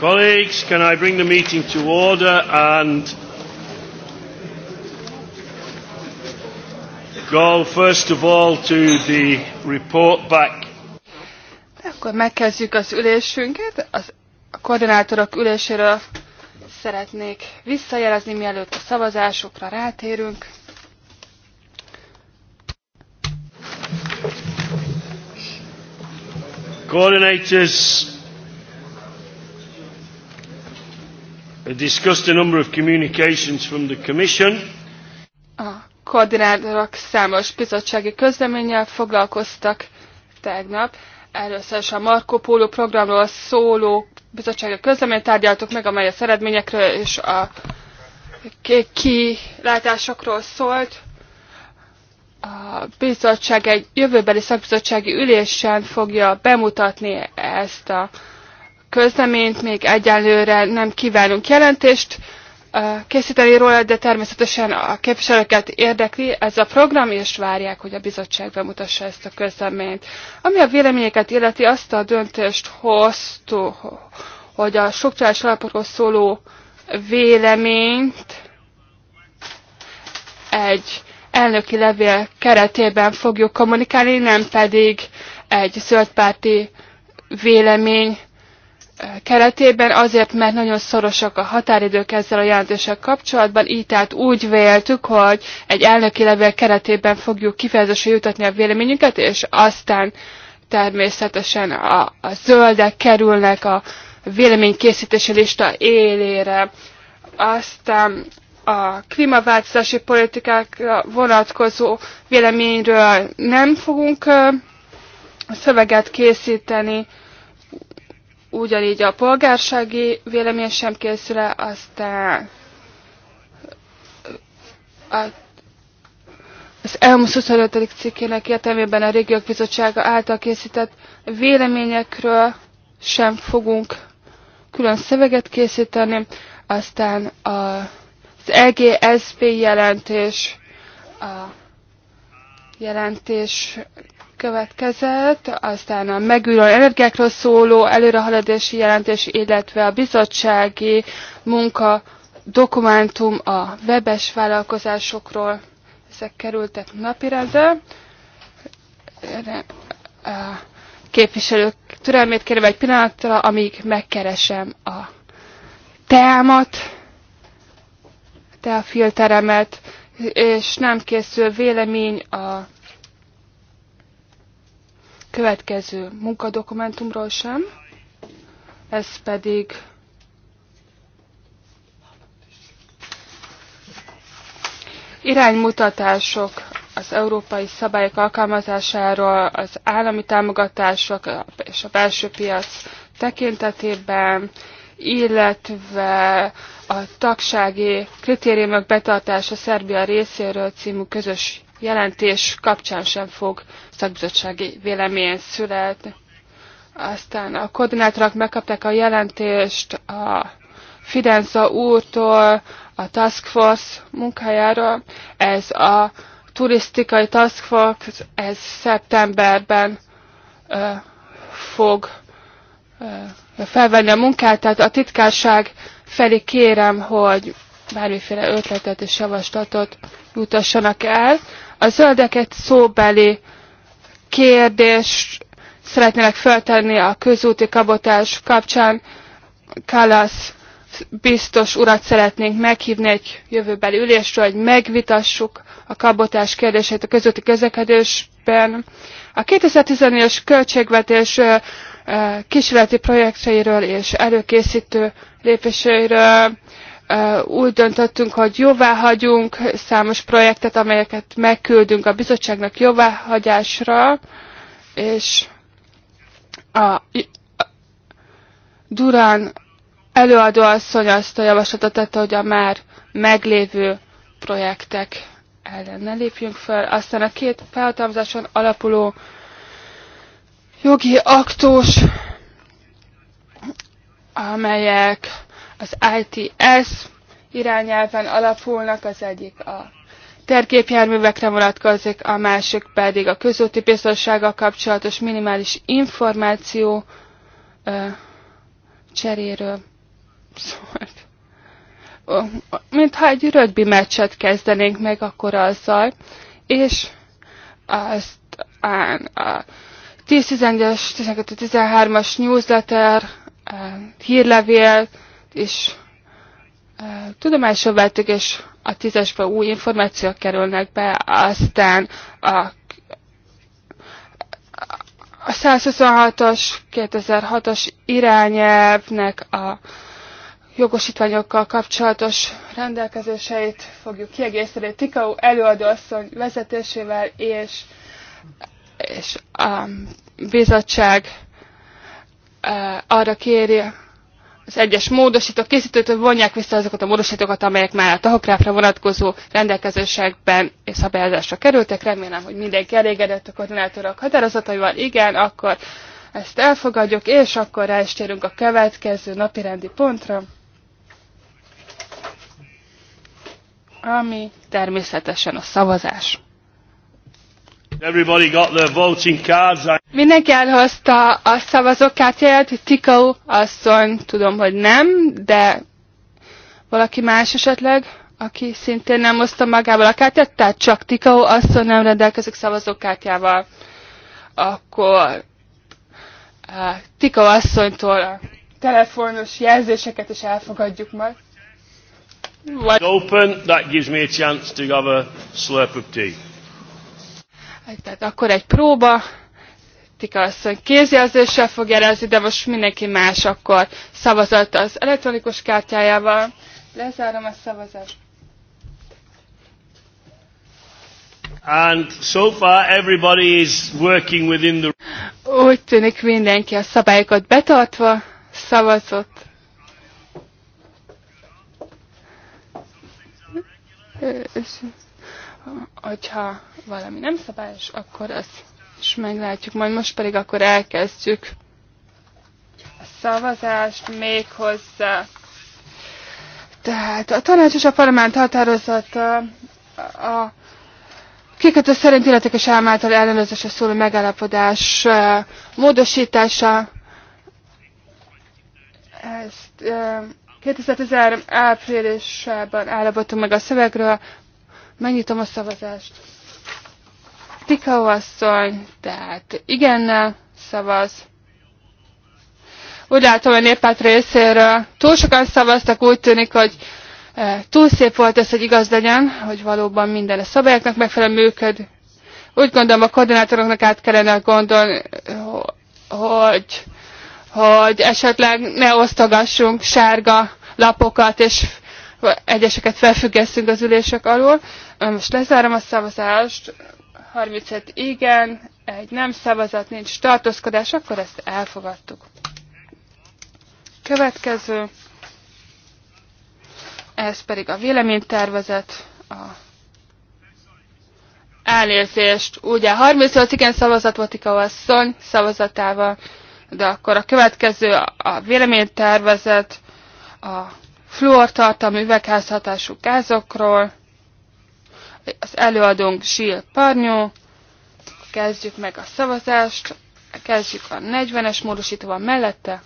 Colleagues, can I bring the meeting to order and go first of all to the report back. Akkor megkezdjük az ülésünket. Az, a koordinátorok üléséről szeretnék visszajelezni, mielőtt a szavazásokra rátérünk. Coordinators discussed a number of communications from the Commission. A koordinátorok számos bizottsági közleménnyel foglalkoztak tegnap. Először is a Marco Polo programról szóló bizottsági közleményt tárgyaltuk meg, amely az eredményekről és a kilátásokról szólt. A bizottság egy jövőbeli szakbizottsági ülésen fogja bemutatni ezt a közleményt, még egyelőre nem kívánunk jelentést készíteni róla, de természetesen a képviselőket érdekli ez a program, és várják, hogy a bizottság bemutassa ezt a közleményt. Ami a véleményeket illeti, azt a döntést hoztuk, hogy a struktúrás alapokról szóló véleményt egy elnöki levél keretében fogjuk kommunikálni, nem pedig egy zöldpárti vélemény keretében, azért, mert nagyon szorosak a határidők ezzel a jelentéssel kapcsolatban, így tehát úgy véltük, hogy egy elnöki levél keretében fogjuk kifejezésre jutatni a véleményünket, és aztán természetesen a, a zöldek kerülnek a véleménykészítési lista élére. Aztán a klímaváltozási politikákra vonatkozó véleményről nem fogunk szöveget készíteni, ugyanígy a polgársági vélemény sem készül el, aztán a, az elmúlt 25. cikkének értelmében a Régiók Bizottsága által készített véleményekről sem fogunk külön szöveget készíteni, aztán a, az EGSB jelentés, a jelentés következett, aztán a megújuló energiákról szóló előrehaladási jelentés, illetve a bizottsági munka dokumentum a webes vállalkozásokról. Ezek kerültek napirendre. Képviselők türelmét kérem egy pillanatra, amíg megkeresem a teámat, filteremet és nem készül vélemény a következő munkadokumentumról sem, ez pedig iránymutatások az európai szabályok alkalmazásáról, az állami támogatások és a belső piac tekintetében, illetve a tagsági kritériumok betartása Szerbia részéről című közös jelentés kapcsán sem fog szakbizottsági vélemény születni. Aztán a koordinátorok megkapták a jelentést a Fidenza úrtól, a Task Force munkájáról. Ez a turisztikai Task Force, ez szeptemberben ö, fog ö, felvenni a munkát, tehát a titkárság felé kérem, hogy bármiféle ötletet és javaslatot jutassanak el. A zöldeket szóbeli kérdés szeretnének feltenni a közúti kabotás kapcsán. Kalasz biztos urat szeretnénk meghívni egy jövőbeli ülésről, hogy megvitassuk a kabotás kérdését a közúti közlekedésben. A 2014-es költségvetés kísérleti projektjeiről és előkészítő lépéseiről úgy döntöttünk, hogy jóvá hagyunk számos projektet, amelyeket megküldünk a bizottságnak jóváhagyásra, és a Durán asszony azt a javaslatot tette, hogy a már meglévő projektek ellen ne lépjünk fel. Aztán a két felhatalmazáson alapuló jogi aktus, amelyek az ITS irányelven alapulnak, az egyik a tergépjárművekre vonatkozik, a másik pedig a közúti biztonsággal kapcsolatos minimális információ ö, cseréről szólt. Mintha egy rögbi meccset kezdenénk meg akkor azzal, és azt a, 10-11-es, 12-13-as newsletter, hírlevél, és tudomásra vettük, és a tízesbe új információk kerülnek be, aztán a a 126-os, 2006-os irányelvnek a jogosítványokkal kapcsolatos rendelkezéseit fogjuk kiegészíteni Tikau előadóasszony vezetésével és, és a bizottság arra kéri az egyes módosítók készítőtől vonják vissza azokat a módosítókat, amelyek már a tahokráfra vonatkozó rendelkezésekben és szabályozásra kerültek. Remélem, hogy mindenki elégedett a koordinátorok határozataival. Igen, akkor ezt elfogadjuk, és akkor rá is térünk a következő napirendi pontra, ami természetesen a szavazás. Everybody got their voting cards. Mindenki elhozta a szavazókártyáját, Tikau asszony, tudom, hogy nem, de valaki más esetleg, aki szintén nem hozta magával a kártyát, tehát csak Tikau asszony nem rendelkezik szavazókártyával. Akkor eh, Tikau asszonytól a telefonos jelzéseket is elfogadjuk majd. Vagy... Open, that gives me a chance to have a slurp of tea. Tehát akkor egy próba. Tika asszony kézjelzéssel fog jelezni, de most mindenki más akkor szavazott az elektronikus kártyájával. Lezárom a szavazást. And so far everybody is working within the... Úgy tűnik mindenki a szabályokat betartva szavazott. Hogyha valami nem szabályos, akkor az és meglátjuk. Majd most pedig akkor elkezdjük a szavazást még hozzá. Tehát a tanács és a parlament határozata a kikötő szerint illetékes állam ellenőrzésre szóló megállapodás módosítása. Ezt 2013 áprilisában állapodtunk meg a szövegről. Megnyitom a szavazást. Tikau asszony, tehát igennel szavaz. Úgy látom, a néppárt részéről túl sokan szavaztak, úgy tűnik, hogy e, túl szép volt ez, hogy igaz legyen, hogy valóban minden a szabályoknak megfelelően működ. Úgy gondolom, a koordinátoroknak át kellene gondolni, hogy, hogy esetleg ne osztogassunk sárga lapokat, és egyeseket felfüggesszünk az ülések alól. Most lezárom a szavazást. 35 igen, egy nem szavazat, nincs tartózkodás, akkor ezt elfogadtuk. Következő, ez pedig a véleménytervezet, a elnézést. Ugye 38 igen szavazat volt a asszony szavazatával, de akkor a következő a véleménytervezet, a fluortartalmi üvegházhatású gázokról, az előadónk Zsil Parnyó. Kezdjük meg a szavazást. Kezdjük a 40-es módosítóval mellette.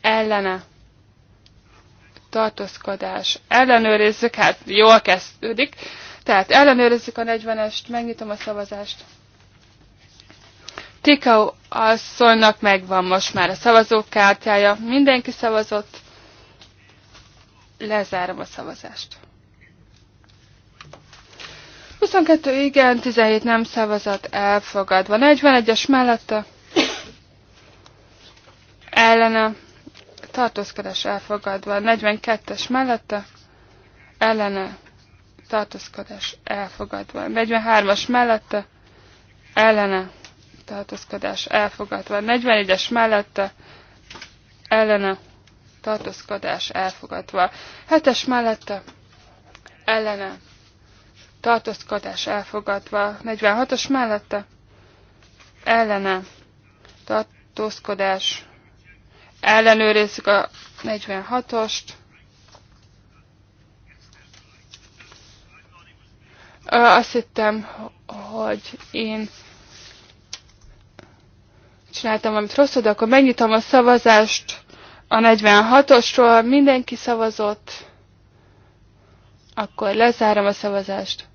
Ellene. Tartózkodás. Ellenőrizzük. Hát jól kezdődik. Tehát ellenőrizzük a 40-est. Megnyitom a szavazást. Tikau asszonynak megvan most már a szavazókártyája. Mindenki szavazott. Lezárom a szavazást. 22 igen, 17 nem szavazat elfogadva. 41-es mellette ellene tartózkodás elfogadva. 42-es mellette ellene tartózkodás elfogadva. 43-as mellette ellene tartózkodás elfogadva. 44 es mellette ellene tartózkodás elfogadva. 7-es mellette ellene tartózkodás elfogadva, 46-os mellette ellene tartózkodás ellenőrizzük a 46-ost. Azt hittem, hogy én csináltam valamit rosszul, de akkor megnyitom a szavazást a 46-osról, mindenki szavazott, akkor lezárom a szavazást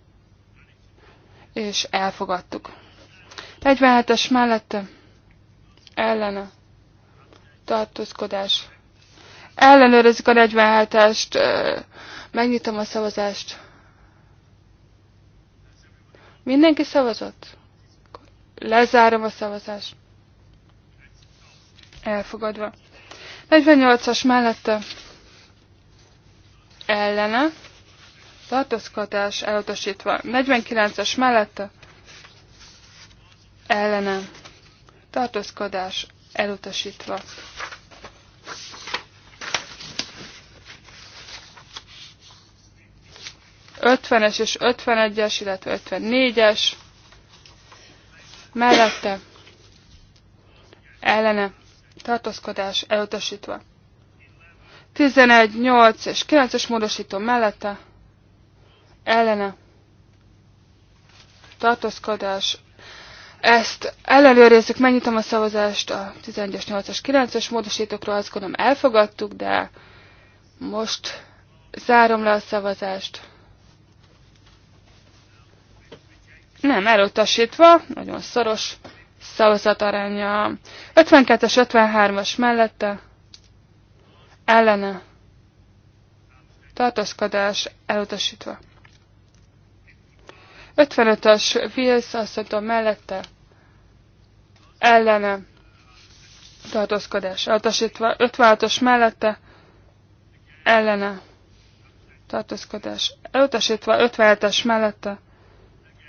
és elfogadtuk. 47-es mellette ellene tartózkodás. Ellenőrizzük a 47-est, megnyitom a szavazást. Mindenki szavazott? Lezárom a szavazást. Elfogadva. 48-as mellette ellene tartózkodás elutasítva. 49-es mellette ellenem tartózkodás elutasítva. Ötvenes és 51-es, illetve 54-es mellette ellene tartózkodás elutasítva. 11, 8 és 9-es módosító mellette ellene tartózkodás. Ezt ellenőrizzük, megnyitom a szavazást a 11-es, 8-as, 9-es módosítókról, azt gondolom elfogadtuk, de most zárom le a szavazást. Nem, elutasítva, nagyon szoros szavazataránya. 52-es, 53-as mellette, ellene, tartózkodás elutasítva. 55-ös Wills azt asszonytól mellette ellene tartózkodás elutasítva, 56-os mellette ellene tartózkodás elutasítva, 57-es mellette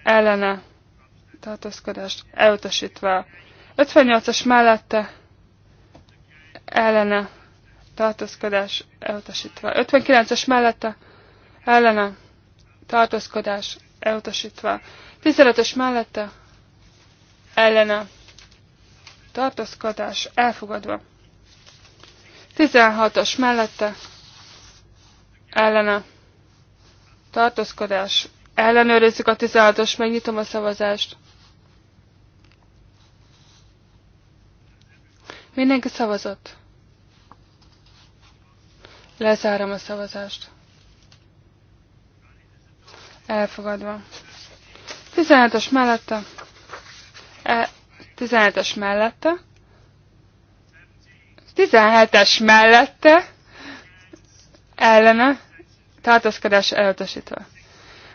ellene tartózkodás. elutasítva, 58-as mellette ellene tartózkodás elutasítva, 59-es mellette ellene tartózkodás elutasítva. 15 mellette ellene tartózkodás elfogadva. 16-os mellette ellene tartózkodás. Ellenőrizzük a 16-os, megnyitom a szavazást. Mindenki szavazott. Lezárom a szavazást elfogadva. 17-es mellette, e, 17-es mellette, 17-es mellette, ellene, tartózkodás elutasítva.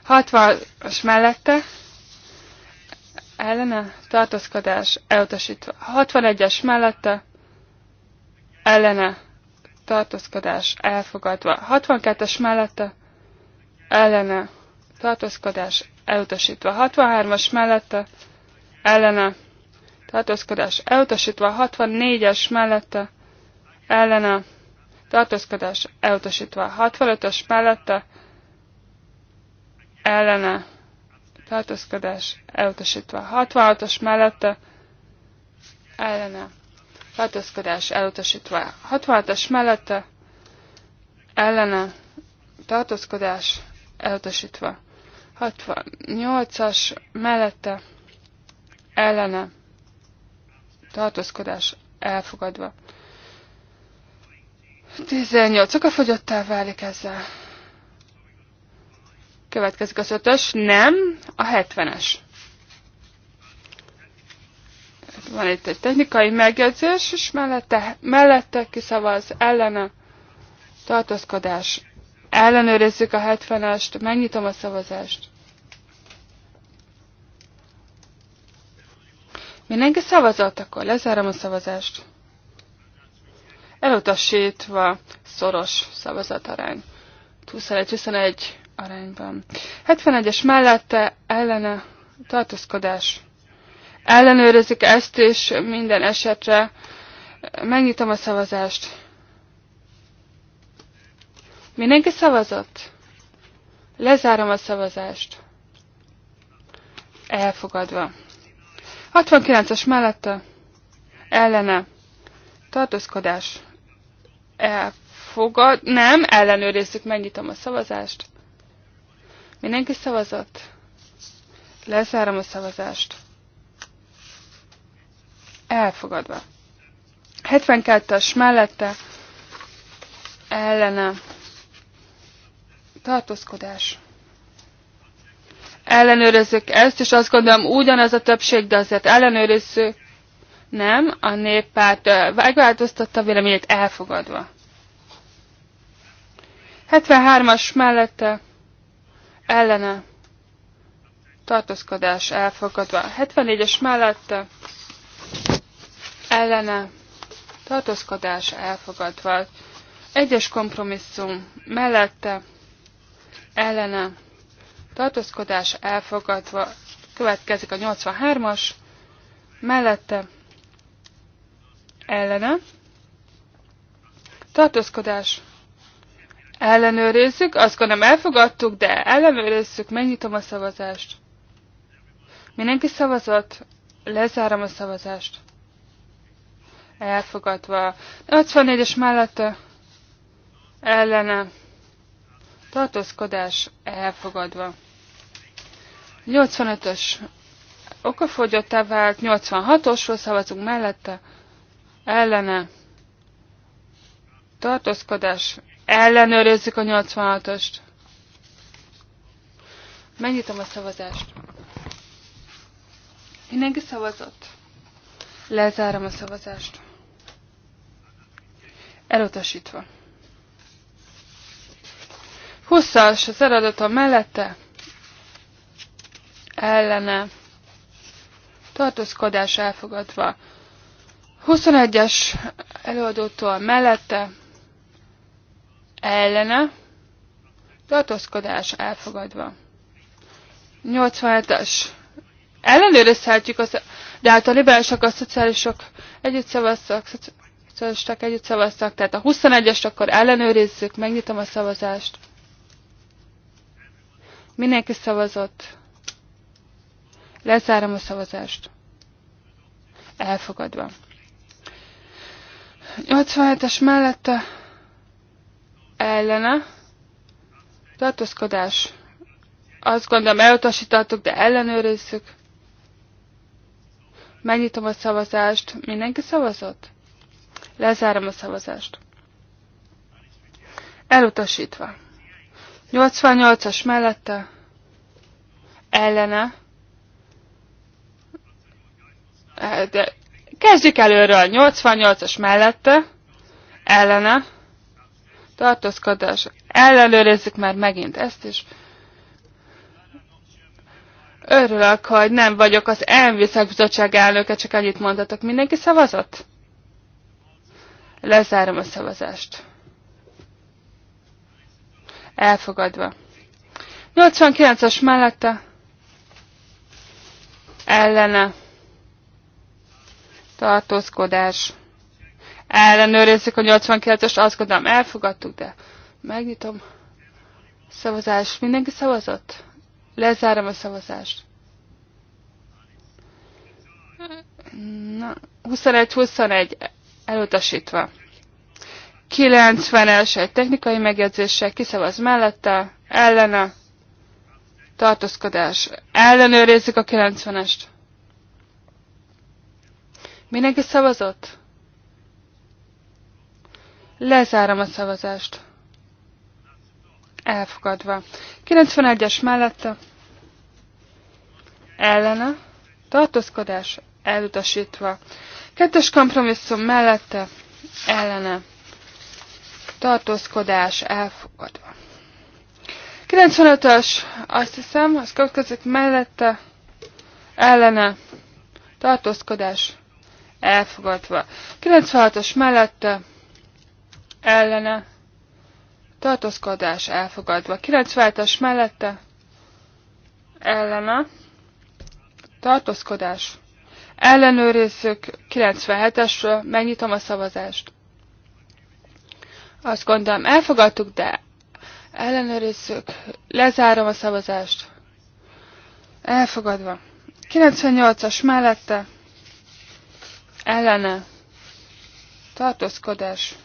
60-as mellette, ellene, tartózkodás elutasítva. 61-es mellette, ellene, tartózkodás elfogadva. 62-es mellette, ellene, tartózkodás elutasítva 63-as mellette, ellene, tartózkodás elutasítva 64-es mellette, ellene, tartózkodás elutasítva 65-ös mellette, ellene, tartózkodás elutasítva 66-os mellette, ellene, tartózkodás elutasítva 66-os mellette, ellene, tartózkodás elutasítva 68-as mellette ellene tartózkodás elfogadva. 18 okafogyottá válik ezzel. Következik az ötös, nem, a 70-es. Van itt egy technikai megjegyzés, és mellette, mellette kiszavaz ellene tartózkodás. Ellenőrizzük a 70-est, megnyitom a szavazást. Mindenki szavazott, akkor lezárom a szavazást. Elutasítva szoros szavazatarány. 21-21 arányban. 71-es mellette ellene tartózkodás. Ellenőrizik ezt is minden esetre. Megnyitom a szavazást. Mindenki szavazott? Lezárom a szavazást. Elfogadva. 69-es mellette ellene tartózkodás elfogad, nem, ellenőrizzük, megnyitom a szavazást. Mindenki szavazott? Lezárom a szavazást. Elfogadva. 72-es mellette ellene tartózkodás ellenőrözzük ezt, és azt gondolom ugyanaz a többség, de azért ellenőrizzük. Nem, a néppárt megváltoztatta véleményét elfogadva. 73-as mellette ellene tartózkodás elfogadva. 74-es mellette ellene tartózkodás elfogadva. Egyes kompromisszum mellette ellene tartózkodás elfogadva. Következik a 83-as, mellette ellene. Tartózkodás ellenőrizzük, azt gondolom elfogadtuk, de ellenőrizzük, megnyitom a szavazást. Mindenki szavazott, lezárom a szavazást. Elfogadva. 84-es mellette ellene tartózkodás elfogadva. 85-ös okafogyottá vált, 86-osról szavazunk mellette, ellene tartózkodás, ellenőrizzük a 86-ost. Megnyitom a szavazást. Mindenki szavazott. Lezárom a szavazást. Elutasítva. 20-as az eredata mellette ellene tartózkodás elfogadva. 21-es előadótól mellette ellene tartózkodás elfogadva. 87-es ellenőrizhetjük, az, de hát a liberálisok, a szociálisok együtt szavaztak, szocialisták együtt szavaztak, tehát a 21-est akkor ellenőrizzük, megnyitom a szavazást. Mindenki szavazott. Lezárom a szavazást. Elfogadva. 87-es mellette ellene tartózkodás. Azt gondolom elutasítottuk, de ellenőrizzük. Megnyitom a szavazást. Mindenki szavazott? Lezárom a szavazást. Elutasítva. 88-as mellette ellene. Eh, de kezdjük előről. 88-as mellette ellene. Tartózkodás. Ellenőrizzük már megint ezt is. Örülök, hogy nem vagyok az ENVI bizottság elnöke, csak annyit mondhatok. Mindenki szavazott? Lezárom a szavazást elfogadva. 89-es mellette ellene tartózkodás. Ellenőrizzük a 89-es, azt gondolom elfogadtuk, de megnyitom. Szavazás. Mindenki szavazott? Lezárom a szavazást. Na, 21-21 elutasítva. 90-es egy technikai megjegyzéssel kiszavaz mellette, ellene, tartózkodás. Ellenőrizzük a 90-est. Mindenki szavazott? Lezárom a szavazást. Elfogadva. 91-es mellette. Ellene. Tartózkodás elutasítva. Kettes kompromisszum mellette. Ellene tartózkodás elfogadva. 95-ös, azt hiszem, az következik mellette, ellene, tartózkodás elfogadva. 96-os mellette, ellene, tartózkodás elfogadva. 97-es mellette, ellene, tartózkodás. Ellenőrizzük 97-esről, megnyitom a szavazást. Azt gondolom elfogadtuk, de ellenőrizzük. Lezárom a szavazást. Elfogadva. 98-as mellette ellene tartózkodás.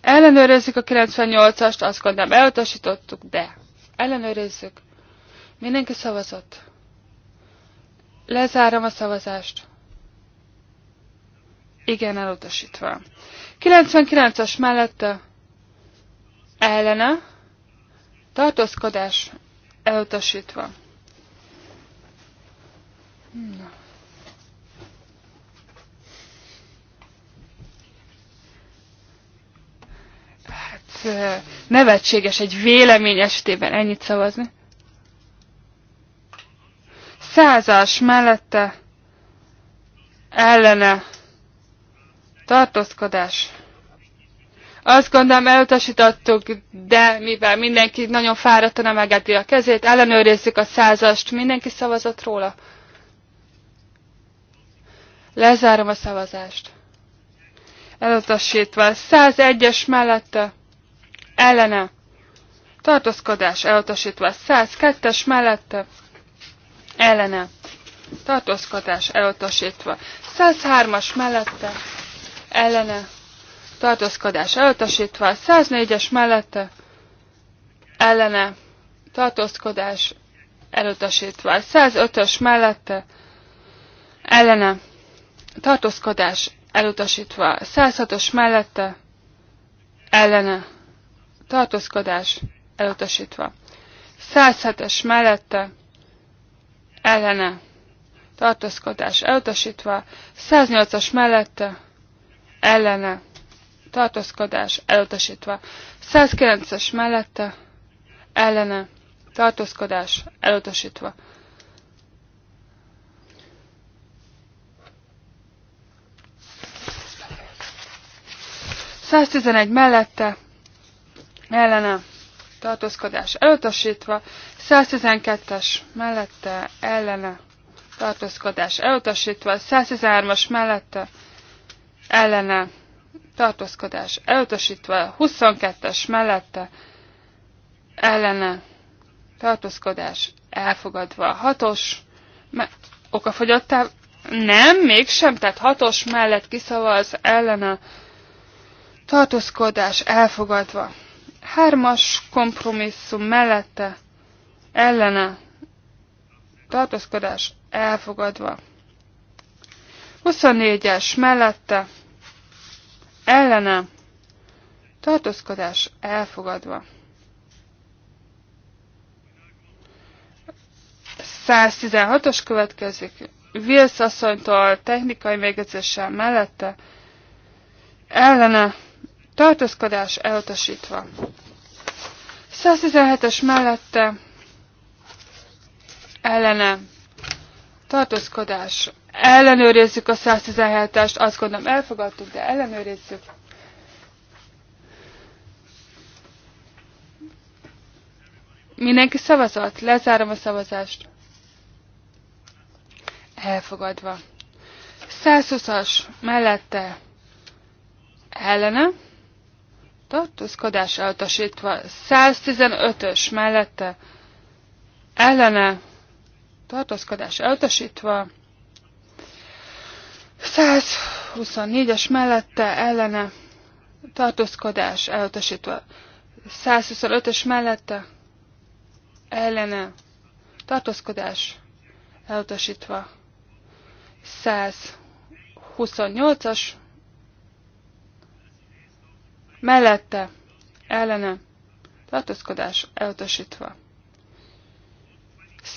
Ellenőrizzük a 98-ast, azt gondolom elutasítottuk, de ellenőrizzük. Mindenki szavazott. Lezárom a szavazást. Igen, elutasítva. 99-as mellette ellene tartózkodás elutasítva. Na. Hát nevetséges egy vélemény esetében ennyit szavazni. Százás mellette ellene tartózkodás. Azt gondolom elutasítottuk, de mivel mindenki nagyon fáradtan emelgeti a kezét, ellenőrizzük a százast. Mindenki szavazott róla? Lezárom a szavazást. Elutasítva. 101-es mellette. Ellene. Tartózkodás elutasítva. 102-es mellette. Ellene. Tartózkodás elutasítva. 103-as mellette ellene tartózkodás elutasítva, 104-es mellette ellene tartózkodás elutasítva, 105-ös mellette ellene tartózkodás elutasítva, 106-os mellette ellene tartózkodás elutasítva, 107-es mellette ellene tartózkodás elutasítva, 108-as mellette ellene tartózkodás elutasítva. 109-es mellette ellene tartózkodás elutasítva. Száztizenegy mellette ellene tartózkodás elutasítva, 112-es mellette ellene tartózkodás elutasítva, 113-as mellette ellene tartózkodás elutasítva, 22-es mellette ellene tartózkodás elfogadva, 6-os okafogyottá, nem, mégsem, tehát 6-os mellett kiszavaz ellene tartózkodás elfogadva, 3-as kompromisszum mellette ellene tartózkodás elfogadva. 24-es mellette ellene tartózkodás elfogadva. 116-os következik. Wills asszonytól technikai megjegyzéssel mellette ellene tartózkodás elutasítva. 117-es mellette ellene tartózkodás. Ellenőrizzük a 117-est, azt gondolom elfogadtuk, de ellenőrizzük. Mindenki szavazott? Lezárom a szavazást. Elfogadva. 120-as mellette ellene. Tartózkodás elutasítva. 115-ös mellette ellene tartózkodás elutasítva. 124-es mellette ellene tartózkodás elutasítva. 125-ös mellette ellene tartózkodás elutasítva. 128-as mellette ellene tartózkodás elutasítva.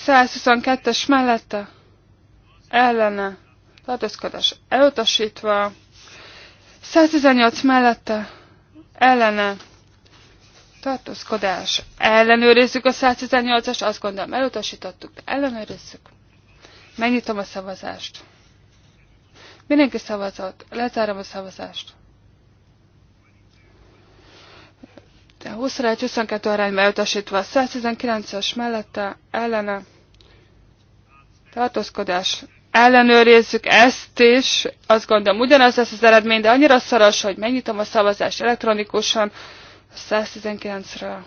122-es mellette ellene tartózkodás elutasítva, 118 mellette ellene tartózkodás ellenőrizzük a 118-as, azt gondolom elutasítottuk, ellenőrizzük. Megnyitom a szavazást. Mindenki szavazott, lezárom a szavazást. de 21-22 arányba utasítva 119-es mellette ellene tartózkodás. Ellenőrizzük ezt is, azt gondolom ugyanaz lesz az eredmény, de annyira szoros, hogy megnyitom a szavazást elektronikusan 119-ről.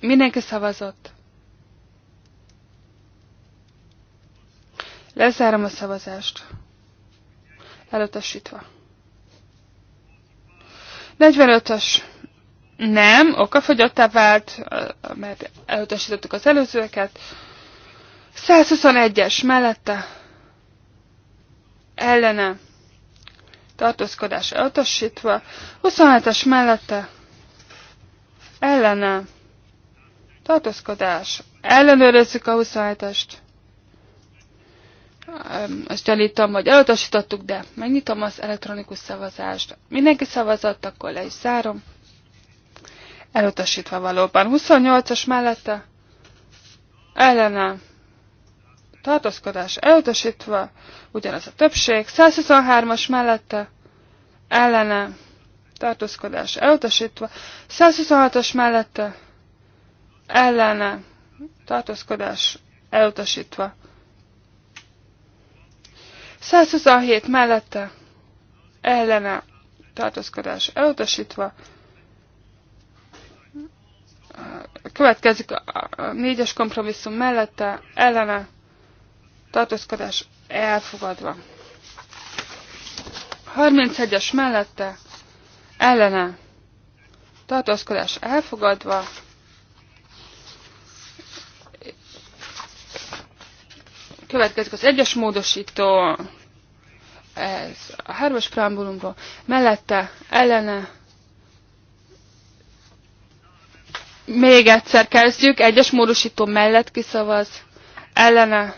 Mindenki szavazott. Lezárom a szavazást. Elutasítva. 45-ös nem, okafogyottá vált, mert elutasítottuk az előzőeket. 121-es mellette ellene tartózkodás elutasítva, 27-es mellette ellene tartózkodás. Ellenőrizzük a 27-est azt gyanítom, hogy elutasítottuk, de megnyitom az elektronikus szavazást. Mindenki szavazott, akkor le is zárom. Elutasítva valóban. 28-as mellette ellene tartózkodás elutasítva, ugyanaz a többség. 123-as mellette ellene tartózkodás elutasítva, 126-as mellette ellene tartózkodás elutasítva. 127 mellette ellene tartózkodás elutasítva. Következik a négyes kompromisszum mellette ellene tartózkodás elfogadva. 31-es mellette ellene tartózkodás elfogadva. Következik az egyes módosító, ez a hármas preambulumról, mellette, ellene, még egyszer kezdjük, egyes módosító mellett kiszavaz, ellene,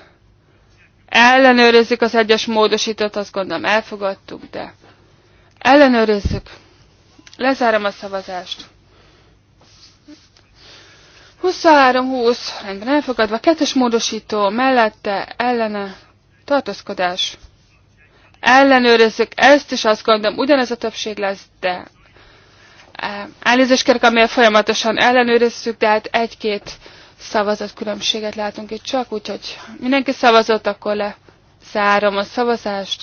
ellenőrizzük az egyes módosítót, azt gondolom elfogadtuk, de ellenőrizzük. Lezárom a szavazást. 23-20, rendben elfogadva, kettes módosító, mellette, ellene, tartózkodás. Ellenőrizzük ezt, és azt gondolom, ugyanez a többség lesz, de e, elnézést kérek, amilyen folyamatosan ellenőrizzük, de hát egy-két szavazat különbséget látunk itt csak, úgyhogy mindenki szavazott, akkor zárom a szavazást.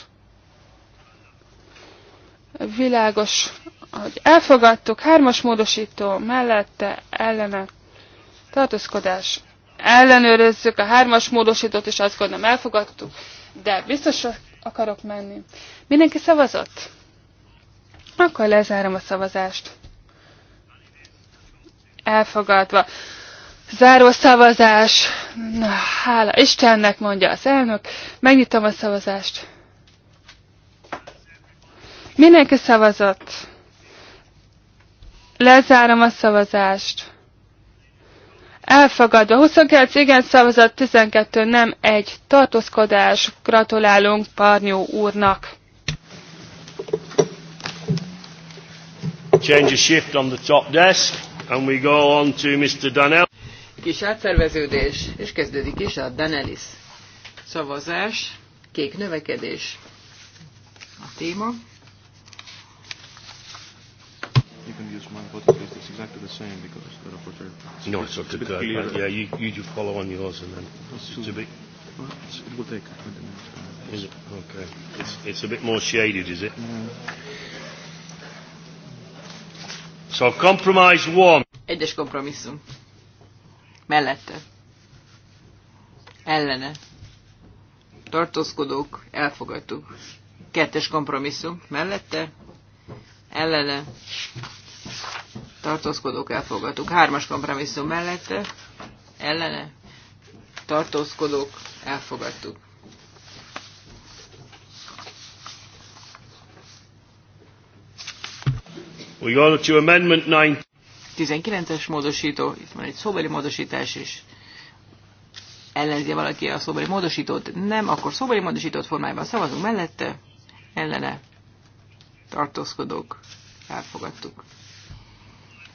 Világos, hogy elfogadtuk, hármas módosító mellette ellenet tartózkodás ellenőrözzük, a hármas módosítót is azt gondolom elfogadtuk, de biztos akarok menni. Mindenki szavazott? Akkor lezárom a szavazást. Elfogadva. Záró szavazás. Na, hála Istennek, mondja az elnök. Megnyitom a szavazást. Mindenki szavazott. Lezárom a szavazást. Elfogadva 29 igen szavazat, 12 nem, egy tartózkodás. Gratulálunk Parnyó úrnak. Change a shift on the top desk, and we go on to Mr. Danel. Kis átszerveződés, és kezdődik is a Danelis szavazás, kék növekedés a téma. You can use my photo, please. It's exactly the same because the rapporteur. No, it's not too good. But uh, yeah, you, you do follow on yours and then. It's, it's a bit. it's, it will take 20 minutes. Is it? Okay. It's, it's a bit more shaded, is it? Yeah. So compromise one. Egyes kompromisszum. Mellette. Ellene. Tartózkodók, elfogadtuk. Kettes kompromisszum. Mellette, ellene tartózkodók elfogadtuk. Hármas kompromisszum mellette ellene tartózkodók elfogadtuk. We go to amendment 9. 19-es módosító, itt van egy szóbeli módosítás is. Ellenzi valaki a szóbeli módosítót? Nem, akkor szóbeli módosított formájában szavazunk mellette, ellene tartózkodók, elfogadtuk.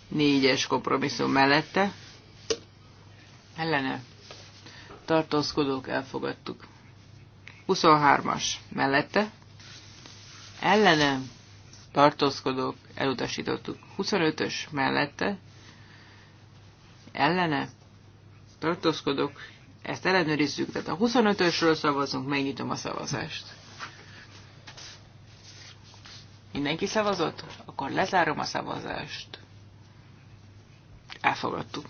Négyes kompromisszum mellette, ellene, tartózkodók, elfogadtuk. 23-as mellette, ellene, tartózkodók, elutasítottuk. 25-ös mellette, ellene, tartózkodók, ezt ellenőrizzük, tehát a 25-ösről szavazunk, megnyitom a szavazást. Mindenki szavazott? Akkor lezárom a szavazást. Elfogadtuk.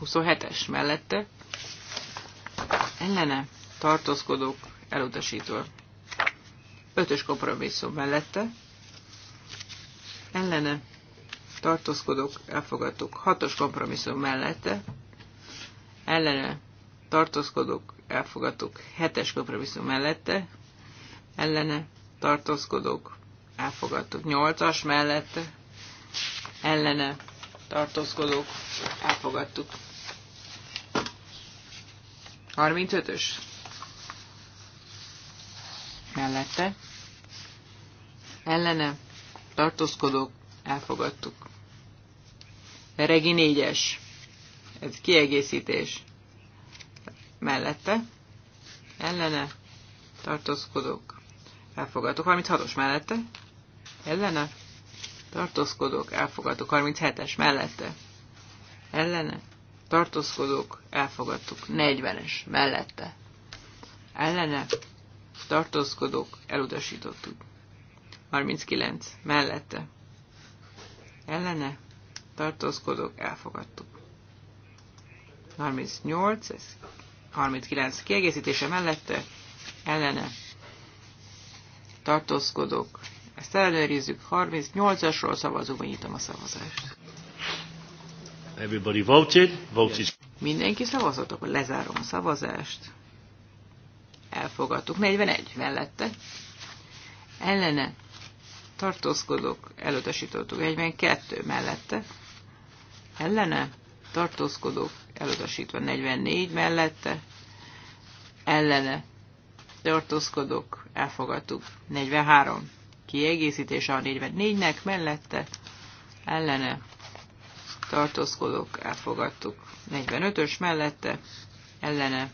27-es mellette. Ellene tartózkodók elutasítva. 5-ös kompromisszum mellette. Ellene tartózkodók elfogadtuk. 6-os kompromisszum mellette. Ellene tartózkodók elfogadtuk. 7-es kompromisszum mellette. Ellene tartózkodók elfogadtuk. Nyolcas mellette ellene tartózkodók elfogadtuk. 35-ös mellette ellene tartózkodók elfogadtuk. Regi 4-es. Ez kiegészítés. Mellette ellene tartózkodók elfogadok. 36-os mellette, ellene, tartózkodok, elfogadok. 37-es mellette, ellene, tartózkodok, elfogadtuk. 40-es mellette, ellene, tartózkodok, elutasítottuk. 39 mellette, ellene, tartózkodok, elfogadtuk. 38, ez 39 kiegészítése mellette, ellene tartózkodok. Ezt ellenőrizzük. 38-asról szavazunk, nyitom a szavazást. Everybody voted. Voted. Mindenki szavazott, akkor lezárom a szavazást. Elfogadtuk. 41 mellette. Ellene tartózkodok, elutasítottuk. 42 mellette. Ellene tartózkodok, elutasítva. 44 mellette. Ellene tartózkodok, elfogadtuk. 43. Kiegészítése a 44-nek, mellette, ellene, tartózkodok, elfogadtuk. 45-ös mellette, ellene,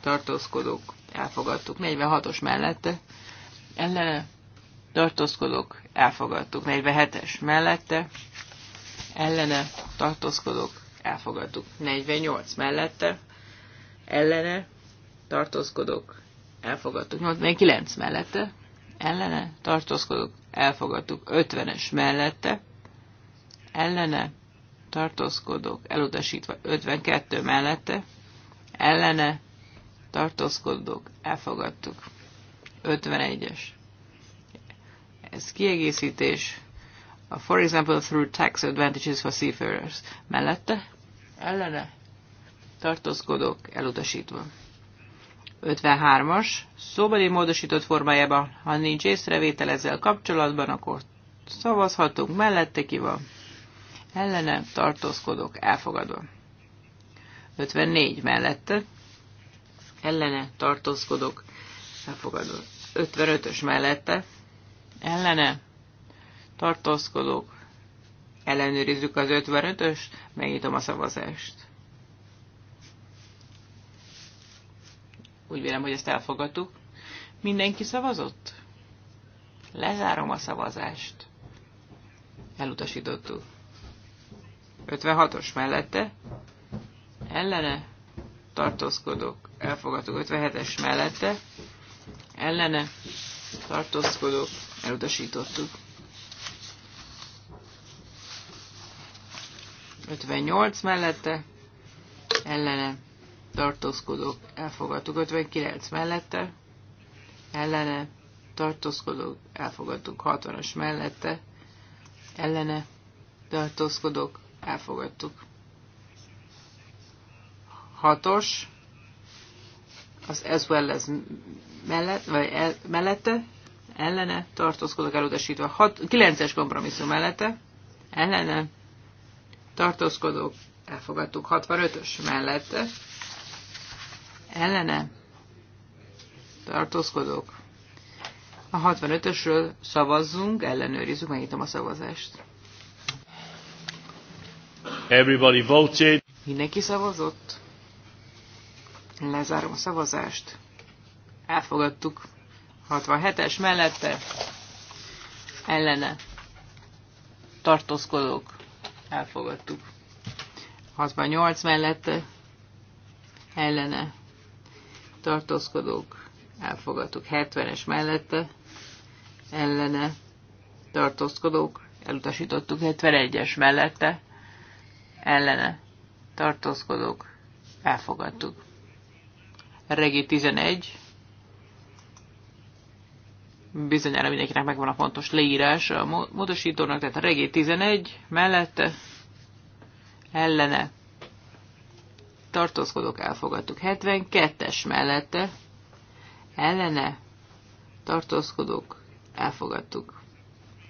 tartózkodok, elfogadtuk. 46-os mellette, ellene, tartózkodok, elfogadtuk. 47-es mellette, ellene, tartózkodok, elfogadtuk. 48 mellette, ellene, tartózkodok, elfogadtuk. 89 mellette, ellene, tartózkodok, elfogadtuk. 50-es mellette, ellene, tartózkodok, elutasítva. 52 mellette, ellene, tartózkodok, elfogadtuk. 51-es. Ez kiegészítés. A for example through tax advantages for seafarers. Mellette, ellene, tartózkodok, elutasítva. 53-as szóbeli módosított formájában, ha nincs észrevétel ezzel kapcsolatban, akkor szavazhatunk, mellette ki van, ellene tartózkodok, elfogadva. 54 mellette, ellene tartózkodok, elfogadva. 55-ös mellette, ellene tartózkodok, ellenőrizzük az 55 öst megnyitom a szavazást. Úgy vélem, hogy ezt elfogadtuk. Mindenki szavazott? Lezárom a szavazást. Elutasítottuk. 56-os mellette. Ellene. Tartózkodok. Elfogadtuk. 57-es mellette. Ellene. Tartózkodok. Elutasítottuk. 58 mellette. Ellene tartózkodók elfogadtuk. 59 mellette ellene tartózkodók elfogadtuk. 60-as mellette ellene tartózkodók elfogadtuk. 6-os az as well as mellett, vagy el, mellette ellene tartózkodók elutasítva. 9-es kompromisszum mellette ellene tartózkodók elfogadtuk 65-ös mellette, ellene tartózkodok. A 65-ösről szavazzunk, ellenőrizzük, megnyitom a szavazást. Everybody voted. Mindenki szavazott? Lezárom a szavazást. Elfogadtuk. 67-es mellette. Ellene. Tartózkodók. Elfogadtuk. 68 mellette. Ellene tartózkodók, elfogadtuk 70-es mellette, ellene tartózkodók, elutasítottuk 71-es mellette, ellene tartózkodók, elfogadtuk. Regi 11, bizonyára mindenkinek megvan a pontos leírás a módosítónak, tehát a regé 11 mellette, ellene tartózkodók elfogadtuk. 72-es mellette ellene tartózkodók elfogadtuk.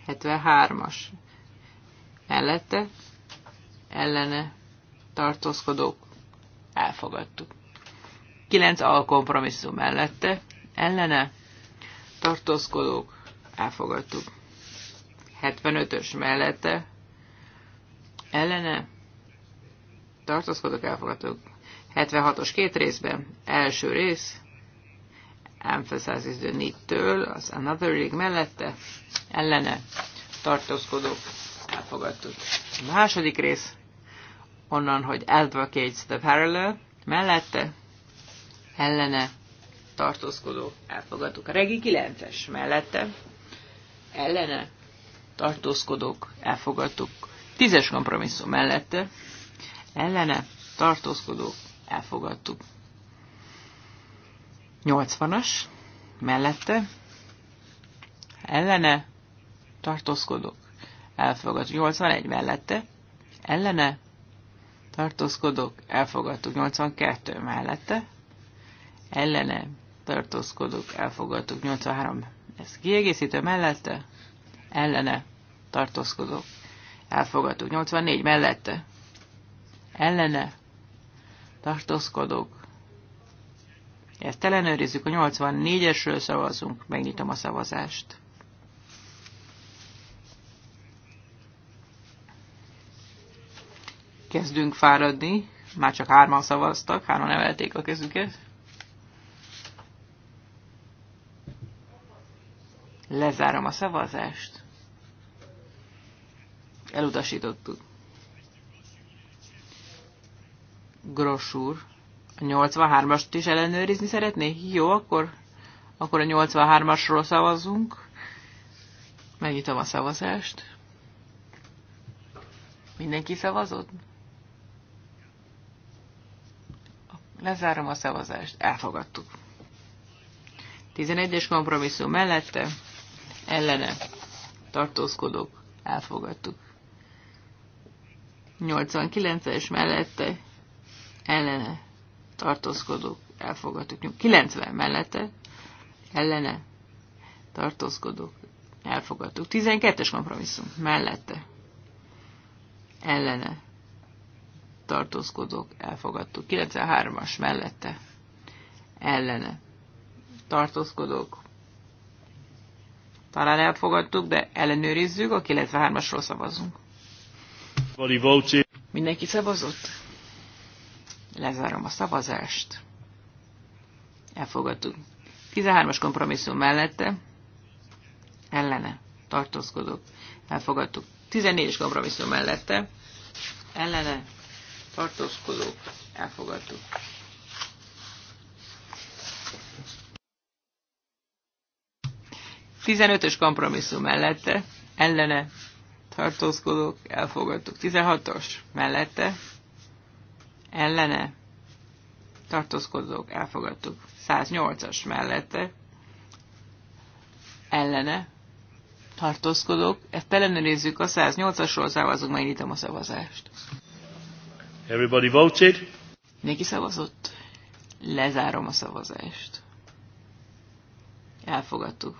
73-as mellette ellene tartózkodók elfogadtuk. 9 alkompromisszum mellette ellene tartózkodók elfogadtuk. 75-ös mellette ellene tartózkodók elfogadtuk. 76-os két részben. Első rész, emphasizes the need-től, az another rig mellette, ellene tartózkodók elfogadtuk. A második rész, onnan, hogy advocates the parallel, mellette, ellene tartózkodó, elfogadtuk. A regi 9-es mellette, ellene tartózkodók elfogadtuk. Tízes kompromisszum mellette, ellene tartózkodók elfogadtuk. 80-as, mellette, ellene, tartózkodok, elfogadtuk. 81 mellette, ellene, tartózkodok, elfogadtuk. 82 mellette, ellene, tartózkodok, elfogadtuk. 83, ez kiegészítő mellette, ellene, tartózkodok, elfogadtuk. 84 mellette, ellene, tartózkodók. Ezt ellenőrizzük, a 84-esről szavazunk, megnyitom a szavazást. Kezdünk fáradni, már csak hárman szavaztak, hárman emelték a kezüket. Lezárom a szavazást. Elutasítottuk. Grosúr. a 83-ast is ellenőrizni szeretné? Jó, akkor, akkor a 83-asról szavazzunk. Megnyitom a szavazást. Mindenki szavazott? Lezárom a szavazást. Elfogadtuk. 11-es kompromisszum mellette, ellene, tartózkodók, elfogadtuk. 89-es mellette, ellene tartózkodók elfogadtuk. 90 mellette ellene tartózkodók elfogadtuk. 12-es kompromisszum mellette ellene tartózkodók elfogadtuk. 93-as mellette ellene tartózkodók talán elfogadtuk, de ellenőrizzük, a 93-asról szavazunk. Mindenki szavazott? Lezárom a szavazást. Elfogadtuk. 13-as kompromisszum mellette. Ellene. Tartózkodok. Elfogadtuk. 14-es kompromisszum mellette. Ellene. tartózkodok. Elfogadtuk. Tizenötös kompromisszum mellette, ellene tartózkodók, elfogadtuk. 16-os mellette, ellene tartózkodók elfogadtuk. 108-as mellette ellene tartózkodók. Ezt ellenőrizzük a 108-asról, szavazunk, nyitom a szavazást. Everybody voted? Néki szavazott. Lezárom a szavazást. Elfogadtuk.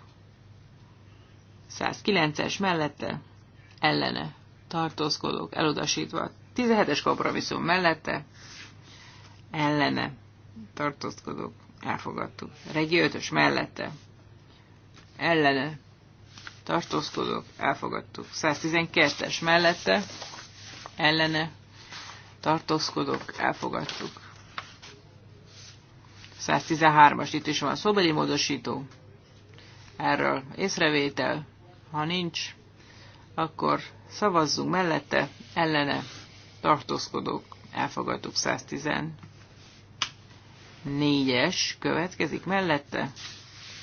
109-es mellette ellene tartózkodók elutasítva 17-es kompromisszum mellette ellene tartózkodók elfogadtuk. Regi 5-ös mellette ellene tartózkodók elfogadtuk. 112-es mellette ellene tartózkodók elfogadtuk. 113-as itt is van szobeli módosító. Erről észrevétel, ha nincs, akkor szavazzunk mellette, ellene tartózkodók elfogadtuk 114-es következik mellette,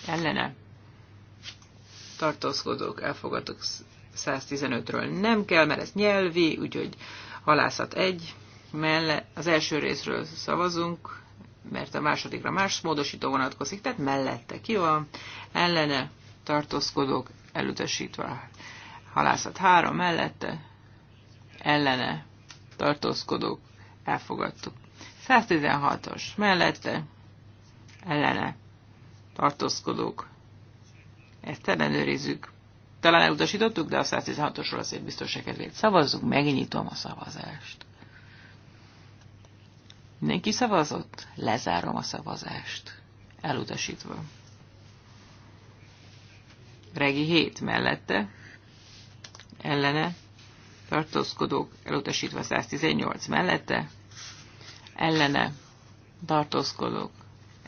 ellene tartózkodók elfogadtuk 115-ről nem kell, mert ez nyelvi, úgyhogy halászat 1, melle, az első részről szavazunk, mert a másodikra más módosító vonatkozik, tehát mellette ki van, ellene tartózkodók elutasítva halászat 3 mellette, ellene tartózkodók, elfogadtuk. 116-os mellette, ellene, tartózkodók, ezt ellenőrizzük. Talán elutasítottuk, de a 116-osról azért biztos kedvét szavazzunk, megnyitom a szavazást. Mindenki szavazott? Lezárom a szavazást. Elutasítva. Regi 7 mellette, ellene, tartózkodók elutasítva 118 mellette, ellene tartózkodók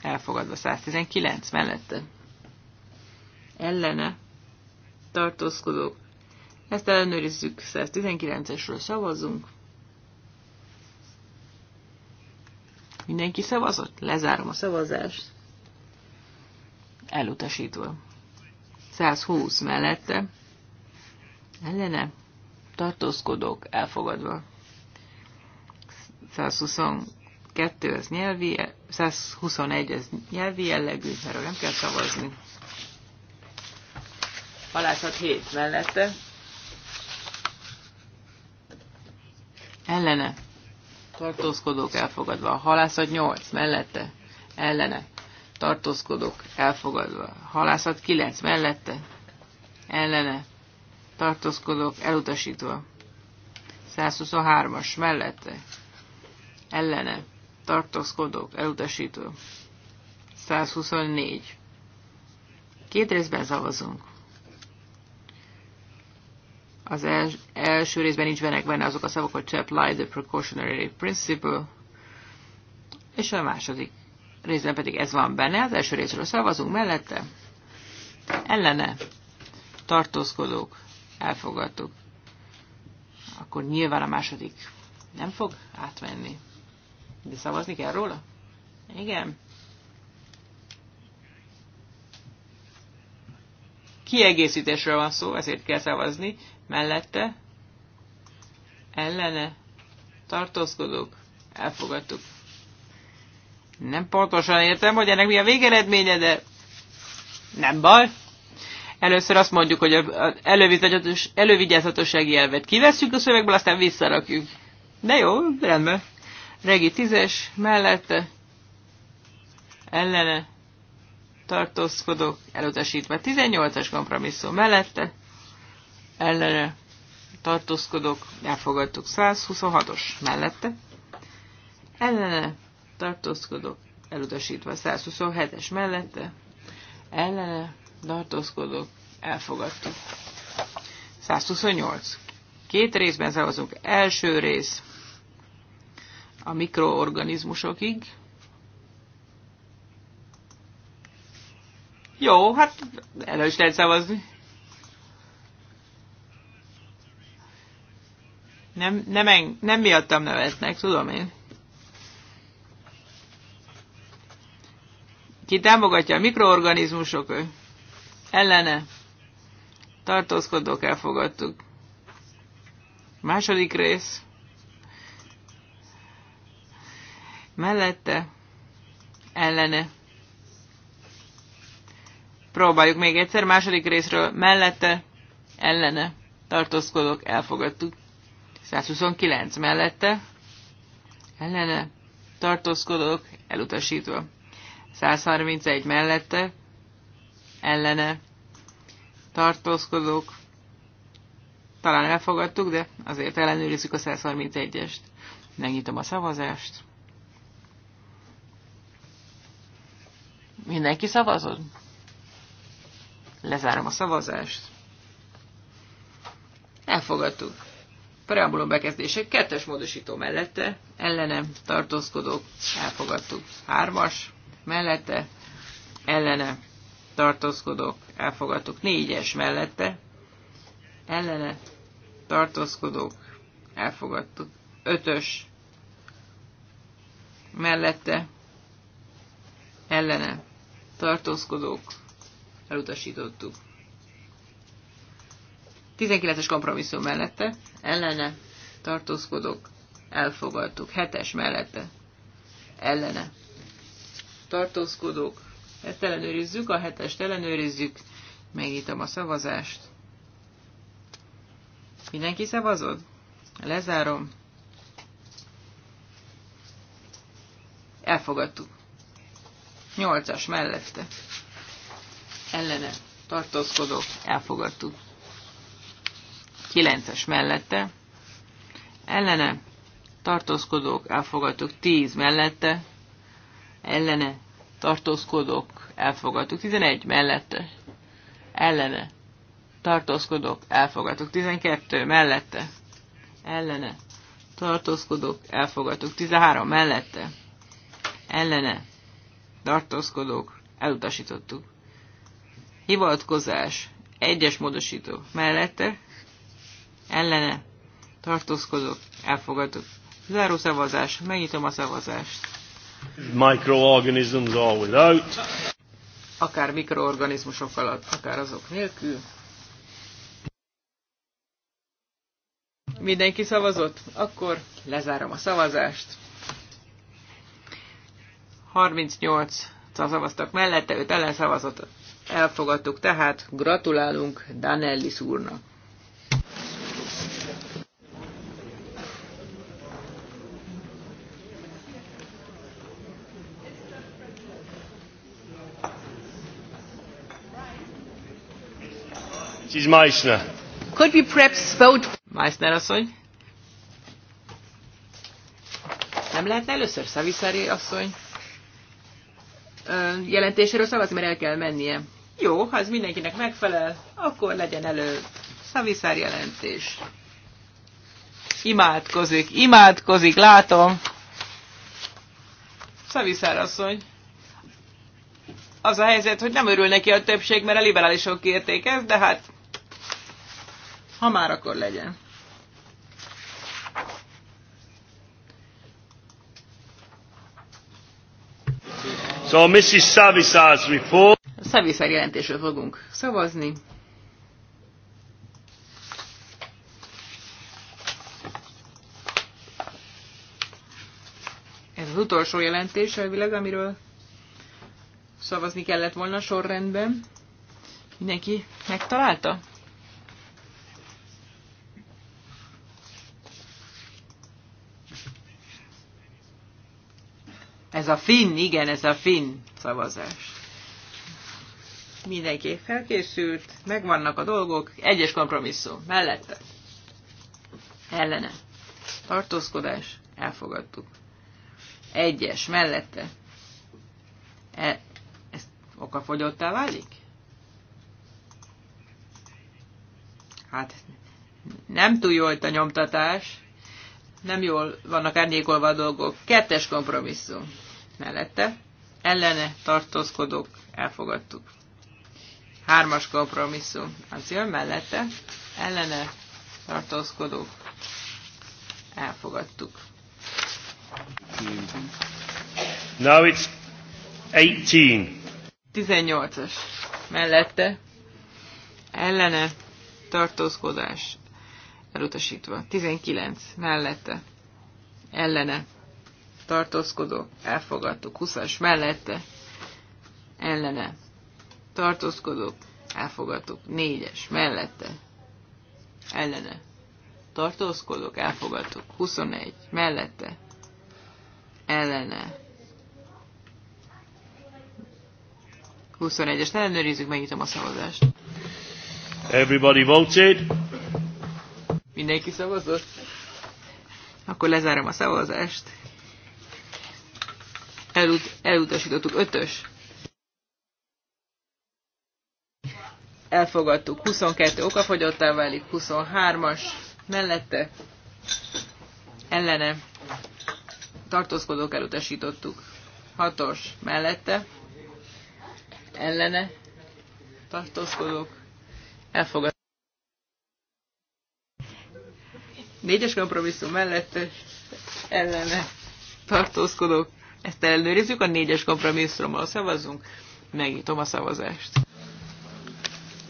elfogadva 119 mellette, ellene tartózkodók. Ezt ellenőrizzük, 119-esről szavazunk. Mindenki szavazott? Lezárom a szavazást. Elutasítva. 120 mellette. Ellene tartózkodók elfogadva. 122 ez nyelvi, 121 ez nyelvi jellegű, erről nem kell szavazni. Halászat 7 mellette. Ellene. Tartózkodók elfogadva. Halászat 8 mellette. Ellene. Tartózkodók elfogadva. Halászat 9 mellette. Ellene tartózkodók elutasítva. 123-as mellette ellene tartózkodók elutasítva. 124. Két részben szavazunk. Az els, első részben nincs benne azok a szavak, hogy to apply the precautionary principle, és a második részben pedig ez van benne. Az első részről szavazunk mellette, ellene tartózkodók elfogadtuk. Akkor nyilván a második nem fog átvenni. De szavazni kell róla? Igen. Kiegészítésről van szó, ezért kell szavazni. Mellette, ellene, tartózkodók, elfogadtuk. Nem pontosan értem, hogy ennek mi a végeredménye, de nem baj. Először azt mondjuk, hogy az elővigyázatos, elővigyázatossági elvet kivesszük a szövegből, aztán visszarakjuk. De jó, rendben. Regi 10-es, mellette, ellene, tartózkodok, elutasítva. 18-as kompromisszum mellette, ellene, tartózkodok, elfogadtuk 126-os mellette, ellene, tartózkodok, elutasítva 127-es mellette, ellene, tartózkodók, elfogadtuk. 128. Két részben szavazunk. Első rész a mikroorganizmusokig. Jó, hát elő is lehet szavazni. Nem, nem, en, nem miattam neveznek, tudom én. Ki támogatja a mikroorganizmusok? Ő? ellene tartózkodók elfogadtuk. Második rész mellette ellene próbáljuk még egyszer, második részről mellette ellene tartózkodók elfogadtuk. 129 mellette ellene tartózkodók elutasítva. 131 mellette ellene tartózkodók. Talán elfogadtuk, de azért ellenőrizzük a 131-est. Megnyitom a szavazást. Mindenki szavazod? Lezárom a szavazást. Elfogadtuk. Preambulum bekezdések kettes módosító mellette, ellenem tartózkodók, elfogadtuk. Hármas mellette, ellene tartózkodók elfogadtuk. Négyes mellette ellene tartózkodók elfogadtuk. Ötös mellette ellene tartózkodók elutasítottuk. 19-es kompromisszum mellette ellene tartózkodók elfogadtuk. hetes mellette ellene tartózkodók ezt ellenőrizzük, a hetest ellenőrizzük. Megnyitom a szavazást. Mindenki szavazod? Lezárom. Elfogadtuk. Nyolcas mellette. Ellene. Tartózkodok. Elfogadtuk. Kilences mellette. Ellene. Tartózkodók. Elfogadtuk. Tíz mellette. Ellene tartózkodok, elfogadtuk. 11 mellette, ellene, tartózkodok, elfogadtuk. 12 mellette, ellene, tartózkodok, elfogadtuk. 13 mellette, ellene, tartózkodok, elutasítottuk. Hivatkozás, egyes módosító, mellette, ellene, tartózkodok, elfogadtuk. Záró szavazás, megnyitom a szavazást. Microorganisms or without. Akár mikroorganizmusokkal, akár azok nélkül. Mindenki szavazott? Akkor lezárom a szavazást. 38 szavaztak mellette, 5 szavazott. Elfogadtuk, tehát gratulálunk Danellis úrnak. Mrs. Meissner. Could we perhaps vote... Meissner asszony. Nem lehetne először Szaviszári asszony jelentéséről szavazni, mert el kell mennie. Jó, ha ez mindenkinek megfelel, akkor legyen elő Szaviszár jelentés. Imádkozik, imádkozik, látom. Szaviszár asszony. Az a helyzet, hogy nem örül neki a többség, mert a liberálisok kérték ezt, de hát ha már akkor legyen. So Mrs. Savisa's report. Savisa jelentésről fogunk szavazni. Ez az utolsó jelentés elvileg, amiről szavazni kellett volna sorrendben. Mindenki megtalálta? Ez a finn, igen, ez a finn szavazás. Mindenki felkészült, megvannak a dolgok, egyes kompromisszum, mellette. Ellene. Tartózkodás, elfogadtuk. Egyes, mellette. E, ez okafogyottá válik? Hát nem túl jól a nyomtatás, nem jól vannak árnyékolva a dolgok. Kettes kompromisszum mellette, ellene tartózkodók elfogadtuk. Hármas kompromisszum az jön mellette, ellene tartózkodók elfogadtuk. Now it's 18. 18-as mellette ellene tartózkodás elutasítva. 19 mellette ellene tartózkodó, elfogadtuk. 20-as mellette, ellene, tartózkodó, elfogadtuk. 4-es mellette, ellene, tartózkodók, elfogadtuk. 21 mellette, ellene. 21-est ellenőrizzük, megnyitom a szavazást. Everybody voted. Mindenki szavazott? Akkor lezárom a szavazást elut, elutasítottuk. Ötös. Elfogadtuk. 22 okafogyottá válik, 23-as mellette ellene tartózkodók elutasítottuk. 6-os mellette ellene tartózkodók elfogadtuk. Négyes kompromisszum mellett ellene tartózkodók ezt ellenőrizzük, a négyes kompromisszumról szavazzunk. Megnyitom a szavazást.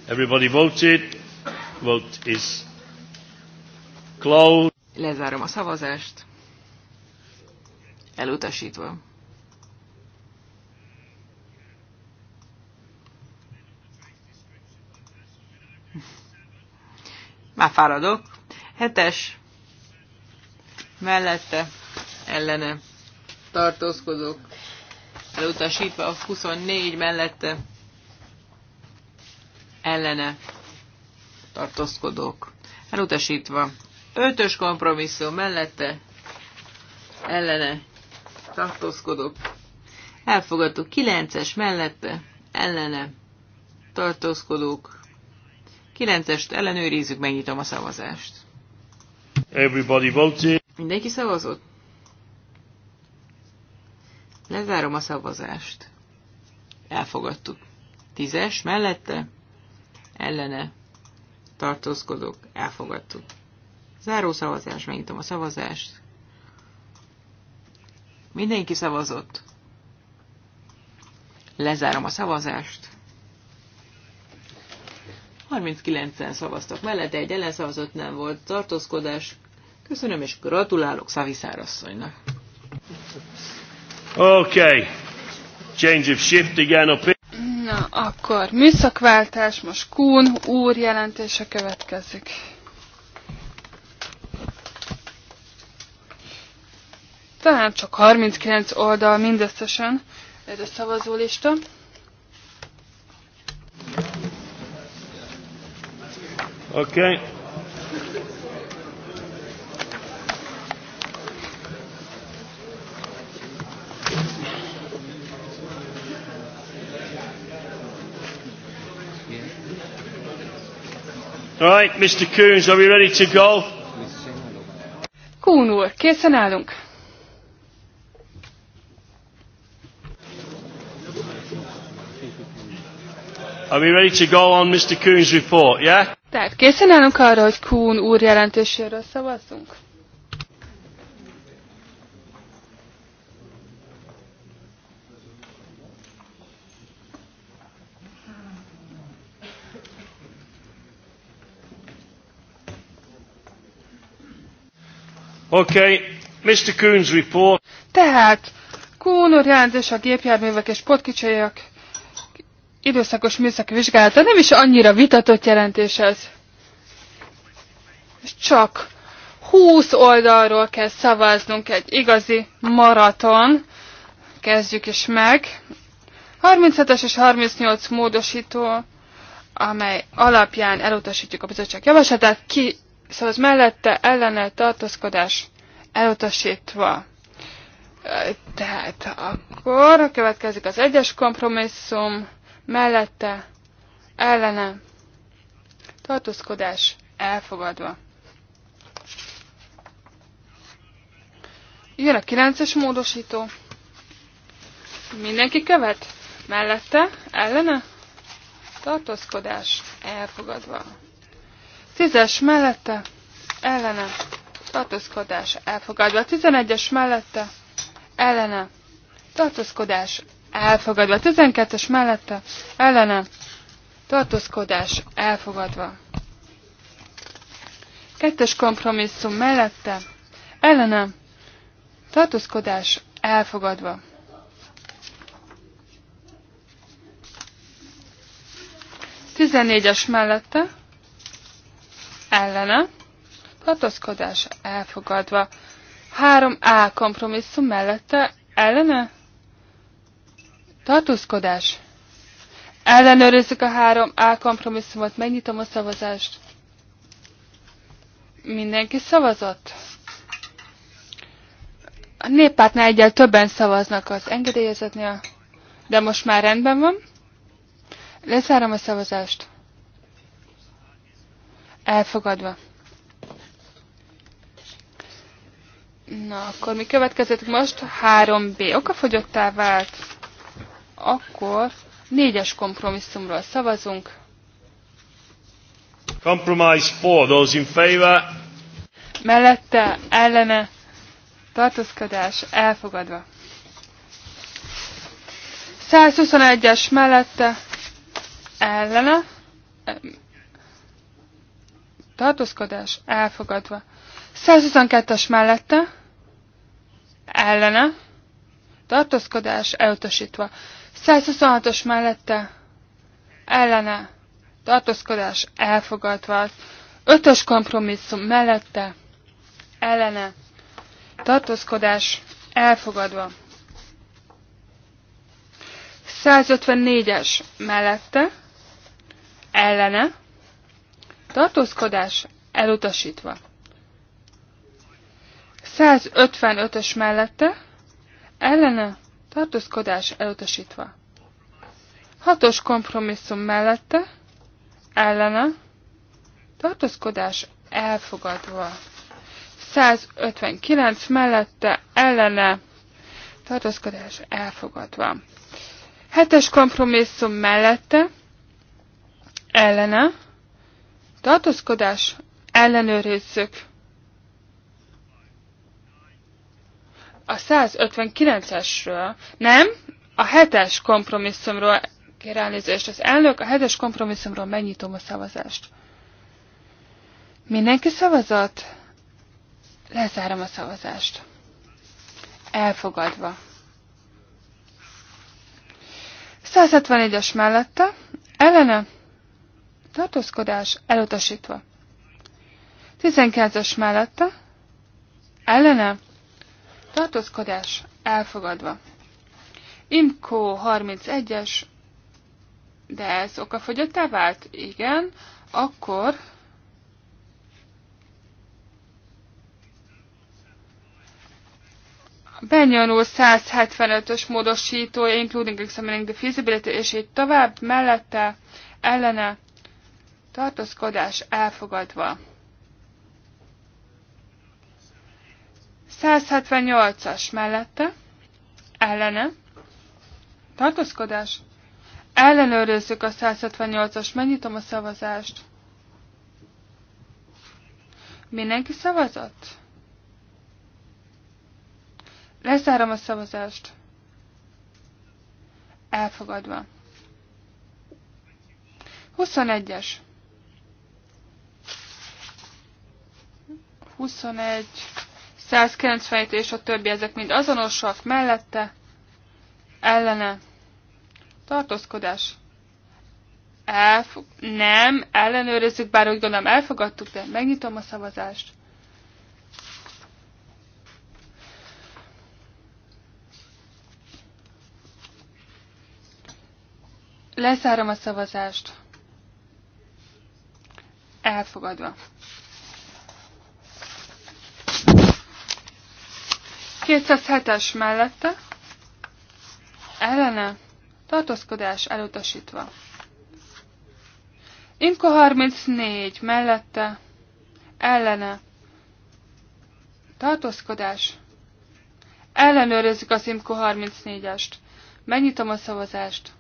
Everybody voted. Vote is closed. Lezárom a szavazást. Elutasítva. Már fáradok. Hetes. Mellette. Ellene tartózkodók elutasítva, a 24 mellette ellene tartózkodók elutasítva, 5-ös kompromisszum mellette ellene tartózkodók elfogadtuk, 9-es mellette ellene tartózkodók 9-est ellenőrizzük, megnyitom a szavazást. Everybody voted. Mindenki szavazott? Lezárom a szavazást. Elfogadtuk. Tízes mellette, ellene, tartózkodok, elfogadtuk. Záró szavazás, megnyitom a szavazást. Mindenki szavazott. Lezárom a szavazást. 39-en szavaztak mellette, egy ellenszavazott nem volt tartózkodás. Köszönöm és gratulálok Szaviszár asszonynak. Okay. Change of shift again up Na, akkor műszakváltás, most Kuhn úr jelentése következik. Talán csak 39 oldal mindösszesen ez a szavazólista. Okay. Right, Mr. Coons, are we ready to go? Kuhn úr, készen állunk. Are we ready to go on Mr. Coons report, yeah? Tehát készen állunk arra, hogy Kuhn úr jelentéséről szavazzunk? Okay, Mr. Coons report. Tehát Kuhn úr jelentős a gépjárművek és potkicsaiak időszakos műszaki vizsgálata nem is annyira vitatott jelentés ez. Csak 20 oldalról kell szavaznunk egy igazi maraton. Kezdjük is meg. 37-es és 38 módosító, amely alapján elutasítjuk a bizottság javaslatát, ki Szóval az mellette ellene tartózkodás elutasítva. Tehát akkor következik az egyes kompromisszum, mellette ellene tartózkodás elfogadva. Jön a kilences módosító. Mindenki követ? Mellette, ellene? Tartózkodás elfogadva. Tízes mellette ellene tartózkodás elfogadva. Tizenegyes mellette ellene tartózkodás elfogadva. Tizenkettes mellette ellene tartózkodás elfogadva. Kettes kompromisszum mellette ellene tartózkodás elfogadva. Tizennégyes mellette ellene, tartózkodás elfogadva. 3A kompromisszum mellette ellene, tartózkodás. Ellenőrizzük a 3A kompromisszumot, megnyitom a szavazást. Mindenki szavazott? A néppártnál egyel többen szavaznak az engedélyezetnél, de most már rendben van. Lezárom a szavazást elfogadva. Na, akkor mi következett most? 3B okafogyottá vált. Akkor négyes kompromisszumról szavazunk. Compromise for those in favor. Mellette, ellene, tartózkodás elfogadva. 121-es mellette, ellene, tartózkodás elfogadva. 122-es mellette ellene tartózkodás elutasítva. 126-os mellette ellene tartózkodás elfogadva. 5-ös kompromisszum mellette ellene tartózkodás elfogadva. 154-es mellette ellene tartózkodás elutasítva. 155-ös mellette, ellene tartózkodás elutasítva. 6-os kompromisszum mellette, ellene tartózkodás elfogadva. 159 mellette, ellene tartózkodás elfogadva. 7-es kompromisszum mellette, ellene tartózkodás, ellenőrizzük. A 159-esről, nem, a 7-es kompromisszumról, kér elnézést az elnök, a 7-es kompromisszumról megnyitom a szavazást. Mindenki szavazat? Lezárom a szavazást. Elfogadva. 171-es mellette, ellene tartózkodás elutasítva. 19-es mellette, ellene, tartózkodás elfogadva. Imkó 31-es, de ez okafogyottá vált? Igen, akkor Benyonó 175-ös módosítója, including examining the feasibility, és így tovább, mellette, ellene, tartózkodás elfogadva. 178-as mellette, ellene, tartózkodás, ellenőrizzük a 178-as, megnyitom a szavazást. Mindenki szavazott? Lezárom a szavazást. Elfogadva. 21-es. 21, 197 és a többi, ezek mind azonosak, mellette, ellene, tartózkodás. Elfog... Nem, ellenőrizzük, bár úgy gondolom elfogadtuk, de megnyitom a szavazást. Lezárom a szavazást. Elfogadva. 207-es mellette ellene tartózkodás elutasítva. Imko 34 mellette ellene tartózkodás. Ellenőrizzük az Imko 34-est. Megnyitom a szavazást.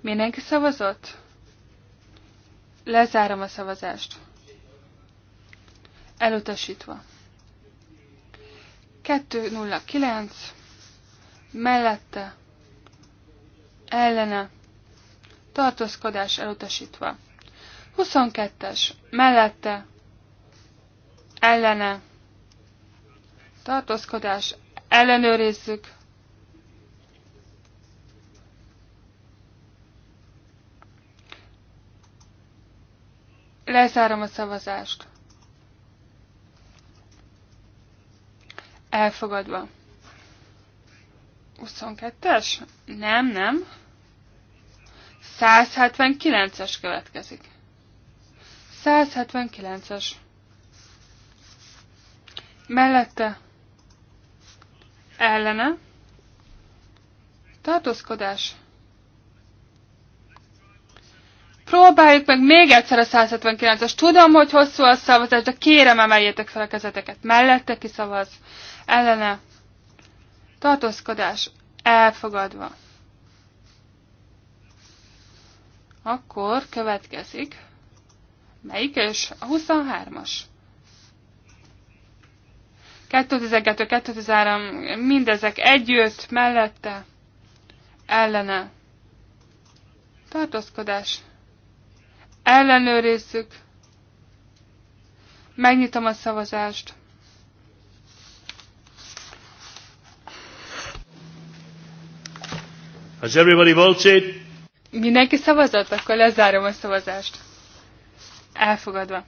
Mindenki szavazott? Lezárom a szavazást. Elutasítva. 209 mellette ellene tartózkodás elutasítva. 22-es mellette ellene tartózkodás ellenőrizzük. Lezárom a szavazást. elfogadva. 22-es? Nem, nem. 179-es következik. 179-es. Mellette ellene tartózkodás. Próbáljuk meg még egyszer a 179-es. Tudom, hogy hosszú a szavazás, de kérem emeljétek fel a kezeteket. Mellette kiszavaz ellene tartózkodás elfogadva. Akkor következik melyik és a 23-as. 2012-2013 mindezek együtt, mellette, ellene. Tartózkodás. Ellenőrizzük. Megnyitom a szavazást. Has everybody voted? Mindenki szavazott? Akkor lezárom a szavazást. Elfogadva.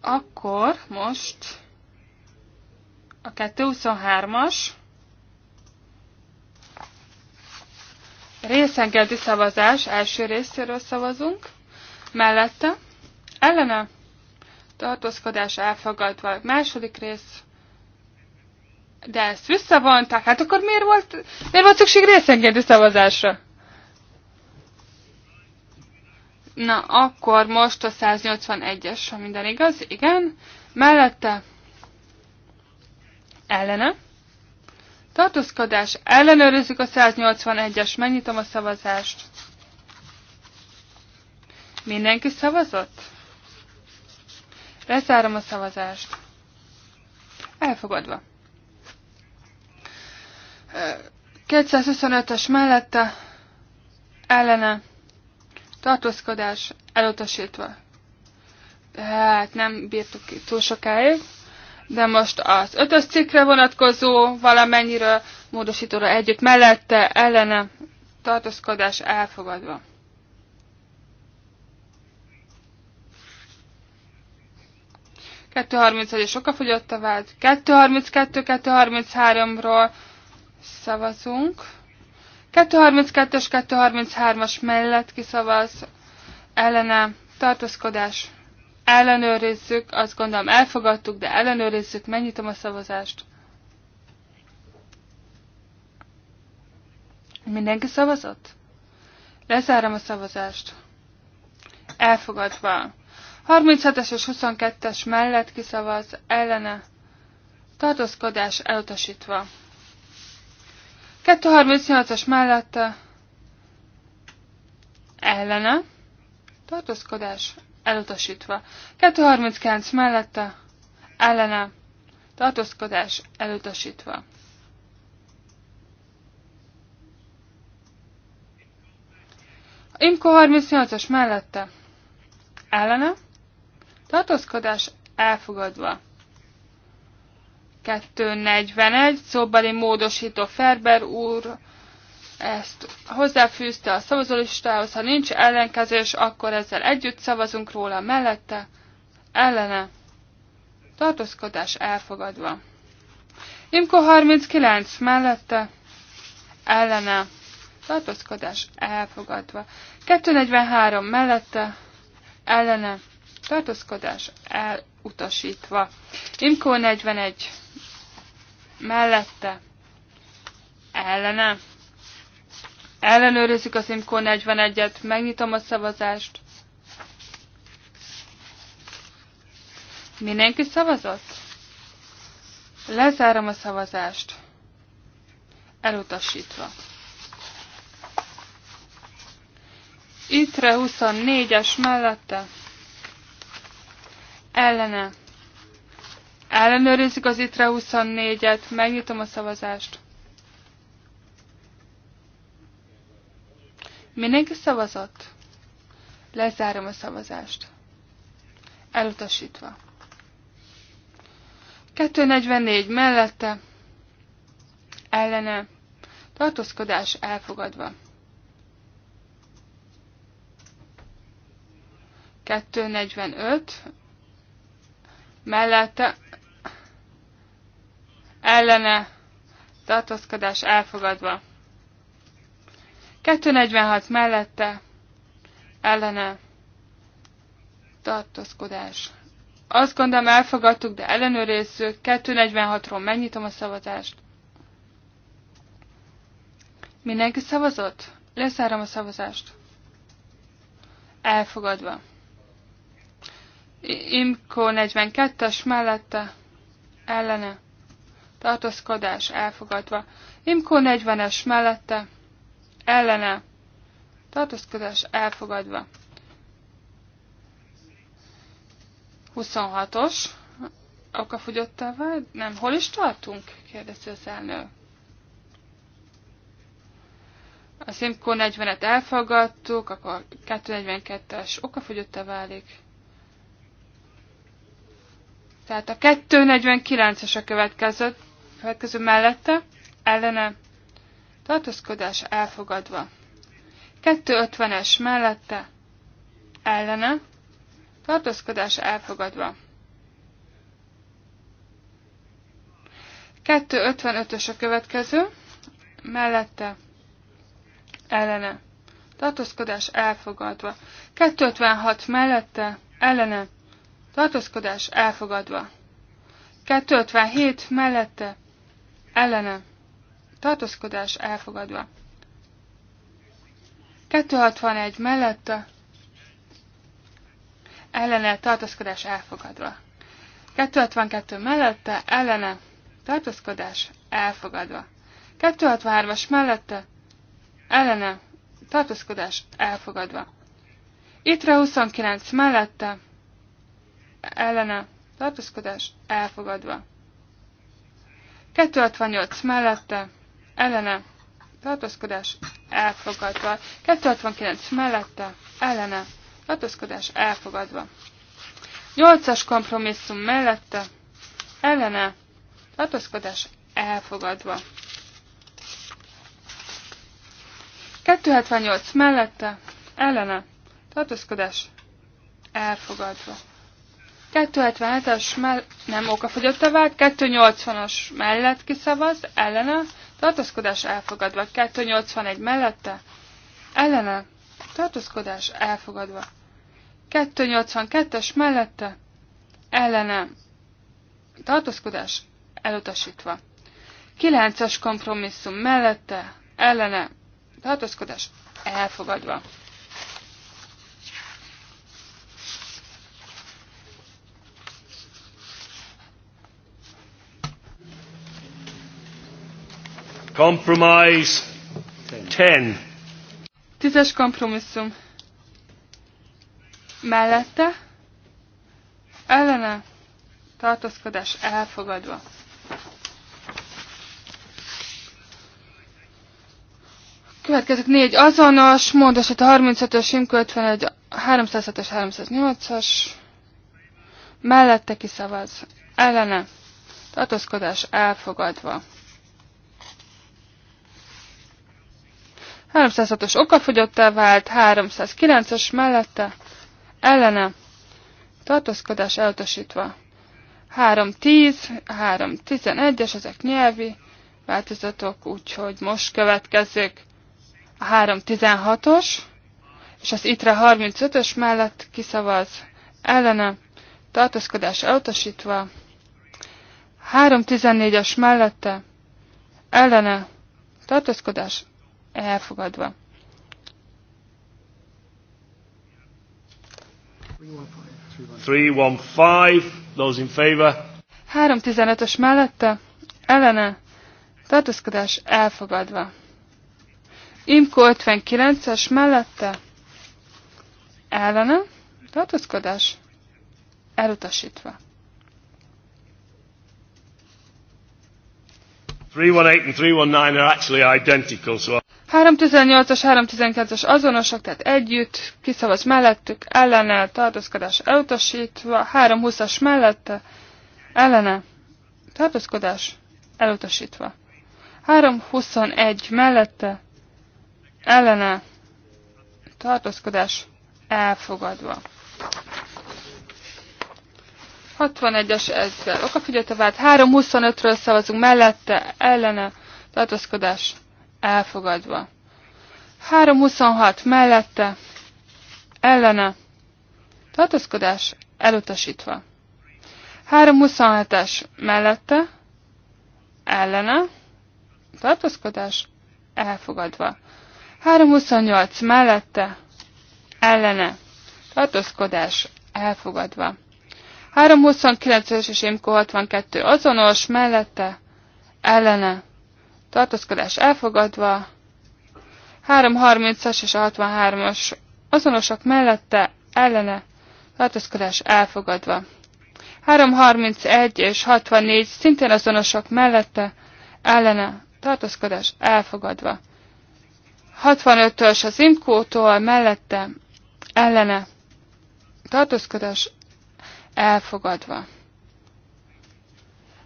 Akkor most a 223-as részengedi szavazás első részéről szavazunk, mellette ellene tartózkodás elfogadva második rész de ezt visszavonták, hát akkor miért volt, miért volt szükség részengedő szavazásra? Na, akkor most a 181-es, ha minden igaz, igen. Mellette ellene. Tartózkodás, ellenőrizzük a 181-es, megnyitom a szavazást. Mindenki szavazott? Lezárom a szavazást. Elfogadva. 225-ös mellette ellene tartózkodás elutasítva. Hát nem bírtuk ki túl sokáig, de most az ötös cikkre vonatkozó valamennyire módosítóra együtt mellette ellene tartózkodás elfogadva. sokkal fogyott a vált. 232-233-ról Szavazunk. 232-es, 233-as mellett kiszavaz, ellene tartózkodás. Ellenőrizzük, azt gondolom elfogadtuk, de ellenőrizzük, megnyitom a szavazást. Mindenki szavazott? Lezárom a szavazást. Elfogadva. 37-es és 22-es mellett kiszavaz, ellene tartózkodás elutasítva. 238-as mellette ellene tartózkodás elutasítva. 239 mellette ellene tartózkodás elutasítva. Imko 38-as mellette ellene tartózkodás elfogadva. 241, szóbeli módosító Ferber úr ezt hozzáfűzte a szavazólistához, ha nincs ellenkezés, akkor ezzel együtt szavazunk róla mellette, ellene, tartózkodás elfogadva. Imko 39 mellette, ellene, tartózkodás elfogadva. 243 mellette, ellene, tartózkodás elutasítva. Imko 41 mellette, ellene. Ellenőrizzük a Simco 41-et, megnyitom a szavazást. Mindenki szavazott? Lezárom a szavazást. Elutasítva. Ittre 24-es mellette. Ellene. Ellenőrizzük az ITRE 24-et, megnyitom a szavazást. Mindenki szavazott? Lezárom a szavazást. Elutasítva. 244 mellette, ellene, tartózkodás elfogadva. 245 mellette ellene tartózkodás elfogadva. 246 mellette ellene tartózkodás. Azt gondolom elfogadtuk, de ellenőrizzük. 246-ról megnyitom a szavazást. Mindenki szavazott? Leszárom a szavazást. Elfogadva. Imko 42-es mellette ellene tartózkodás elfogadva. Imko 40-es mellette ellene tartózkodás elfogadva. 26-os fogyottál vált? Nem, hol is tartunk? kérdezi az elnök. A Simco 40-et elfogadtuk, akkor 242-es a válik. Tehát a 249-es a következő, következő mellette, ellene tartózkodás elfogadva. 250-es mellette, ellene tartózkodás elfogadva. 255-ös a következő, mellette, ellene tartózkodás elfogadva. 256 mellette, ellene tartózkodás elfogadva. 257 mellette ellene tartózkodás elfogadva. 261 mellette ellene tartózkodás elfogadva. 262 mellette ellene tartózkodás elfogadva. 263-as mellette ellene tartózkodás elfogadva. Itre 29 mellette ellene tartózkodás elfogadva. 268 mellette ellene tartózkodás elfogadva. 269 mellette ellene tartózkodás elfogadva. 8-as kompromisszum mellette ellene tartózkodás elfogadva. 278 mellette ellene tartózkodás elfogadva. 277 as mell nem okafogyottá vált, 280-as mellett kiszavaz, ellene, tartózkodás elfogadva, 281 mellette, ellene, tartózkodás elfogadva, 282-es mellette, ellene, tartózkodás elutasítva, 9-es kompromisszum mellette, ellene, tartózkodás elfogadva. Compromise 10. Tízes kompromisszum. Mellette. Ellene. Tartózkodás elfogadva. Következik négy azonos, módosít a 35-ös, Imkő 51, 307-es, 308-as. Mellette kiszavaz. Ellene. Tartózkodás elfogadva. 306-os okafogyottá vált, 309-es mellette, ellene, tartózkodás elutasítva. 310, 311-es, ezek nyelvi változatok, úgyhogy most következik a 316-os, és az ITRE 35-ös mellett kiszavaz ellene, tartózkodás elutasítva, 314-es mellette, ellene, tartózkodás elfogadva. Those in favor. 3.15-ös mellette, ellene, tartózkodás elfogadva. Imko 59-es mellette, ellene, tartózkodás elutasítva. 318 and 319 are actually identical, so 318-as, 319-as azonosok, tehát együtt, kiszavaz mellettük, ellene, tartózkodás elutasítva, 320-as mellette, ellene, tartózkodás elutasítva. 321 mellette, ellene, tartózkodás elfogadva. 61-es ezzel. figyelte vált. 325-ről szavazunk mellette, ellene, tartózkodás elfogadva. 326 mellette, ellene, tartozkodás elutasítva. 327-es mellette, ellene, tartozkodás elfogadva. 328 mellette, ellene, tartozkodás elfogadva. 329-es és Imko 62 azonos mellette, ellene, tartózkodás elfogadva, 330-as és 63-as azonosak mellette ellene tartózkodás elfogadva. 331 és 64 szintén azonosak mellette ellene tartózkodás elfogadva. 65-ös az imkótól mellette ellene tartózkodás elfogadva.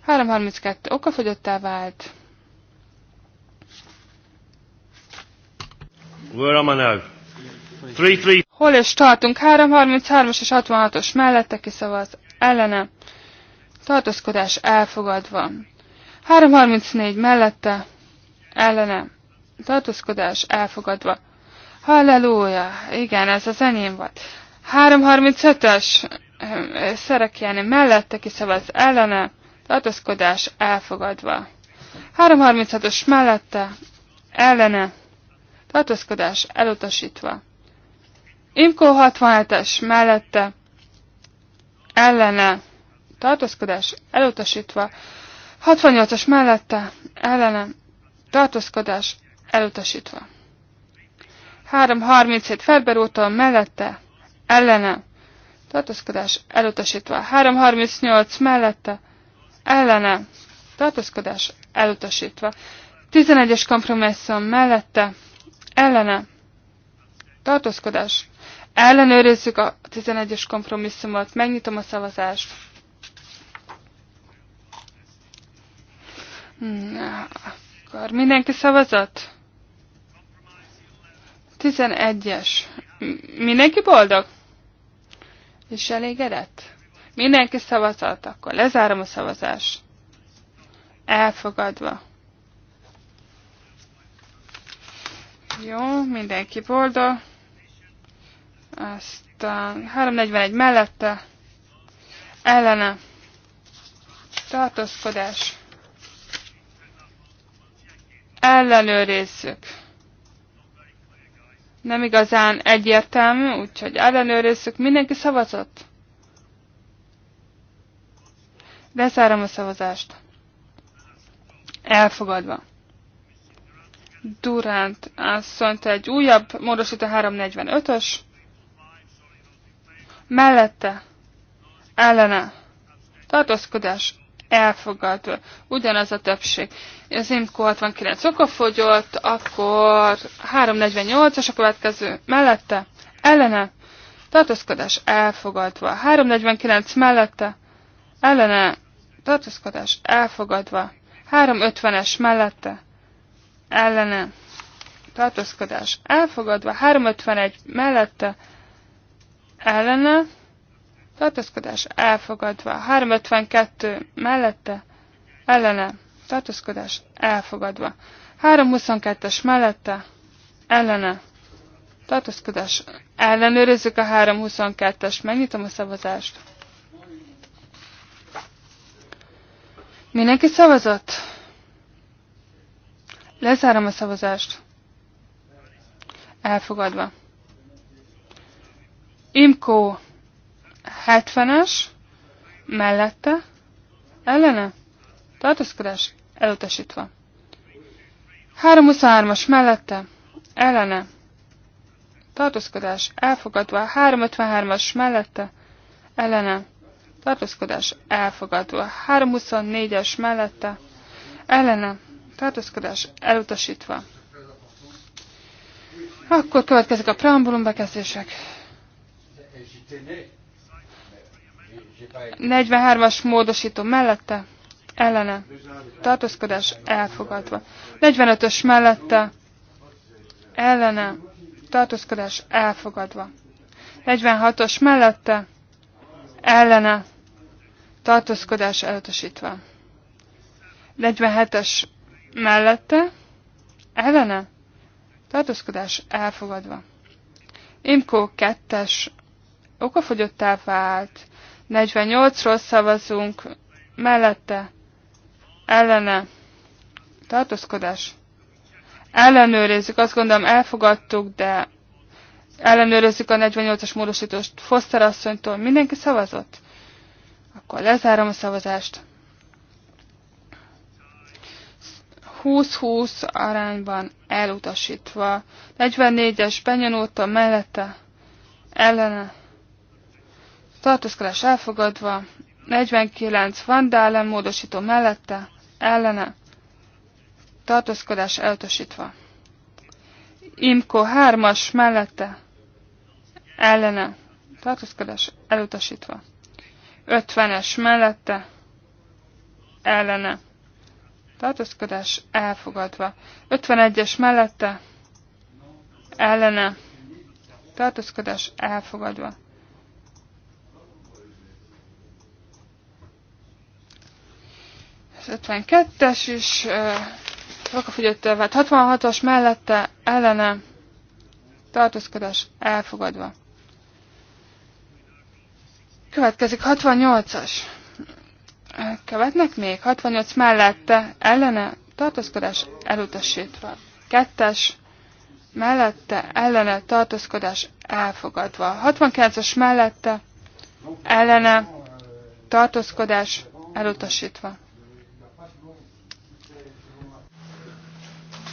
332 okafogyottá vált. Hol is tartunk? 333-as és 66-os mellette kiszavaz. Ellene. Tartózkodás elfogadva. 334 mellette. Ellene. Tartózkodás elfogadva. Halleluja! Igen, ez az enyém volt. 335-ös eh, szerekjelni mellette kiszavaz ellene, tartózkodás elfogadva. 336-os mellette, ellene, tartózkodás elutasítva. Imko 67-es mellette ellene tartózkodás elutasítva, 68-as mellette ellene tartózkodás elutasítva. 337 Ferber úton mellette ellene tartózkodás elutasítva. 338 mellette ellene tartózkodás elutasítva. 11-es kompromisszum mellette ellene tartózkodás. Ellenőrizzük a 11-es kompromisszumot, megnyitom a szavazást. Na, akkor mindenki szavazott? 11-es. Mindenki boldog? És elégedett? Mindenki szavazat, akkor lezárom a szavazást. Elfogadva. Jó, mindenki boldog. Aztán 341 mellette ellene tartózkodás. Ellenőrizzük. Nem igazán egyértelmű, úgyhogy ellenőrizzük. Mindenki szavazott? Leszárom a szavazást. Elfogadva. Durant asszonyt egy újabb módosító 345-ös, mellette ellene tartózkodás elfogadva, ugyanaz a többség. Az IMCO 69 okafogyott, akkor 348-as a következő mellette, ellene, tartózkodás elfogadva, 349 mellette, ellene, tartózkodás elfogadva, 350-es mellette, ellene tartózkodás elfogadva, 351 mellette ellene tartózkodás elfogadva, 352 mellette ellene tartózkodás elfogadva, 322-es mellette ellene tartózkodás ellenőrizzük a 322-es, megnyitom a szavazást. Mindenki szavazott? Lezárom a szavazást. Elfogadva. Imkó 70-es, mellette, ellene, tartózkodás elutasítva. 323-as mellette, ellene, tartózkodás elfogadva, 353-as mellette, ellene, tartózkodás elfogadva, 324-es mellette, ellene, tartózkodás elutasítva. Akkor következik a preambulum bekezdések. 43-as módosító mellette, ellene, tartózkodás elfogadva. 45-ös mellette, ellene, tartózkodás elfogadva. 46-os mellette, ellene, tartózkodás elutasítva. 47-es mellette, ellene, tartózkodás elfogadva. Imkó 2-es okafogyottá vált, 48-ról szavazunk, mellette, ellene, tartózkodás. Ellenőrizzük, azt gondolom elfogadtuk, de ellenőrizzük a 48-as módosítást Foster asszonytól. Mindenki szavazott? Akkor lezárom a szavazást. 20-20 arányban elutasítva. 44-es benyomóta mellette ellene tartózkodás elfogadva, 49 vandálem módosító mellette ellene tartózkodás elutasítva. Imko 3-as mellette ellene tartózkodás elutasítva. 50-es mellette ellene tartózkodás elfogadva. 51-es mellette ellene tartózkodás elfogadva. Az 52-es is rakafogyottá vált 66-as mellette ellene tartózkodás elfogadva. Következik 68-as követnek még. 68 mellette ellene tartózkodás elutasítva. Kettes mellette ellene tartózkodás elfogadva. 69-es mellette ellene tartózkodás elutasítva.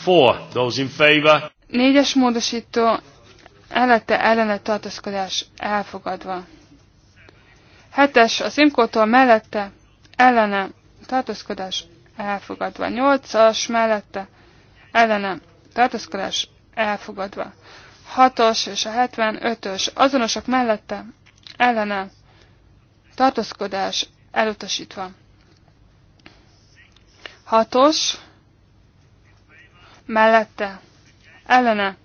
Four, those in favor. Négyes módosító ellette ellene tartózkodás elfogadva. Hetes az imkótól mellette ellene tartózkodás elfogadva. nyolcas mellette ellene tartózkodás elfogadva. hatos és a 75-ös azonosak mellette ellene tartózkodás elutasítva. hatos mellette ellene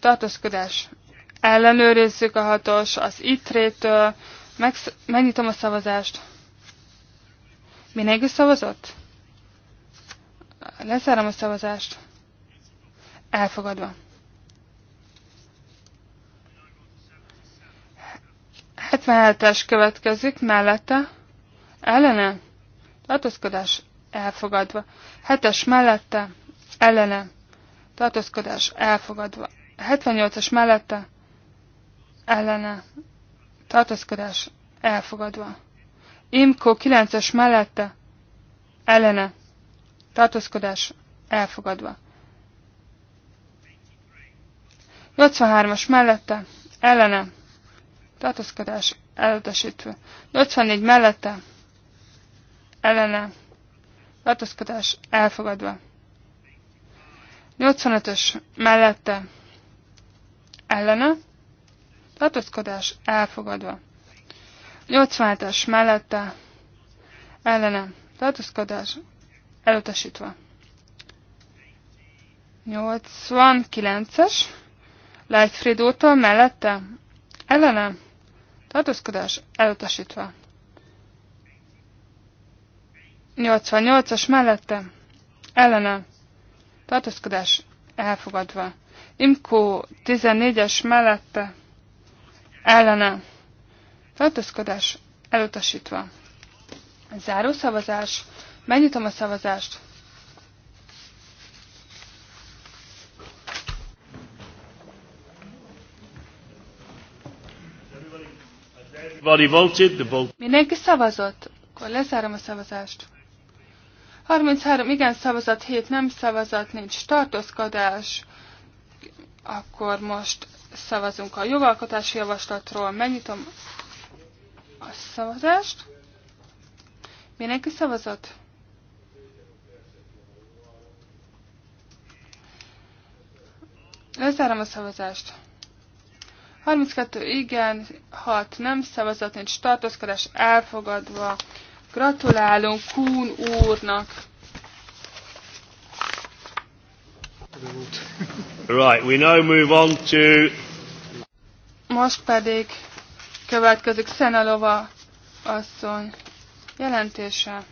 tartózkodás ellenőrizzük a hatos, az itrétől, től megnyitom a szavazást. Mindenki szavazott? Leszárom a szavazást. Elfogadva. 77-es következik, mellette, ellene, tartózkodás elfogadva. 7-es mellette, ellene, tartózkodás elfogadva. 78-as mellette, ellene, tartózkodás elfogadva. Imko 9-es mellette ellene tartózkodás elfogadva. 83-as mellette ellene tartózkodás elutasítva. 84 mellette ellene tartózkodás elfogadva. 85-ös mellette ellene tartózkodás elfogadva. 87-es mellette ellene tartózkodás elutasítva. 89-es Lightfried úrtól mellette ellene tartózkodás elutasítva. 88-as mellette ellene tartózkodás elfogadva. Imkó 14-es mellette ellene Tartózkodás elutasítva. Záró szavazás. Megnyitom a szavazást. Mindenki szavazott. Akkor lezárom a szavazást. 33 igen szavazat, 7 nem szavazat, nincs tartózkodás. Akkor most szavazunk a jogalkotási javaslatról. Megnyitom a szavazást. Mindenki szavazott? Lezárom a szavazást. 32 igen, 6 nem szavazat, nincs tartózkodás elfogadva. Gratulálunk Kún úrnak. Right, we now move on to... Most pedig Következik Szenalova asszony jelentése.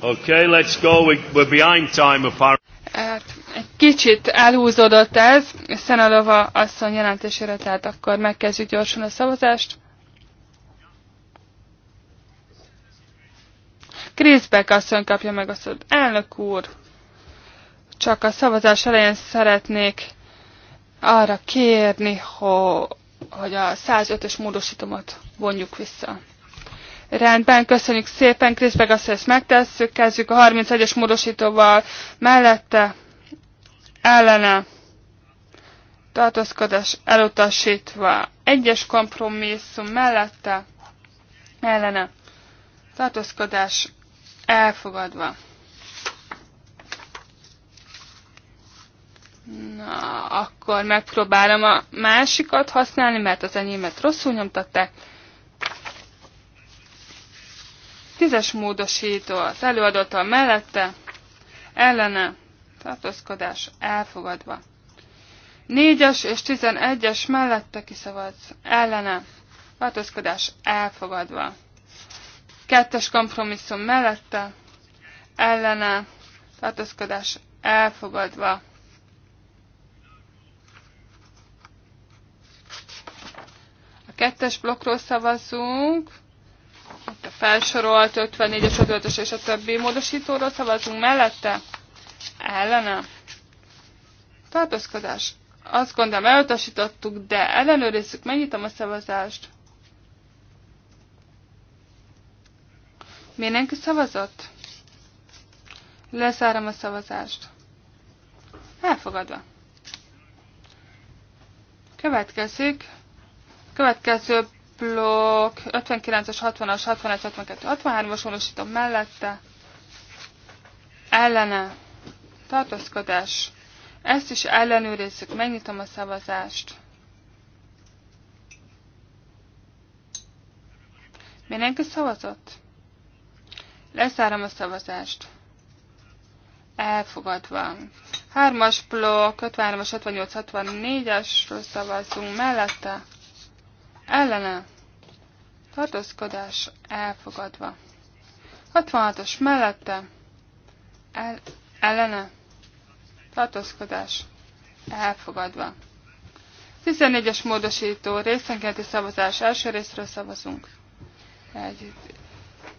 Okay, let's go. We, we're behind time apparently. Hát, egy kicsit elhúzódott ez, Szenalova asszony jelentésére, tehát akkor megkezdjük gyorsan a szavazást. Kriszbek asszony kapja meg a szót. Elnök úr, csak a szavazás elején szeretnék arra kérni, hogy a 105-ös módosítomat vonjuk vissza. Rendben, köszönjük szépen, Kriszbek asszony, ezt megtesszük. Kezdjük a 31-es módosítóval mellette, ellene tartózkodás elutasítva, egyes kompromisszum mellette, ellene tartózkodás elfogadva. Na, akkor megpróbálom a másikat használni, mert az enyémet rosszul nyomtatták. Tízes módosító az előadottal mellette, ellene, tartózkodás elfogadva. Négyes és tizenegyes mellette kiszavadsz, ellene, tartózkodás elfogadva. Kettes kompromisszum mellette ellene tartozkodás elfogadva. A kettes blokkról szavazunk. Itt a felsorolt 54-es, 55 és a többi módosítóról szavazunk mellette. Ellene. Tartózkodás. Azt gondolom elutasítottuk, de ellenőrizzük, megnyitom a szavazást. Mindenki szavazott? Leszárom a szavazást. Elfogadva. Következik. Következő blokk 59-es, 60-as, 61, 62, 63-as honosítom mellette. Ellene. Tartózkodás. Ezt is ellenőrizzük. Megnyitom a szavazást. Mindenki szavazott? Leszárom a szavazást. Elfogadva. Hármas blokk, 53-as, 68-64-esről szavazunk mellette. Ellene. Tartózkodás elfogadva. 66-os mellette. El, ellene. Tartózkodás elfogadva. 14-es módosító részenkénti szavazás első részről szavazunk. Egy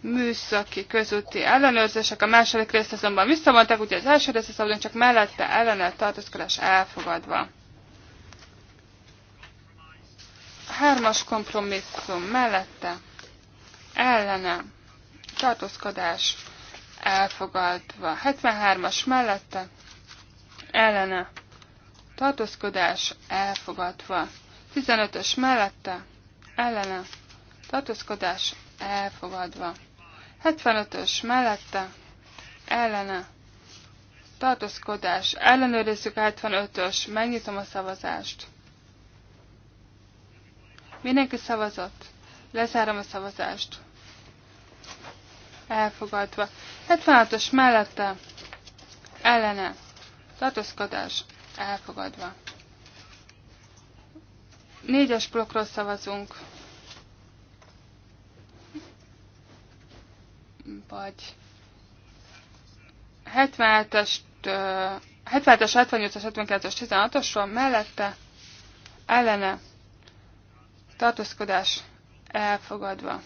műszaki közúti ellenőrzések, a második részt azonban visszavonták, úgyhogy az első részt azonban csak mellette ellene tartózkodás elfogadva. Hármas kompromisszum mellette ellene tartózkodás elfogadva. 73-as mellette ellene tartózkodás elfogadva. 15-ös mellette ellene tartózkodás elfogadva. 75-ös mellette ellene tartózkodás. Ellenőrizzük 75-ös. Megnyitom a szavazást. Mindenki szavazott. Lezárom a szavazást. Elfogadva. 76-os mellette ellene tartózkodás. Elfogadva. Négyes blokkról szavazunk. vagy 77-es, 78-as, 79-es, 16 asról mellette ellene tartózkodás elfogadva.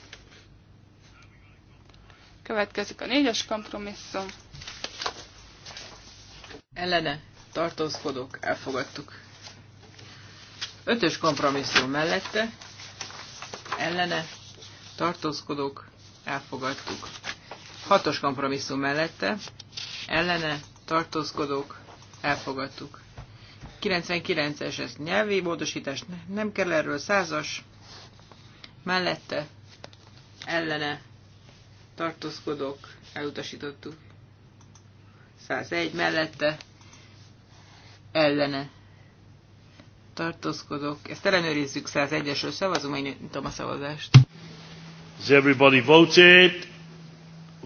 Következik a négyes kompromisszum. Ellene tartózkodók elfogadtuk. Ötös kompromisszum mellette ellene tartózkodók elfogadtuk. Hatos kompromisszum mellette, ellene tartózkodók elfogadtuk. 99-es, ez nyelvi módosítás, nem kell erről százas, mellette, ellene tartózkodók elutasítottuk. 101 mellette, ellene tartózkodók. Ezt ellenőrizzük 101-esről szavazunk, megnyitom a szavazást. Has everybody voted?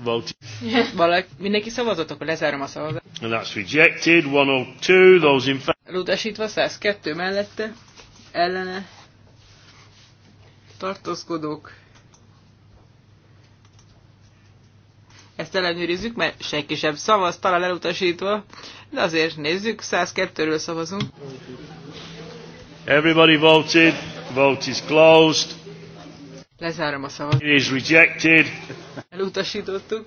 voted. Valaki, mindenki szavazott, akkor lezárom a szavazat. And that's rejected, 102, those in favor. Elutasítva 102 mellette, ellene, tartózkodók. Ezt ellenőrizzük, mert senki sem szavaz, talán elutasítva, de azért nézzük, 102-ről szavazunk. Everybody voted, vote is closed. Lezárom a szavat. It is rejected. Elutasítottuk.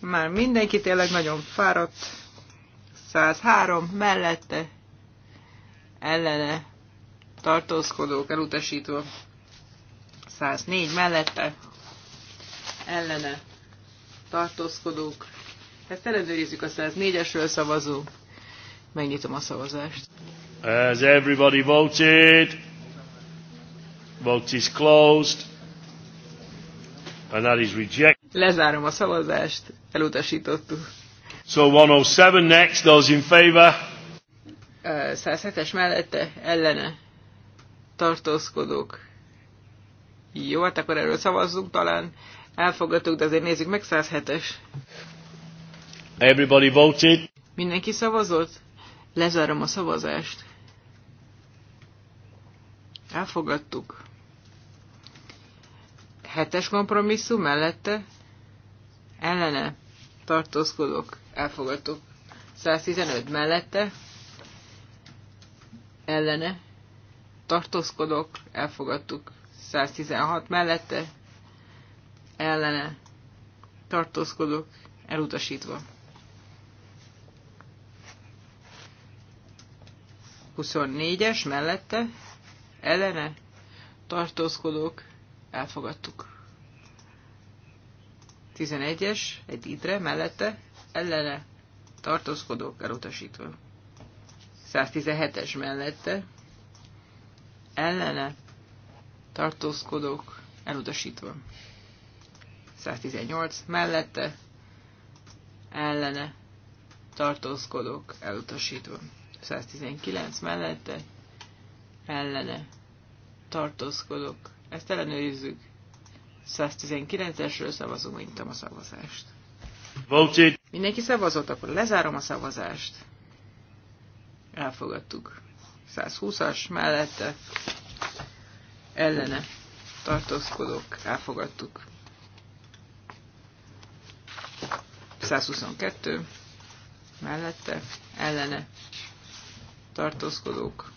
Már mindenki tényleg nagyon fáradt. 103 mellette ellene tartózkodók Elutasító. 104 mellette ellene tartózkodók. Ezt ellenőrizzük a 104-esről szavazó. Megnyitom a szavazást. As everybody voted? Vote is closed. And that is rejected. Lezárom a szavazást, elutasítottuk. So 107 next, those in favor. 107-es mellette, ellene, tartózkodók. Jó, hát akkor erről szavazzunk talán. Elfogadtuk, de azért nézzük meg 107-es. Everybody voted. Mindenki szavazott? Lezárom a szavazást. Elfogadtuk. Hetes kompromisszum mellette ellene tartózkodok, elfogadok. 115 mellette ellene tartózkodok, elfogadtuk. 116 mellette ellene tartózkodok, elutasítva. 24-es mellette ellene tartózkodok, elfogadtuk. 11-es, egy idre, mellette, ellene, tartózkodók elutasítva. 117-es mellette, ellene, tartózkodók elutasítva. 118 mellette, ellene, tartózkodók elutasítva. 119 mellette, ellene, tartózkodók ezt ellenőrizzük. 119-esről szavazunk, mint a szavazást. Voted. Mindenki szavazott, akkor lezárom a szavazást. Elfogadtuk. 120-as mellette ellene tartózkodók, elfogadtuk. 122 mellette ellene tartózkodók,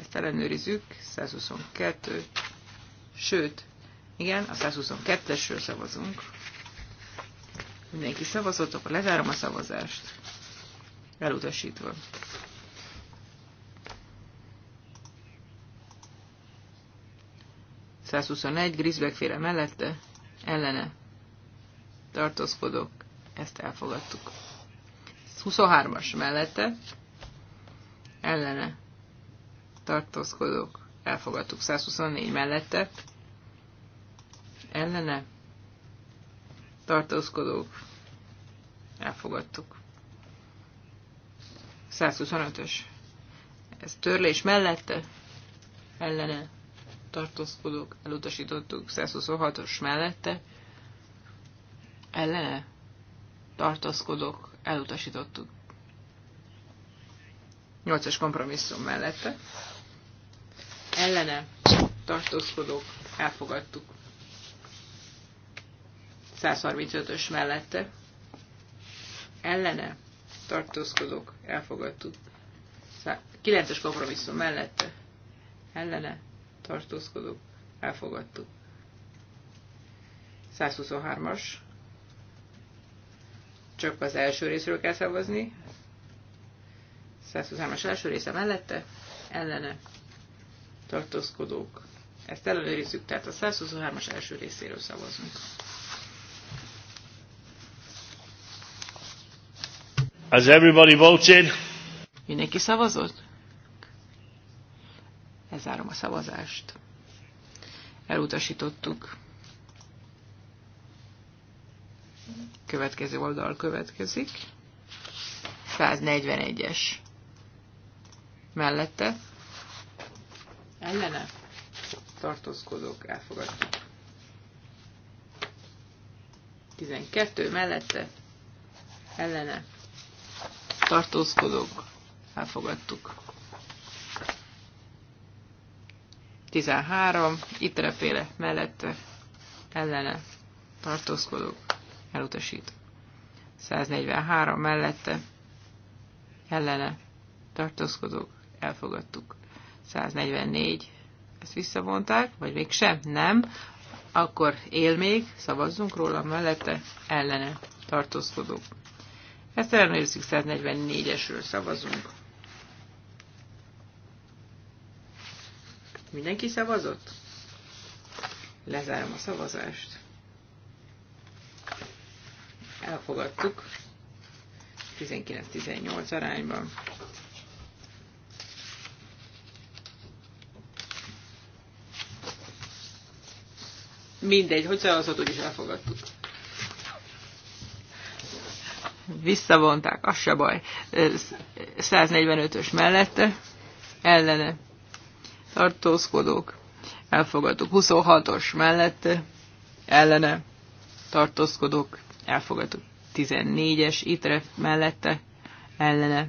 ezt ellenőrizzük. 122. Sőt, igen, a 122-esről szavazunk. Mindenki szavazott, akkor lezárom a szavazást. Elutasítva. egy Grisbeck mellette, ellene. Tartózkodok, ezt elfogadtuk. 23-as mellette, ellene tartózkodók, elfogadtuk 124 mellette, ellene, tartózkodók, elfogadtuk. 125-ös. Ez törlés mellette, ellene, tartózkodók, elutasítottuk 126-os mellette, ellene, tartózkodók, elutasítottuk. 8-as kompromisszum mellette ellene tartózkodók elfogadtuk. 135-ös mellette ellene tartózkodók elfogadtuk. 9-es kompromisszum mellette ellene tartózkodók elfogadtuk. 123-as csak az első részről kell szavazni. 123-as első része mellette ellene tartózkodók. Ezt ellenőrizzük, tehát a 123-as első részéről szavazunk. Has everybody voted? Mindenki szavazott? Lezárom a szavazást. Elutasítottuk. Következő oldal következik. 141-es. Mellette ellene tartózkodók elfogadtuk. 12 mellette ellene tartózkodók elfogadtuk. 13 itreféle mellette ellene tartózkodók elutasít. 143 mellette ellene tartózkodók elfogadtuk. 144, ezt visszavonták, vagy mégsem, nem, akkor él még, szavazzunk róla mellette, ellene tartózkodók. Ezt ellenőrizzük, 144-esről szavazunk. Mindenki szavazott? Lezárom a szavazást. Elfogadtuk. 19-18 arányban. Mindegy, hogy szavazott, úgyis elfogadtuk. Visszavonták, az se baj. 145-ös mellette, ellene, tartózkodók, elfogadtuk. 26-os mellette, ellene, tartózkodók, elfogadtuk. 14-es itre mellette, ellene,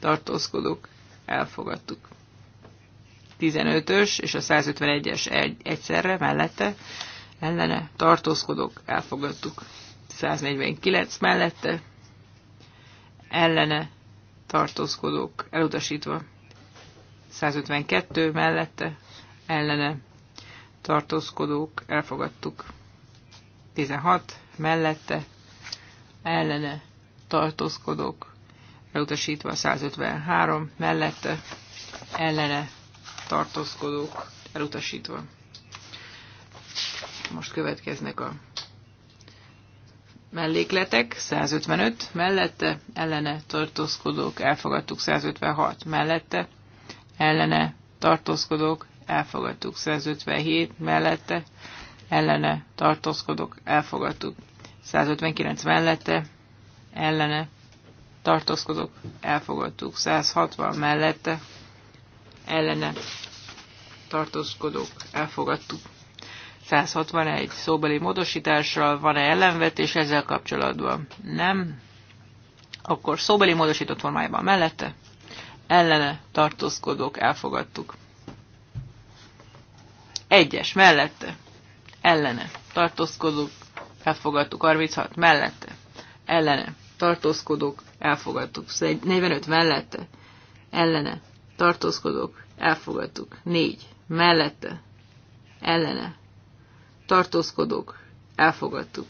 tartózkodók, elfogadtuk. 15-ös és a 151-es egyszerre mellette ellene tartózkodok, elfogadtuk. 149 mellette ellene tartózkodók elutasítva. 152 mellette ellene tartózkodók elfogadtuk. 16 mellette ellene tartózkodók elutasítva. 153 mellette ellene tartózkodók elutasítva. Most következnek a mellékletek, 155, mellette ellene tartózkodók, elfogadtuk 156, mellette ellene tartózkodók, elfogadtuk 157, mellette ellene tartózkodók, elfogadtuk 159 mellette ellene tartózkodók, elfogadtuk 160 mellette ellene tartózkodók, elfogadtuk 161 szóbeli módosítással van-e ellenvetés ezzel kapcsolatban? Nem. Akkor szóbeli módosított formájában mellette, ellene tartózkodók elfogadtuk. Egyes mellette, ellene tartózkodók elfogadtuk. 36 mellette, ellene tartózkodók elfogadtuk. 45 mellette, ellene tartózkodók elfogadtuk. 4 mellette, ellene tartózkodók, elfogadtuk.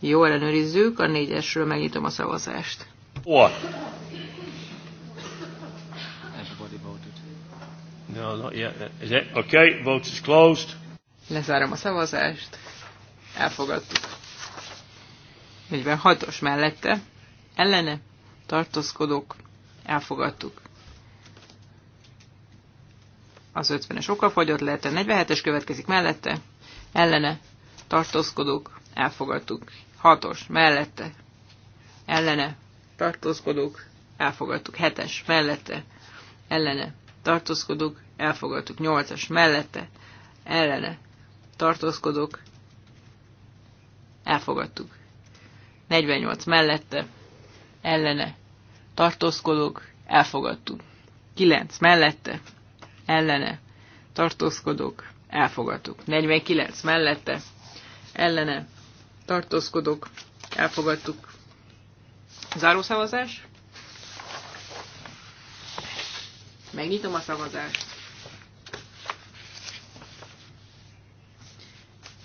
Jó, ellenőrizzük, a négyesről megnyitom a szavazást. What? Everybody voted. No, not yet. Is it? Okay, vote is closed. Lezárom a szavazást. Elfogadtuk. 46-os mellette. Ellene tartózkodók. Elfogadtuk az 50-es okafogyott lehet a 47-es következik mellette, ellene, tartózkodók, elfogadtuk. 6-os, mellette, ellene, tartózkodók, elfogadtuk. 7-es, mellette, ellene, tartózkodók, elfogadtuk. 8-as, mellette, ellene, tartózkodók, elfogadtuk. 48 mellette, ellene, tartózkodók, elfogadtuk. 9 mellette, ellene tartózkodok, elfogadtuk. 49 mellette ellene tartózkodok, elfogadtuk. Zárószavazás. Megnyitom a szavazást.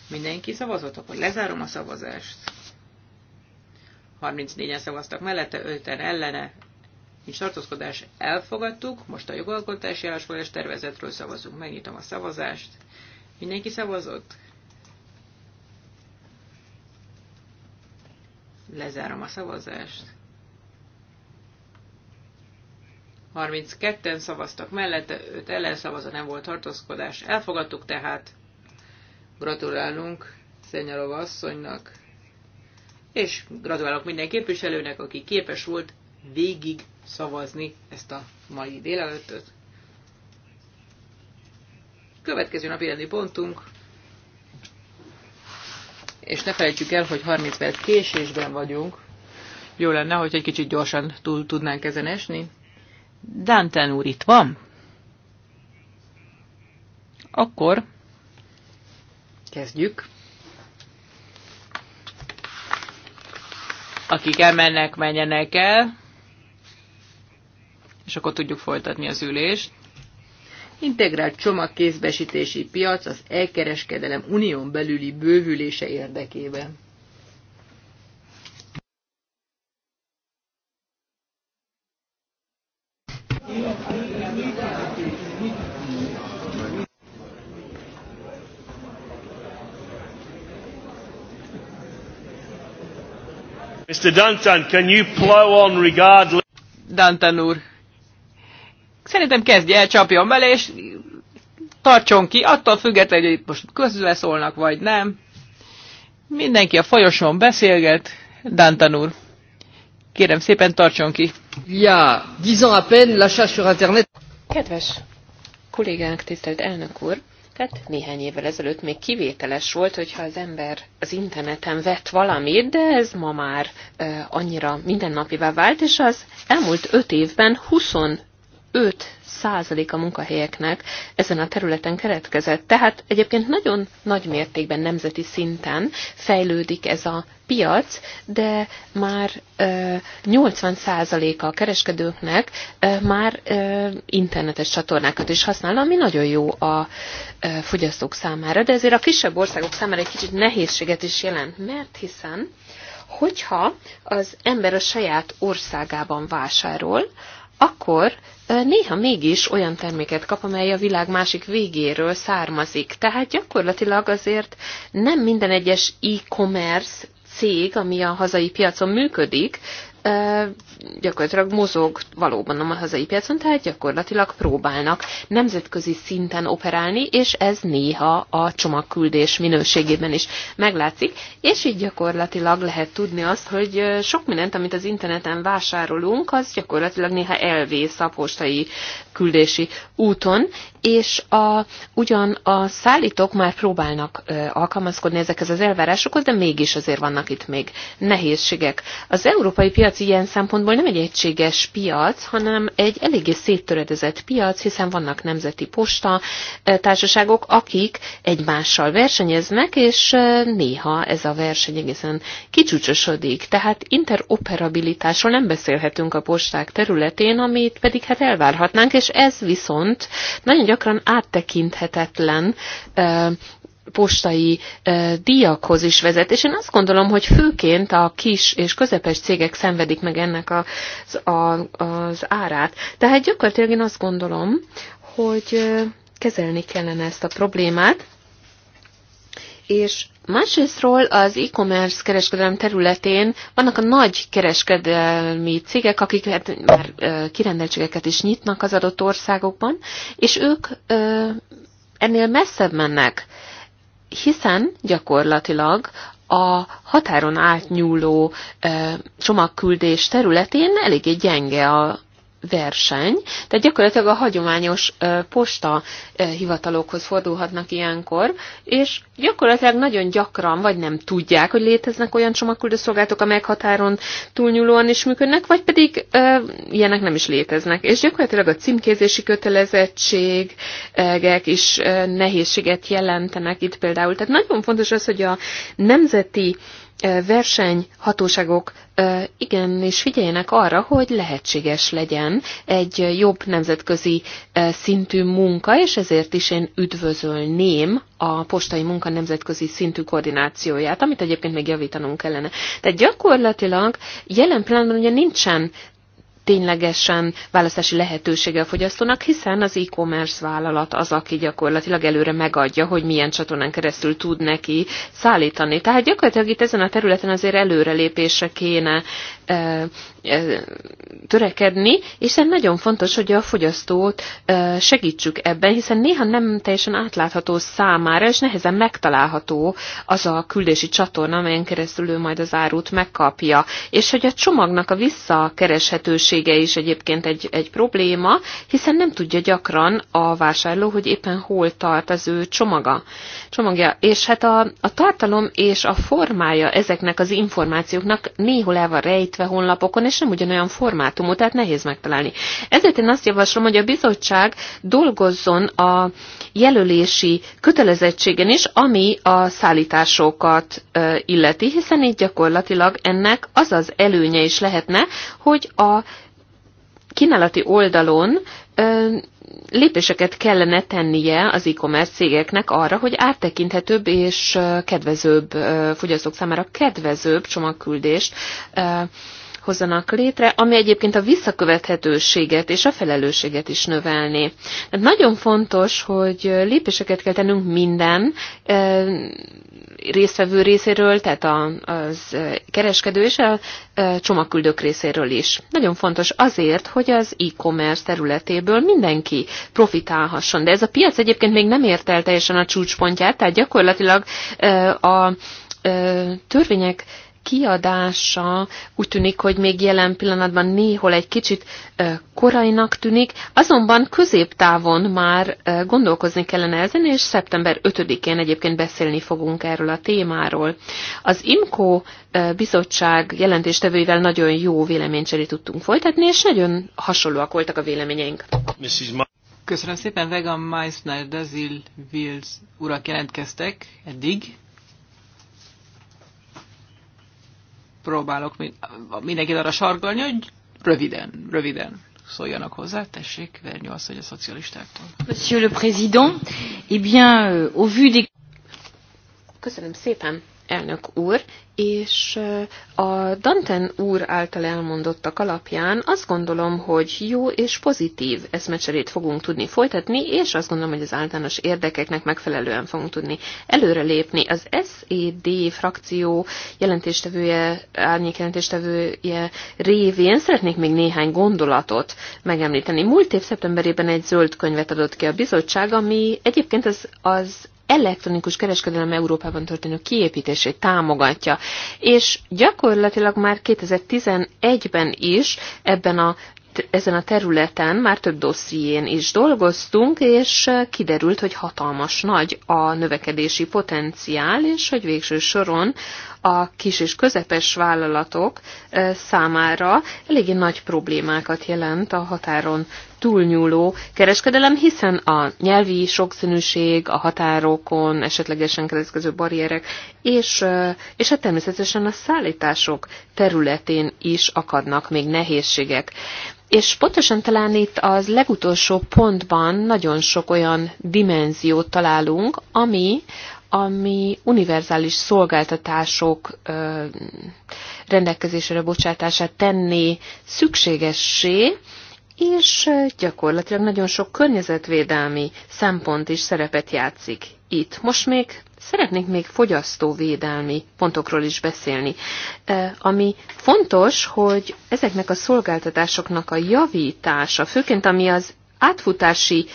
Mindenki szavazott, akkor lezárom a szavazást. 34-en szavaztak mellette, 5-en ellene, nincs tartózkodás, elfogadtuk. Most a jogalkotási állásfoglalás tervezetről szavazunk. Megnyitom a szavazást. Mindenki szavazott? Lezárom a szavazást. 32-en szavaztak mellette, 5 ellen szavaza, nem volt tartózkodás. Elfogadtuk tehát. Gratulálunk Szenyarova asszonynak, és gratulálok minden képviselőnek, aki képes volt végig szavazni ezt a mai délelőttöt. Következő napi rendi pontunk, és ne felejtsük el, hogy 30 perc késésben vagyunk. Jó lenne, hogy egy kicsit gyorsan túl tudnánk ezen esni. Danten úr itt van? Akkor kezdjük. Akik elmennek, menjenek el és akkor tudjuk folytatni az ülést. Integrált csomagkézbesítési piac az elkereskedelem unión belüli bővülése érdekében. Mr. Dantan, can you plow on regardless? Dantan úr, Szerintem kezdje el, csapjon bele, és tartson ki, attól függetlenül, hogy most közleszólnak, vagy nem. Mindenki a folyosón beszélget. Dantan úr, kérem szépen tartson ki. Ja, 10 ans à peine, l'achat sur internet. Kedves kollégánk, tisztelt elnök úr, tehát néhány évvel ezelőtt még kivételes volt, hogyha az ember az interneten vett valamit, de ez ma már uh, annyira mindennapivá vált, és az elmúlt öt évben 20 5% a munkahelyeknek ezen a területen keretkezett, Tehát egyébként nagyon nagy mértékben nemzeti szinten fejlődik ez a piac, de már 80%-a a kereskedőknek már internetes csatornákat is használ, ami nagyon jó a fogyasztók számára, de ezért a kisebb országok számára egy kicsit nehézséget is jelent, mert hiszen hogyha az ember a saját országában vásárol, akkor néha mégis olyan terméket kap, amely a világ másik végéről származik. Tehát gyakorlatilag azért nem minden egyes e-commerce cég, ami a hazai piacon működik, gyakorlatilag mozog valóban a hazai piacon, tehát gyakorlatilag próbálnak nemzetközi szinten operálni, és ez néha a csomagküldés minőségében is meglátszik, és így gyakorlatilag lehet tudni azt, hogy sok mindent, amit az interneten vásárolunk, az gyakorlatilag néha elvész a postai küldési úton, és a, ugyan a szállítók már próbálnak alkalmazkodni ezekhez az elvárásokhoz, de mégis azért vannak itt még nehézségek. Az európai piac ilyen szempontból nem egy egységes piac, hanem egy eléggé széttöredezett piac, hiszen vannak nemzeti posta társaságok, akik egymással versenyeznek, és néha ez a verseny egészen kicsúcsosodik. Tehát interoperabilitásról nem beszélhetünk a posták területén, amit pedig hát elvárhatnánk, és ez viszont nagyon gyakran áttekinthetetlen postai díjakhoz is vezet, és én azt gondolom, hogy főként a kis és közepes cégek szenvedik meg ennek az, a, az árát. Tehát gyakorlatilag én azt gondolom, hogy kezelni kellene ezt a problémát, és Másrésztről az e-commerce kereskedelem területén vannak a nagy kereskedelmi cégek, akik hát már kirendeltségeket is nyitnak az adott országokban, és ők ennél messzebb mennek, hiszen gyakorlatilag a határon átnyúló csomagküldés területén eléggé gyenge a verseny, tehát gyakorlatilag a hagyományos posta hivatalokhoz fordulhatnak ilyenkor, és gyakorlatilag nagyon gyakran vagy nem tudják, hogy léteznek olyan csomagküldőszolgáltatók, amelyek határon túlnyúlóan is működnek, vagy pedig e, ilyenek nem is léteznek. És gyakorlatilag a címkézési kötelezettségek is nehézséget jelentenek itt például. Tehát nagyon fontos az, hogy a nemzeti versenyhatóságok és figyeljenek arra, hogy lehetséges legyen egy jobb nemzetközi szintű munka, és ezért is én üdvözölném a postai munka nemzetközi szintű koordinációját, amit egyébként még javítanunk kellene. Tehát gyakorlatilag jelen pillanatban ugye nincsen ténylegesen választási lehetősége a fogyasztónak, hiszen az e-commerce vállalat az, aki gyakorlatilag előre megadja, hogy milyen csatornán keresztül tud neki szállítani. Tehát gyakorlatilag itt ezen a területen azért előrelépésre kéne e, e, törekedni, és ez nagyon fontos, hogy a fogyasztót e, segítsük ebben, hiszen néha nem teljesen átlátható számára, és nehezen megtalálható az a küldési csatorna, amelyen keresztül ő majd az árut megkapja. És hogy a csomagnak a visszakereshetőség minősége is egyébként egy, egy probléma, hiszen nem tudja gyakran a vásárló, hogy éppen hol tart az ő csomaga. csomagja. És hát a, a tartalom és a formája ezeknek az információknak néhol el van rejtve honlapokon, és nem ugyanolyan formátumú, tehát nehéz megtalálni. Ezért én azt javaslom, hogy a bizottság dolgozzon a jelölési kötelezettségen is, ami a szállításokat illeti, hiszen így gyakorlatilag ennek az az előnye is lehetne, hogy a kínálati oldalon lépéseket kellene tennie az e-commerce cégeknek arra, hogy áttekinthetőbb és kedvezőbb fogyasztók számára kedvezőbb csomagküldést hozzanak létre, ami egyébként a visszakövethetőséget és a felelősséget is növelni. Tehát nagyon fontos, hogy lépéseket kell tennünk minden résztvevő részéről, tehát a, az kereskedő és a csomagküldők részéről is. Nagyon fontos azért, hogy az e-commerce területéből mindenki profitálhasson, de ez a piac egyébként még nem ért el teljesen a csúcspontját, tehát gyakorlatilag a törvények kiadása úgy tűnik, hogy még jelen pillanatban néhol egy kicsit korainak tűnik, azonban középtávon már gondolkozni kellene ezen, és szeptember 5-én egyébként beszélni fogunk erről a témáról. Az IMCO bizottság jelentéstevőivel nagyon jó véleménycseri tudtunk folytatni, és nagyon hasonlóak voltak a véleményeink. Köszönöm szépen, Vega Meissner, Dezil, Wills urak jelentkeztek eddig. próbálok mindenkit arra sargalni, hogy röviden, röviden szóljanak hozzá. Tessék, Vernyó asszony a szocialistáktól. Monsieur le Président, eh bien, euh, au vu des... Köszönöm szépen elnök úr, és a Danten úr által elmondottak alapján azt gondolom, hogy jó és pozitív eszmecserét fogunk tudni folytatni, és azt gondolom, hogy az általános érdekeknek megfelelően fogunk tudni előrelépni. Az SED frakció jelentéstevője, árnyék jelentéstevője révén szeretnék még néhány gondolatot megemlíteni. Múlt év szeptemberében egy zöld könyvet adott ki a bizottság, ami egyébként az, az elektronikus kereskedelem Európában történő kiépítését támogatja. És gyakorlatilag már 2011-ben is ebben a ezen a területen már több dosszién is dolgoztunk, és kiderült, hogy hatalmas nagy a növekedési potenciál, és hogy végső soron a kis és közepes vállalatok számára eléggé nagy problémákat jelent a határon túlnyúló kereskedelem, hiszen a nyelvi sokszínűség, a határokon esetlegesen keletkező barrierek, és, és hát természetesen a szállítások területén is akadnak még nehézségek. És pontosan talán itt az legutolsó pontban nagyon sok olyan dimenziót találunk, ami ami univerzális szolgáltatások rendelkezésre bocsátását tenni szükségessé, és gyakorlatilag nagyon sok környezetvédelmi szempont is szerepet játszik itt. Most még szeretnék még fogyasztóvédelmi pontokról is beszélni, ami fontos, hogy ezeknek a szolgáltatásoknak a javítása, főként ami az átfutási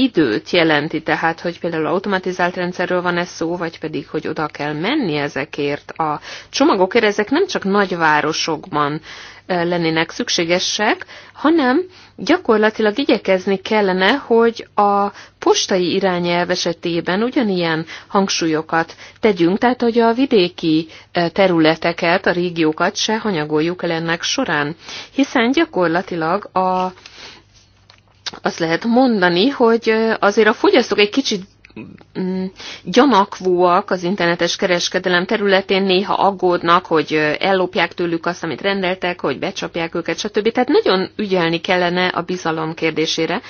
időt jelenti, tehát hogy például automatizált rendszerről van ez szó, vagy pedig, hogy oda kell menni ezekért a csomagokért, ezek nem csak nagyvárosokban lennének szükségesek, hanem gyakorlatilag igyekezni kellene, hogy a postai irányelv esetében ugyanilyen hangsúlyokat tegyünk, tehát hogy a vidéki területeket, a régiókat se hanyagoljuk el ennek során, hiszen gyakorlatilag a azt lehet mondani, hogy azért a fogyasztók egy kicsit mm, gyanakvóak az internetes kereskedelem területén, néha aggódnak, hogy ellopják tőlük azt, amit rendeltek, hogy becsapják őket, stb. Tehát nagyon ügyelni kellene a bizalom kérdésére,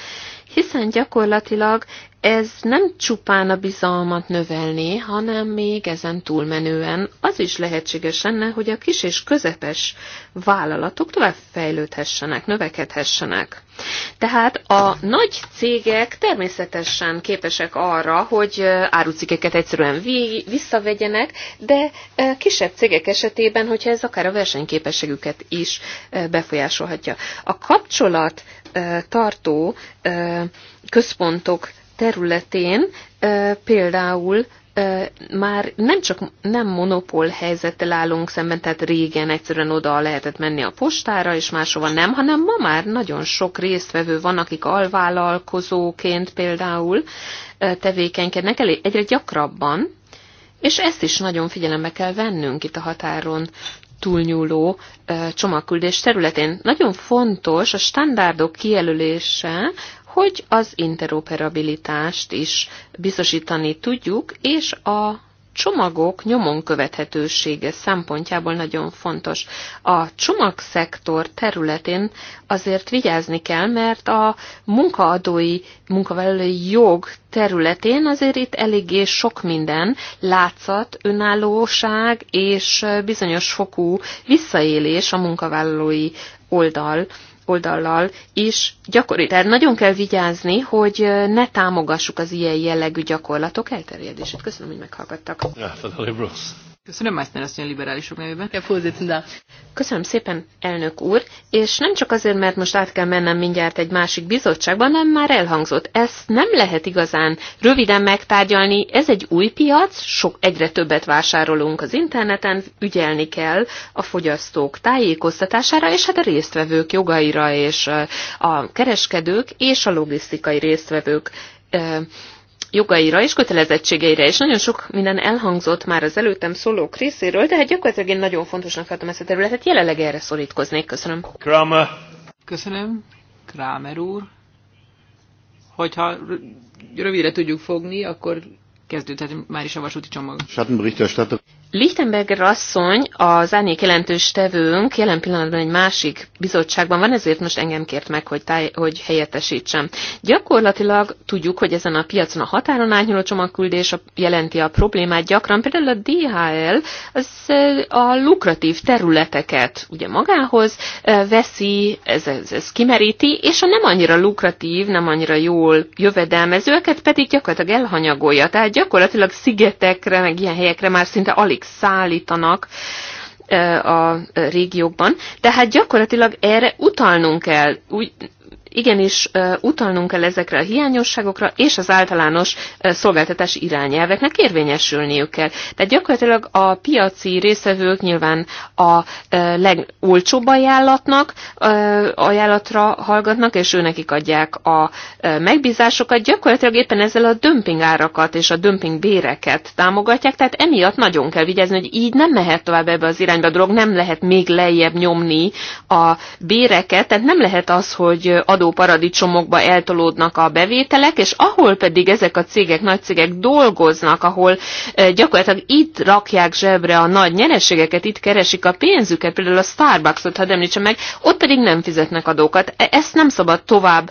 hiszen gyakorlatilag ez nem csupán a bizalmat növelné, hanem még ezen túlmenően az is lehetséges lenne, hogy a kis és közepes vállalatok tovább fejlődhessenek, növekedhessenek. Tehát a nagy cégek természetesen képesek arra, hogy árucikeket egyszerűen visszavegyenek, de kisebb cégek esetében, hogyha ez akár a versenyképességüket is befolyásolhatja. A kapcsolat tartó központok területén például már nem csak nem monopól helyzettel állunk szemben, tehát régen egyszerűen oda lehetett menni a postára, és máshova nem, hanem ma már nagyon sok résztvevő van, akik alvállalkozóként például tevékenykednek elég, egyre gyakrabban, és ezt is nagyon figyelembe kell vennünk itt a határon túlnyúló csomagküldés területén. Nagyon fontos a standardok kijelölése hogy az interoperabilitást is biztosítani tudjuk, és a csomagok nyomon követhetősége szempontjából nagyon fontos. A csomagszektor területén azért vigyázni kell, mert a munkaadói, munkavállalói jog területén azért itt eléggé sok minden, látszat, önállóság és bizonyos fokú visszaélés a munkavállalói oldal oldallal is gyakori. Tehát nagyon kell vigyázni, hogy ne támogassuk az ilyen jellegű gyakorlatok elterjedését. Köszönöm, hogy meghallgattak. Yeah, Köszönöm, Meissner asszony a liberálisok nevében. Köszönöm szépen, elnök úr, és nem csak azért, mert most át kell mennem mindjárt egy másik bizottságba, hanem már elhangzott. Ezt nem lehet igazán röviden megtárgyalni, ez egy új piac, sok egyre többet vásárolunk az interneten, ügyelni kell a fogyasztók tájékoztatására, és hát a résztvevők jogaira, és a kereskedők, és a logisztikai résztvevők jogaira és kötelezettségeire, és nagyon sok minden elhangzott már az előttem szóló részéről, de hát gyakorlatilag én nagyon fontosnak tartom ezt a területet, jelenleg erre szorítkoznék. Köszönöm. Kramer. Köszönöm, Kramer úr. Hogyha rövidre tudjuk fogni, akkor kezdődhet már is a vasúti csomag. Schattenberichterstatter. Lichtenberger asszony, a zenék jelentős tevőnk jelen pillanatban egy másik bizottságban van, ezért most engem kért meg, hogy, táj, hogy helyettesítsem. Gyakorlatilag tudjuk, hogy ezen a piacon a határon átnyúló csomagküldés jelenti a problémát gyakran. Például a DHL az a lukratív területeket ugye magához veszi, ez, ez, ez kimeríti, és a nem annyira lukratív, nem annyira jól jövedelmezőeket pedig gyakorlatilag elhanyagolja. Tehát gyakorlatilag szigetekre, meg ilyen helyekre már szinte alig akik szállítanak a régiókban. Tehát gyakorlatilag erre utalnunk kell. Úgy, igenis utalnunk kell ezekre a hiányosságokra, és az általános szolgáltatás irányelveknek érvényesülniük kell. Tehát gyakorlatilag a piaci részvevők nyilván a legolcsóbb ajánlatnak, ajánlatra hallgatnak, és őnekik adják a megbízásokat, gyakorlatilag éppen ezzel a dömping árakat és a dömping béreket támogatják, tehát emiatt nagyon kell vigyázni, hogy így nem mehet tovább ebbe az irányba a dolog, nem lehet még lejjebb nyomni a béreket, tehát nem lehet az, hogy adó adóparadicsomokba eltolódnak a bevételek, és ahol pedig ezek a cégek, nagy cégek dolgoznak, ahol gyakorlatilag itt rakják zsebre a nagy nyereségeket, itt keresik a pénzüket, például a Starbucksot, ha említsem meg, ott pedig nem fizetnek adókat. E, ezt nem szabad tovább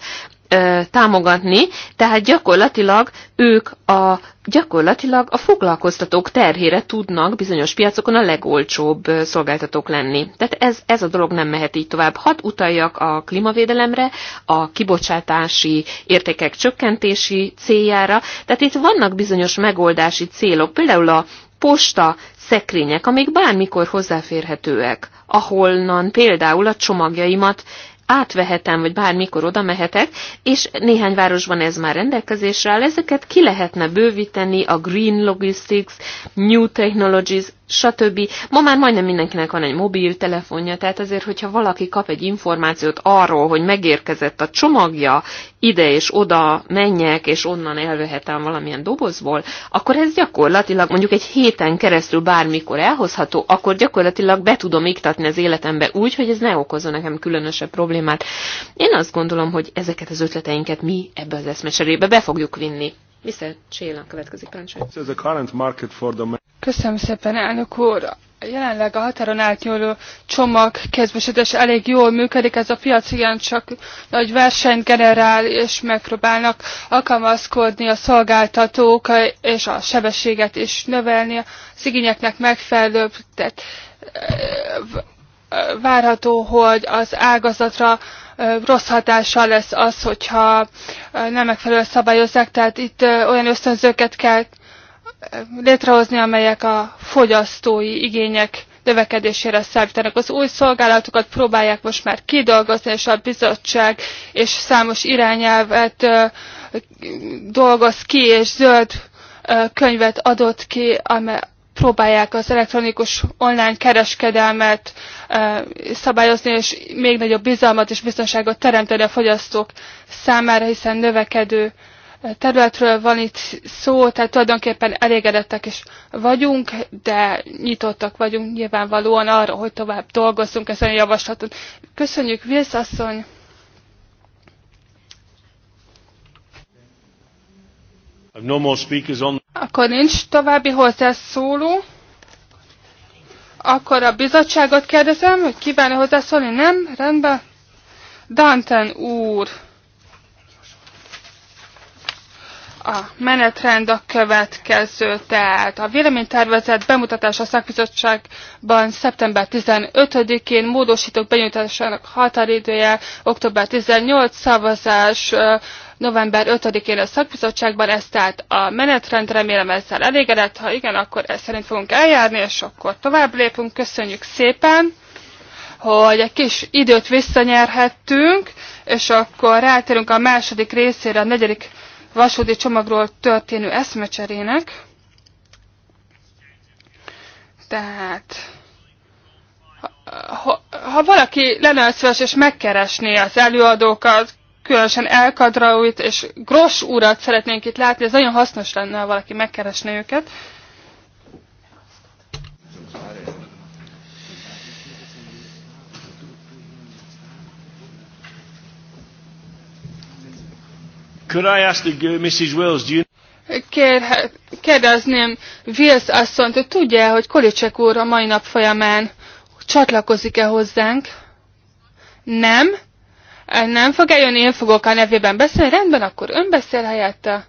támogatni, tehát gyakorlatilag ők a, gyakorlatilag a foglalkoztatók terhére tudnak bizonyos piacokon a legolcsóbb szolgáltatók lenni. Tehát ez, ez a dolog nem mehet így tovább. Hat utaljak a klímavédelemre, a kibocsátási értékek csökkentési céljára, tehát itt vannak bizonyos megoldási célok, például a posta szekrények, amik bármikor hozzáférhetőek, ahonnan például a csomagjaimat átvehetem, vagy bármikor oda mehetek, és néhány városban ez már rendelkezésre áll, ezeket ki lehetne bővíteni, a Green Logistics, New Technologies, stb. Ma már majdnem mindenkinek van egy mobiltelefonja, tehát azért, hogyha valaki kap egy információt arról, hogy megérkezett a csomagja, ide és oda menjek, és onnan elvehetem valamilyen dobozból, akkor ez gyakorlatilag mondjuk egy héten keresztül bármikor elhozható, akkor gyakorlatilag be tudom iktatni az életembe úgy, hogy ez ne okozza nekem különösebb problémát problémát. Én azt gondolom, hogy ezeket az ötleteinket mi ebbe az eszmecserébe be fogjuk vinni. Mr. Cséla következik parancsolja. Köszönöm szépen, elnök úr! Jelenleg a határon átnyúló csomag kezbesedés elég jól működik, ez a piac csak nagy versenyt generál, és megpróbálnak alkalmazkodni a szolgáltatók, és a sebességet is növelni az igényeknek megfelelő. Tehát várható, hogy az ágazatra rossz hatással lesz az, hogyha nem megfelelően szabályozzák, tehát itt olyan ösztönzőket kell létrehozni, amelyek a fogyasztói igények növekedésére számítanak. Az új szolgálatokat próbálják most már kidolgozni, és a bizottság és számos irányelvet dolgoz ki, és zöld könyvet adott ki, amely próbálják az elektronikus online kereskedelmet szabályozni, és még nagyobb bizalmat és biztonságot teremteni a fogyasztók számára, hiszen növekedő területről van itt szó, tehát tulajdonképpen elégedettek is vagyunk, de nyitottak vagyunk nyilvánvalóan arra, hogy tovább dolgozzunk ezen a javaslaton. Köszönjük, Vilsz asszony! Akkor nincs további hozzászóló. Akkor a bizottságot kérdezem, hogy kíván-e hozzászólni? Nem? Rendben. Danten úr. A menetrend a következő, tehát a véleménytervezet bemutatása a szakbizottságban szeptember 15-én, módosítók benyújtásának határidője, október 18, szavazás november 5-én a szakbizottságban, ezt tehát a menetrend, remélem ezzel elégedett, ha igen, akkor ezt szerint fogunk eljárni, és akkor tovább lépünk. Köszönjük szépen, hogy egy kis időt visszanyerhettünk, és akkor rátérünk a második részére, a negyedik vasúti csomagról történő eszmecserének. Tehát ha, ha valaki lenne szíves és megkeresné az előadókat, különösen Elkadraut és Gross urat szeretnénk itt látni, ez nagyon hasznos lenne, ha valaki megkeresne őket. Could I ask the, uh, Mrs. Wills, do you... Kér, kérdezném Wills asszonyt, hogy tudja hogy Kolicsek úr a mai nap folyamán csatlakozik-e hozzánk? Nem? Nem fog eljönni, én fogok a nevében beszélni. Rendben, akkor ön beszél helyette.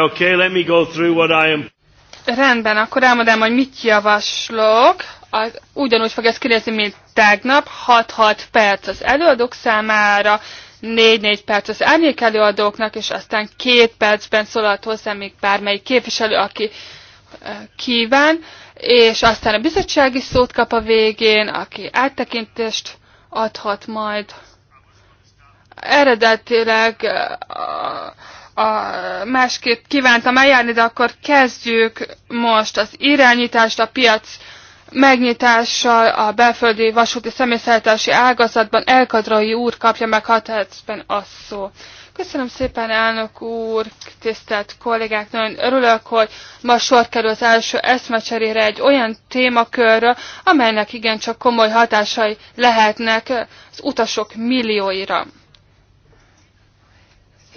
Okay, let me go through what I am... Rendben, akkor elmondám, hogy mit javaslok. Az, ugyanúgy fog ezt kérdezni, mint tegnap. 6-6 perc az előadók számára, 4-4 perc az árnyék előadóknak, és aztán két percben szólalt hozzá még bármelyik képviselő, aki kíván, és aztán a bizottsági szót kap a végén, aki áttekintést adhat majd. Eredetileg a, másképp kívántam eljárni, de akkor kezdjük most az irányítást, a piac megnyitással a belföldi vasúti személyszállítási ágazatban. Elkadrai úr kapja meg 6 percben a szó. Köszönöm szépen, elnök úr, tisztelt kollégák, nagyon örülök, hogy ma sor kerül az első eszmecserére egy olyan témakörről, amelynek igencsak komoly hatásai lehetnek az utasok millióira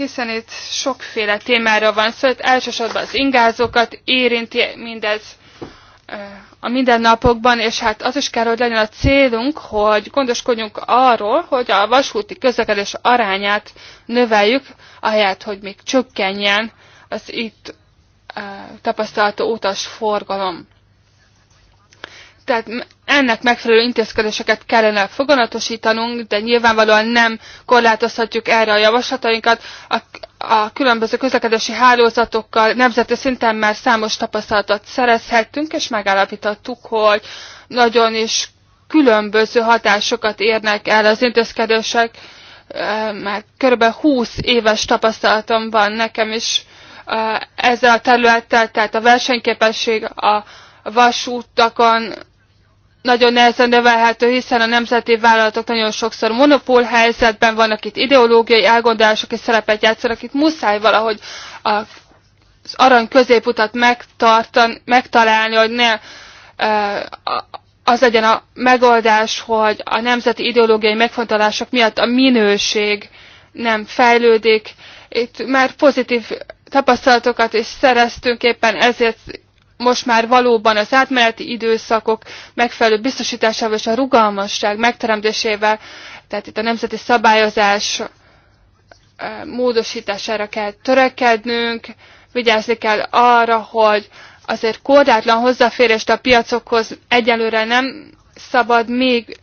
hiszen itt sokféle témára van szó, szóval elsősorban az ingázókat érinti mindez a mindennapokban, és hát az is kell, hogy legyen a célunk, hogy gondoskodjunk arról, hogy a vasúti közlekedés arányát növeljük, ahelyett, hogy még csökkenjen az itt tapasztalható utas forgalom. Tehát ennek megfelelő intézkedéseket kellene foganatosítanunk, de nyilvánvalóan nem korlátozhatjuk erre a javaslatainkat. A, a különböző közlekedési hálózatokkal nemzeti szinten már számos tapasztalatot szerezhettünk, és megállapítottuk, hogy nagyon is különböző hatásokat érnek el az intézkedések. Már kb. 20 éves tapasztalatom van nekem is ezzel a területtel, tehát a versenyképesség, a vasútakon nagyon nehezen növelhető, hiszen a nemzeti vállalatok nagyon sokszor monopól helyzetben vannak, itt ideológiai elgondolások és szerepet játszanak, itt muszáj valahogy a, az arany középutat megtartan, megtalálni, hogy ne az legyen a megoldás, hogy a nemzeti ideológiai megfontolások miatt a minőség nem fejlődik. Itt már pozitív tapasztalatokat is szereztünk, éppen ezért most már valóban az átmeneti időszakok megfelelő biztostásával és a rugalmasság megteremtésével, tehát itt a nemzeti szabályozás módosítására kell törekednünk, vigyázni kell arra, hogy azért korlátlan hozzáférést a piacokhoz egyelőre nem szabad még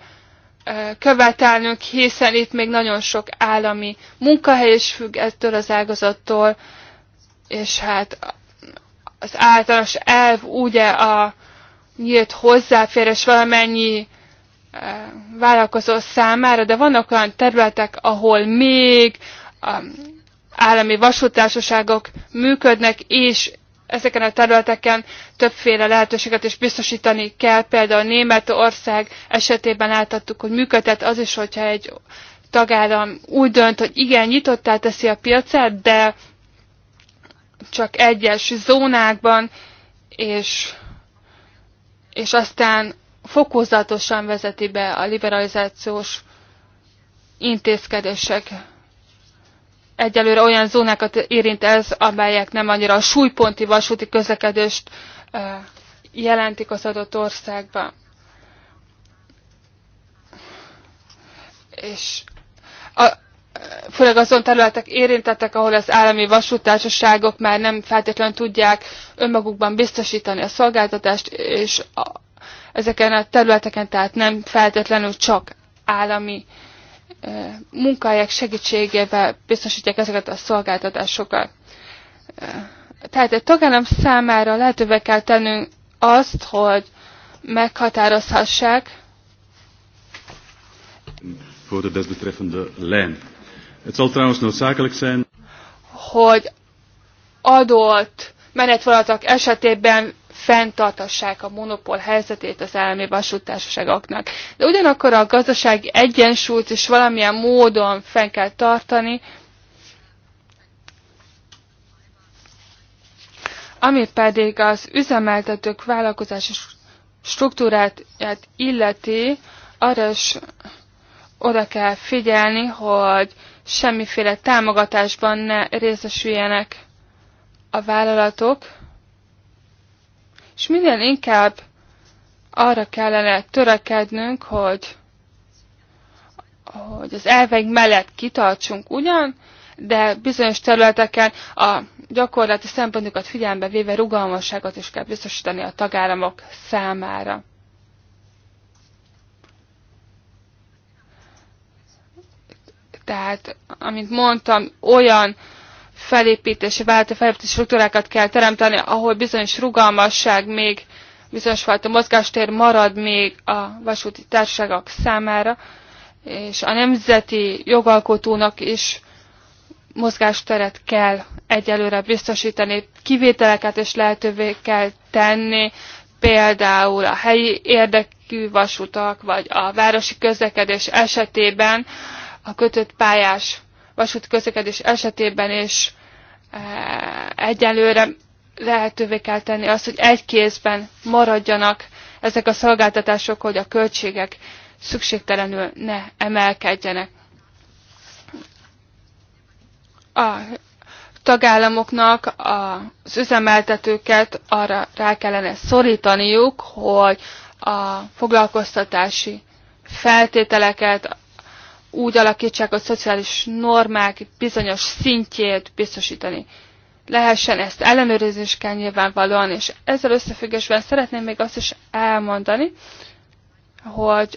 követelnünk, hiszen itt még nagyon sok állami munkahely is függ ettől az ágazattól, és hát az általános elv ugye a nyílt hozzáférés valamennyi eh, vállalkozó számára, de vannak olyan területek, ahol még um, állami vasútársaságok működnek, és ezeken a területeken többféle lehetőséget is biztosítani kell. Például Németország esetében láthattuk, hogy működhet az is, hogyha egy tagállam úgy dönt, hogy igen, nyitottá teszi a piacát, de csak egyes zónákban, és, és aztán fokozatosan vezeti be a liberalizációs intézkedések. Egyelőre olyan zónákat érint ez, amelyek nem annyira a súlyponti vasúti közlekedést jelentik az adott országban. És a, főleg azon területek érintettek, ahol az állami vasútársaságok már nem feltétlenül tudják önmagukban biztosítani a szolgáltatást, és a, ezeken a területeken, tehát nem feltétlenül csak állami e, munkahelyek segítségével biztosítják ezeket a szolgáltatásokat. E, tehát egy tagállam számára lehetővé kell tennünk azt, hogy meghatározhassák, voor de desbetreffende lijn. Het zal trouwens noodzakelijk zijn. Hogy adott menetvonatok esetében fenntartassák a monopól helyzetét az állami vasútársaságoknak. De ugyanakkor a gazdasági egyensúlyt is valamilyen módon fenn kell tartani, ami pedig az üzemeltetők vállalkozási struktúráját illeti, arra is oda kell figyelni, hogy semmiféle támogatásban ne részesüljenek a vállalatok, és minden inkább arra kellene törekednünk, hogy, hogy az elveg mellett kitartsunk ugyan, de bizonyos területeken a gyakorlati szempontokat figyelembe véve rugalmasságot is kell biztosítani a tagállamok számára. Tehát, amint mondtam, olyan felépítési, a felépítési struktúrákat kell teremteni, ahol bizonyos rugalmasság még, bizonyos fajta mozgástér marad még a vasúti társaságok számára, és a nemzeti jogalkotónak is mozgásteret kell egyelőre biztosítani, kivételeket is lehetővé kell tenni, például a helyi érdekű vasutak, vagy a városi közlekedés esetében a kötött pályás vasút közlekedés esetében is eh, egyelőre lehetővé kell tenni azt, hogy egy kézben maradjanak ezek a szolgáltatások, hogy a költségek szükségtelenül ne emelkedjenek. A tagállamoknak az üzemeltetőket arra rá kellene szorítaniuk, hogy a foglalkoztatási feltételeket, úgy alakítsák a szociális normák bizonyos szintjét biztosítani. Lehessen ezt ellenőrizni is kell nyilvánvalóan, és ezzel összefüggésben szeretném még azt is elmondani, hogy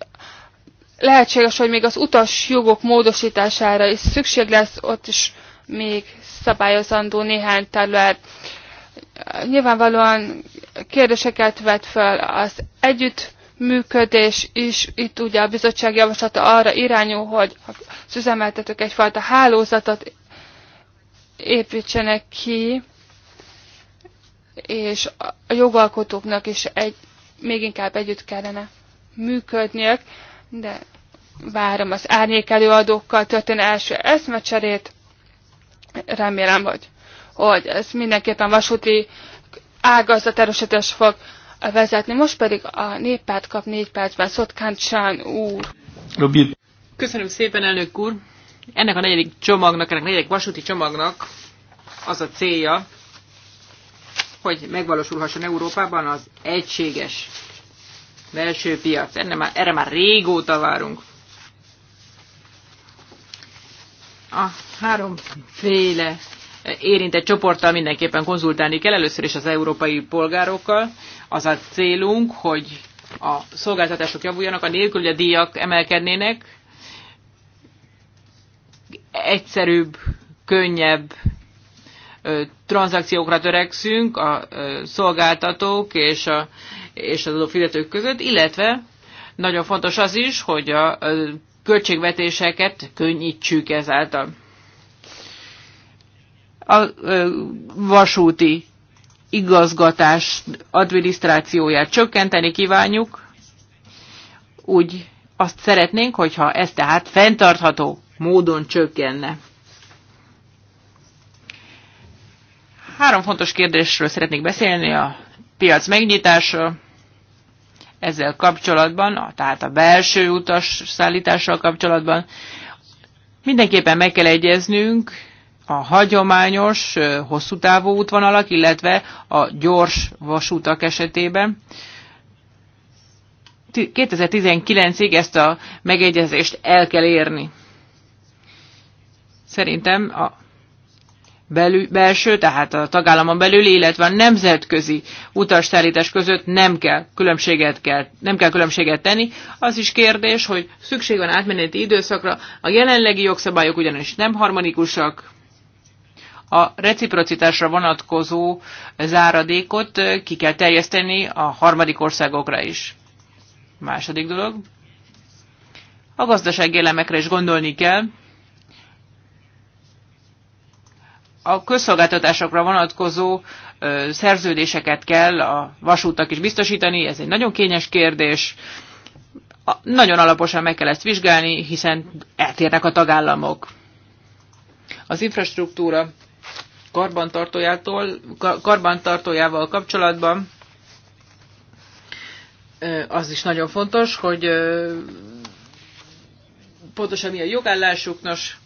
lehetséges, hogy még az utas jogok módosítására is szükség lesz, ott is még szabályozandó néhány terület. Nyilvánvalóan kérdéseket vet fel az együtt működés is. Itt ugye a bizottság javaslata arra irányul, hogy az üzemeltetők egyfajta hálózatot építsenek ki, és a jogalkotóknak is egy, még inkább együtt kellene működniük, de várom az árnyékelő adókkal történő első eszmecserét. Remélem, hogy, hogy ez mindenképpen vasúti ágazat erősítés fog vezetni. Most pedig a néppárt kap négy percben Csán úr. Robi. Köszönöm szépen, elnök úr. Ennek a negyedik csomagnak, ennek a negyedik vasúti csomagnak az a célja, hogy megvalósulhasson Európában az egységes belső piac. Erre már, erre már régóta várunk. A háromféle érintett csoporttal mindenképpen konzultálni kell, először is az európai polgárokkal. Az a célunk, hogy a szolgáltatások javuljanak, a nélkül, hogy a díjak emelkednének, egyszerűbb, könnyebb tranzakciókra törekszünk a szolgáltatók és, a, és az adófizetők között, illetve nagyon fontos az is, hogy a költségvetéseket könnyítsük ezáltal a vasúti igazgatás adminisztrációját csökkenteni kívánjuk, úgy azt szeretnénk, hogyha ez tehát fenntartható módon csökkenne. Három fontos kérdésről szeretnék beszélni, a piac megnyitása, ezzel kapcsolatban, tehát a belső utas szállítással kapcsolatban, mindenképpen meg kell egyeznünk, a hagyományos, hosszú távú útvonalak, illetve a gyors vasútak esetében. 2019-ig ezt a megegyezést el kell érni. Szerintem a belül, belső, tehát a tagállamon belül, illetve a nemzetközi utasszállítás között nem kell különbséget, kell, nem kell különbséget tenni. Az is kérdés, hogy szükség van átmeneti időszakra, a jelenlegi jogszabályok ugyanis nem harmonikusak, a reciprocitásra vonatkozó záradékot eh, ki kell terjeszteni a harmadik országokra is. Második dolog. A gazdasági elemekre is gondolni kell. A közszolgáltatásokra vonatkozó eh, szerződéseket kell a vasútnak is biztosítani, ez egy nagyon kényes kérdés. Nagyon alaposan meg kell ezt vizsgálni, hiszen eltérnek a tagállamok. Az infrastruktúra karbantartójától, karbantartójával kapcsolatban az is nagyon fontos, hogy pontosan mi a jogállásuk, nos,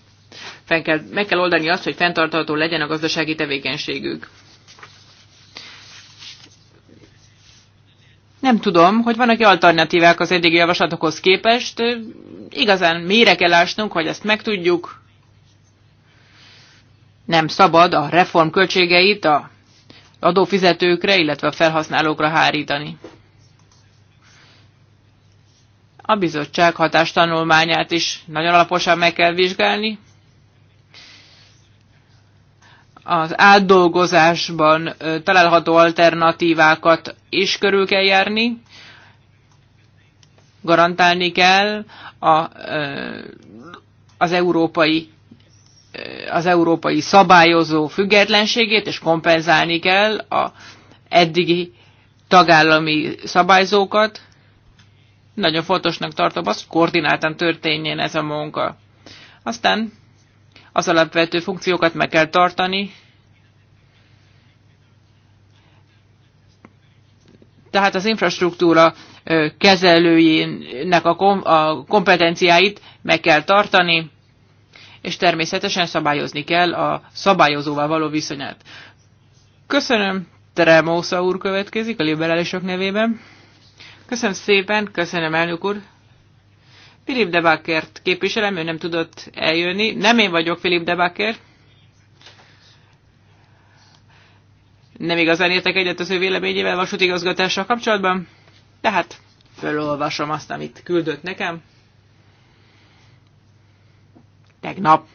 kell, meg kell oldani azt, hogy fenntartható legyen a gazdasági tevékenységük. Nem tudom, hogy vannak-e alternatívák az eddigi javaslatokhoz képest. Igazán mire kell ásnunk, hogy ezt megtudjuk nem szabad a reform költségeit a adófizetőkre, illetve a felhasználókra hárítani. A bizottság hatástanulmányát is nagyon alaposan meg kell vizsgálni. Az átdolgozásban található alternatívákat is körül kell járni. Garantálni kell a, az európai az európai szabályozó függetlenségét, és kompenzálni kell a eddigi tagállami szabályzókat. Nagyon fontosnak tartom azt, hogy koordináltan történjen ez a munka. Aztán az alapvető funkciókat meg kell tartani, tehát az infrastruktúra kezelőjének a kompetenciáit meg kell tartani, és természetesen szabályozni kell a szabályozóval való viszonyát. Köszönöm, Tremósza úr következik a liberálisok nevében. Köszönöm szépen, köszönöm elnök úr. Filip Debakert képviselem, ő nem tudott eljönni. Nem én vagyok Filip Debaker. Nem igazán értek egyet az ő véleményével igazgatással kapcsolatban, tehát fölolvasom azt, amit küldött nekem tegnap.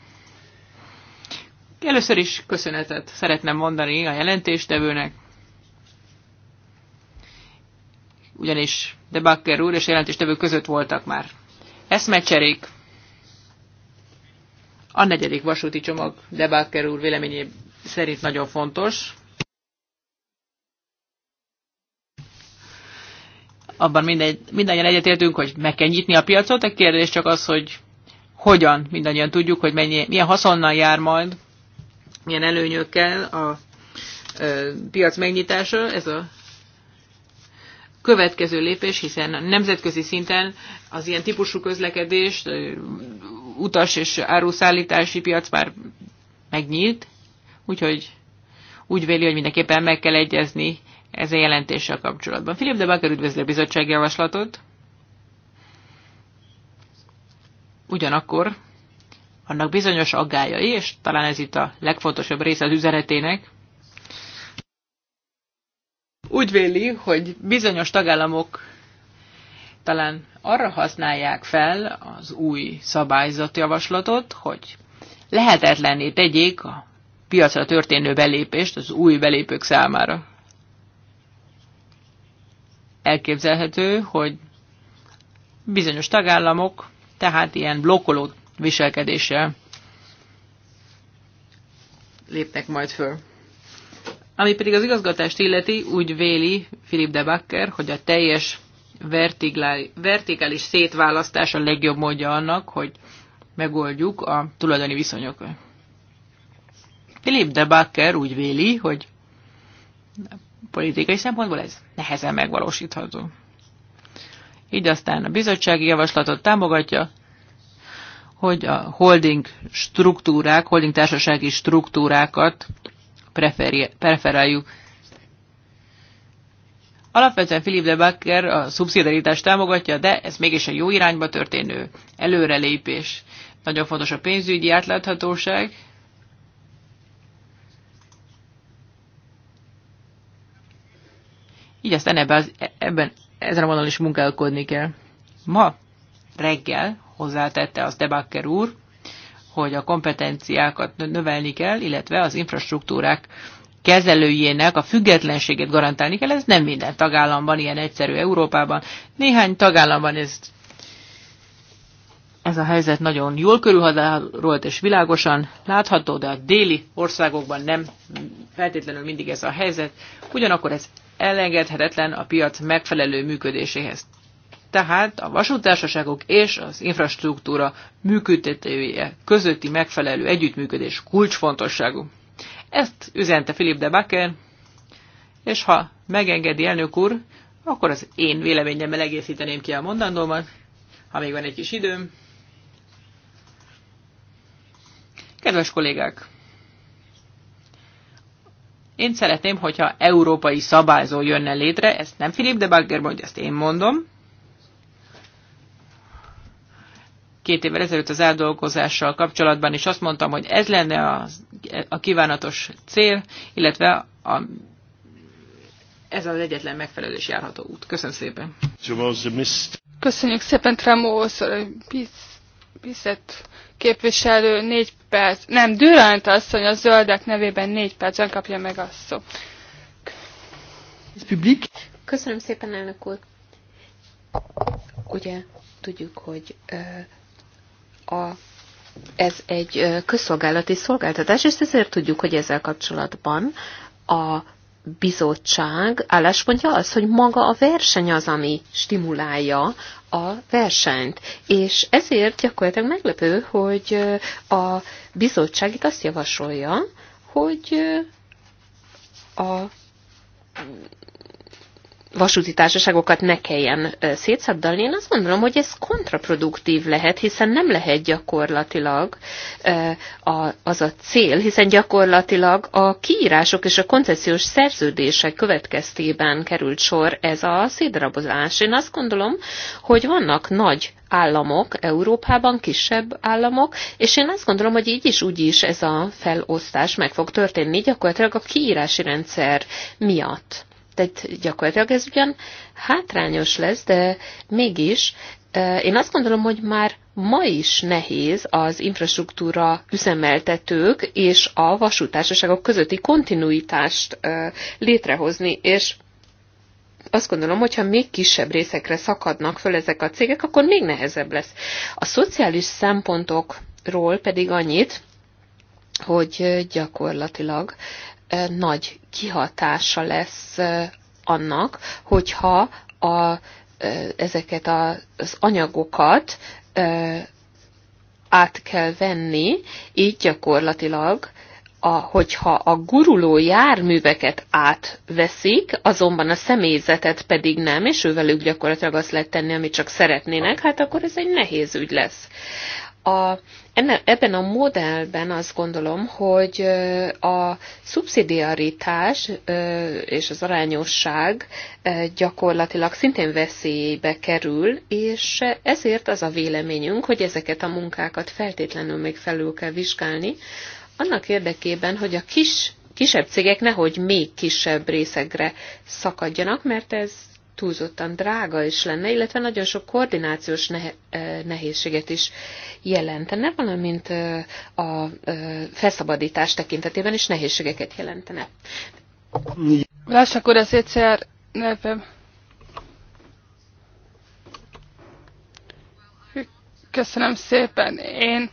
Először is köszönetet szeretném mondani a jelentéstevőnek, ugyanis De úr és jelentéstevő között voltak már eszmecserék. A negyedik vasúti csomag De úr véleményé szerint nagyon fontos. Abban minden, mindannyian egyetértünk, hogy meg kell nyitni a piacot, a kérdés csak az, hogy hogyan, mindannyian tudjuk, hogy mennyi, milyen haszonnal jár majd, milyen előnyökkel a ö, piac megnyitása, ez a következő lépés, hiszen nemzetközi szinten az ilyen típusú ö, utas és áruszállítási piac már megnyílt, úgyhogy úgy véli, hogy mindenképpen meg kell egyezni ez a jelentéssel kapcsolatban. Filip de Baker üdvözli a bizottság javaslatot. Ugyanakkor annak bizonyos aggájai, és talán ez itt a legfontosabb része az üzenetének, úgy véli, hogy bizonyos tagállamok talán arra használják fel az új szabályzatjavaslatot, hogy lehetetlenné tegyék a piacra történő belépést az új belépők számára. Elképzelhető, hogy bizonyos tagállamok tehát ilyen blokkoló viselkedéssel lépnek majd föl. Ami pedig az igazgatást illeti, úgy véli Philip de Bakker, hogy a teljes vertikális szétválasztás a legjobb módja annak, hogy megoldjuk a tulajdoni viszonyokat. Philip de Bakker úgy véli, hogy politikai szempontból ez nehezen megvalósítható így aztán a bizottsági javaslatot támogatja, hogy a holding struktúrák, holding társasági struktúrákat preferáljuk. Alapvetően Philip de Bakker a szubszidaritást támogatja, de ez mégis a jó irányba történő előrelépés. Nagyon fontos a pénzügyi átláthatóság, Így aztán ebben, az, ebben ezen a vonalon is munkálkodni kell. Ma reggel hozzátette az Debakker úr, hogy a kompetenciákat növelni kell, illetve az infrastruktúrák kezelőjének a függetlenségét garantálni kell. Ez nem minden tagállamban, ilyen egyszerű Európában. Néhány tagállamban ez, ez a helyzet nagyon jól körülhatárolt és világosan látható, de a déli országokban nem feltétlenül mindig ez a helyzet. Ugyanakkor ez elengedhetetlen a piac megfelelő működéséhez. Tehát a vasútársaságok és az infrastruktúra működtetője közötti megfelelő együttműködés kulcsfontosságú. Ezt üzente Philip de Bakker, és ha megengedi elnök úr, akkor az én véleményemmel egészíteném ki a mondandómat, ha még van egy kis időm. Kedves kollégák! Én szeretném, hogyha európai szabályzó jönne létre, ezt nem Filip de Bagger mondja, ezt én mondom. Két évvel ezelőtt az eldolgozással kapcsolatban is azt mondtam, hogy ez lenne a, a kívánatos cél, illetve a, ez az egyetlen megfelelős járható út. Köszönöm szépen. Köszönjük szépen Tremóhoz, Bizet képviselő négy perc, nem, Dürant asszony a zöldek nevében négy percen kapja meg a szó. Köszönöm szépen, elnök úr. Ugye tudjuk, hogy uh, a ez egy közszolgálati szolgáltatás, és ezért tudjuk, hogy ezzel kapcsolatban a bizottság álláspontja az, hogy maga a verseny az, ami stimulálja a versenyt. És ezért gyakorlatilag meglepő, hogy a bizottság itt azt javasolja, hogy a vasúti társaságokat ne kelljen szétszabdalni, én azt gondolom, hogy ez kontraproduktív lehet, hiszen nem lehet gyakorlatilag az a cél, hiszen gyakorlatilag a kiírások és a koncesziós szerződések következtében került sor ez a szétdarabozás. Én azt gondolom, hogy vannak nagy államok, Európában kisebb államok, és én azt gondolom, hogy így is úgy is ez a felosztás meg fog történni gyakorlatilag a kiírási rendszer miatt tehát gyakorlatilag ez ugyan hátrányos lesz, de mégis e, én azt gondolom, hogy már ma is nehéz az infrastruktúra üzemeltetők és a vasútársaságok közötti kontinuitást e, létrehozni, és azt gondolom, hogyha még kisebb részekre szakadnak föl ezek a cégek, akkor még nehezebb lesz. A szociális szempontokról pedig annyit, hogy gyakorlatilag nagy kihatása lesz annak, hogyha a, ezeket az anyagokat át kell venni, így gyakorlatilag a, hogyha a guruló járműveket átveszik, azonban a személyzetet pedig nem, és ővelük gyakorlatilag azt lehet tenni, amit csak szeretnének, hát akkor ez egy nehéz ügy lesz a, enne, ebben a modellben azt gondolom, hogy a szubszidiaritás és az arányosság gyakorlatilag szintén veszélybe kerül, és ezért az a véleményünk, hogy ezeket a munkákat feltétlenül még felül kell vizsgálni, annak érdekében, hogy a kis kisebb cégek nehogy még kisebb részegre szakadjanak, mert ez túlzottan drága is lenne, illetve nagyon sok koordinációs nehe, nehézséget is jelentene, valamint a felszabadítás tekintetében is nehézségeket jelentene. Lássak akkor az egyszer nevem. Köszönöm szépen. Én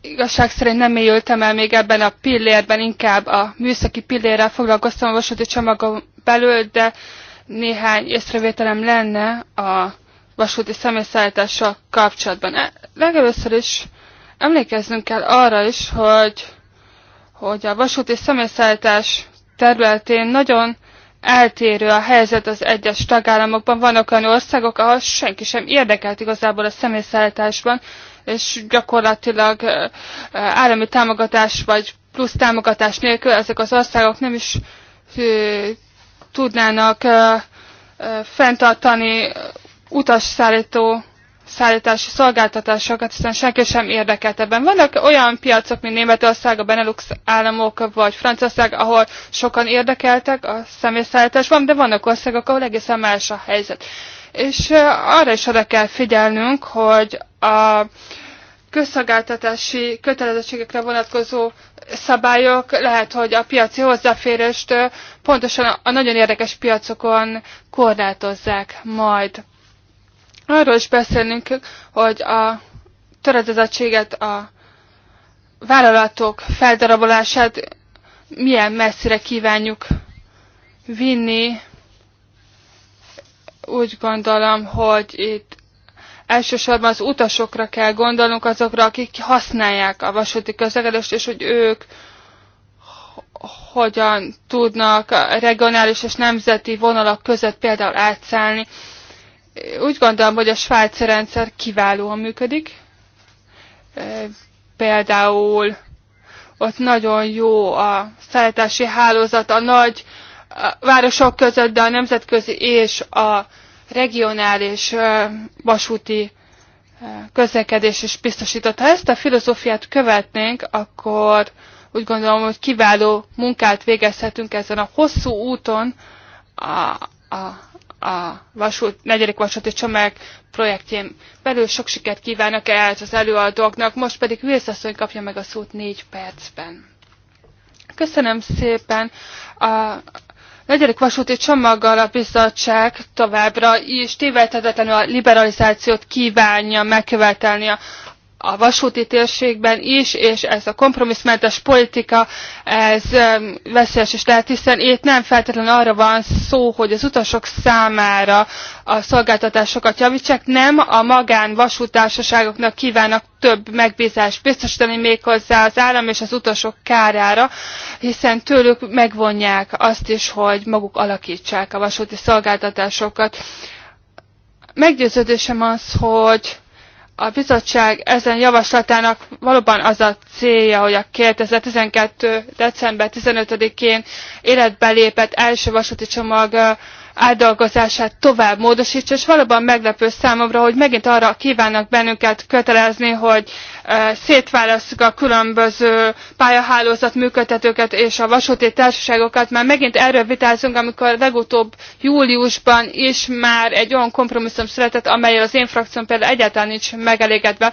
igazság szerint nem éltem el még ebben a pillérben, inkább a műszaki pillérrel foglalkoztam a vasúti csomagom belül, de néhány észrevételem lenne a vasúti személyszállítással kapcsolatban. E, legelőször is emlékeznünk kell arra is, hogy, hogy a vasúti személyszállítás területén nagyon eltérő a helyzet az egyes tagállamokban. Vannak olyan országok, ahol senki sem érdekelt igazából a személyszállításban, és gyakorlatilag állami támogatás vagy plusz támogatás nélkül ezek az országok nem is tudnának fenntartani utasszállító szállítási szolgáltatásokat, hiszen senki sem érdekelt ebben. Vannak olyan piacok, mint Németország, a Benelux államok, vagy Franciaország, ahol sokan érdekeltek a személyszállításban, de vannak országok, ahol egészen más a helyzet. És arra is oda kell figyelnünk, hogy a közszolgáltatási kötelezettségekre vonatkozó szabályok lehet, hogy a piaci hozzáférést pontosan a nagyon érdekes piacokon korlátozzák majd. Arról is beszélnünk, hogy a töredezettséget, a vállalatok feldarabolását milyen messzire kívánjuk vinni. Úgy gondolom, hogy itt elsősorban az utasokra kell gondolnunk, azokra, akik használják a vasúti közlekedést, és hogy ők hogyan tudnak a regionális és nemzeti vonalak között például átszállni. Úgy gondolom, hogy a svájci rendszer kiválóan működik. Például ott nagyon jó a szállítási hálózat a nagy városok között, de a nemzetközi és a regionális vasúti közlekedés is biztosított. Ha ezt a filozófiát követnénk, akkor úgy gondolom, hogy kiváló munkát végezhetünk ezen a hosszú úton a, a, a vasút, negyedik vasúti csomag projektjén belül. Sok sikert kívánok el az előadóknak, most pedig Vilszasszony kapja meg a szót négy percben. Köszönöm szépen a, negyedik vasúti csomaggal a bizottság továbbra is tévedhetetlenül a liberalizációt kívánja megkövetelni a a vasúti térségben is, és ez a kompromisszmentes politika, ez um, veszélyes is lehet, hiszen itt nem feltétlenül arra van szó, hogy az utasok számára a szolgáltatásokat javítsák, nem a magán vasútársaságoknak kívánnak több megbízást biztosítani méghozzá az állam és az utasok kárára, hiszen tőlük megvonják azt is, hogy maguk alakítsák a vasúti szolgáltatásokat. Meggyőződésem az, hogy a bizottság ezen javaslatának valóban az a célja, hogy a 2012. december 15-én életbe lépett első vasúti csomag uh, átdolgozását tovább módosítsa, és valóban meglepő számomra, hogy megint arra kívánnak bennünket kötelezni, hogy szétválasztjuk a különböző pályahálózat működtetőket és a vasúti társaságokat, mert megint erről vitázunk, amikor legutóbb júliusban is már egy olyan kompromisszum született, amelyel az én frakcióm például egyáltalán nincs megelégedve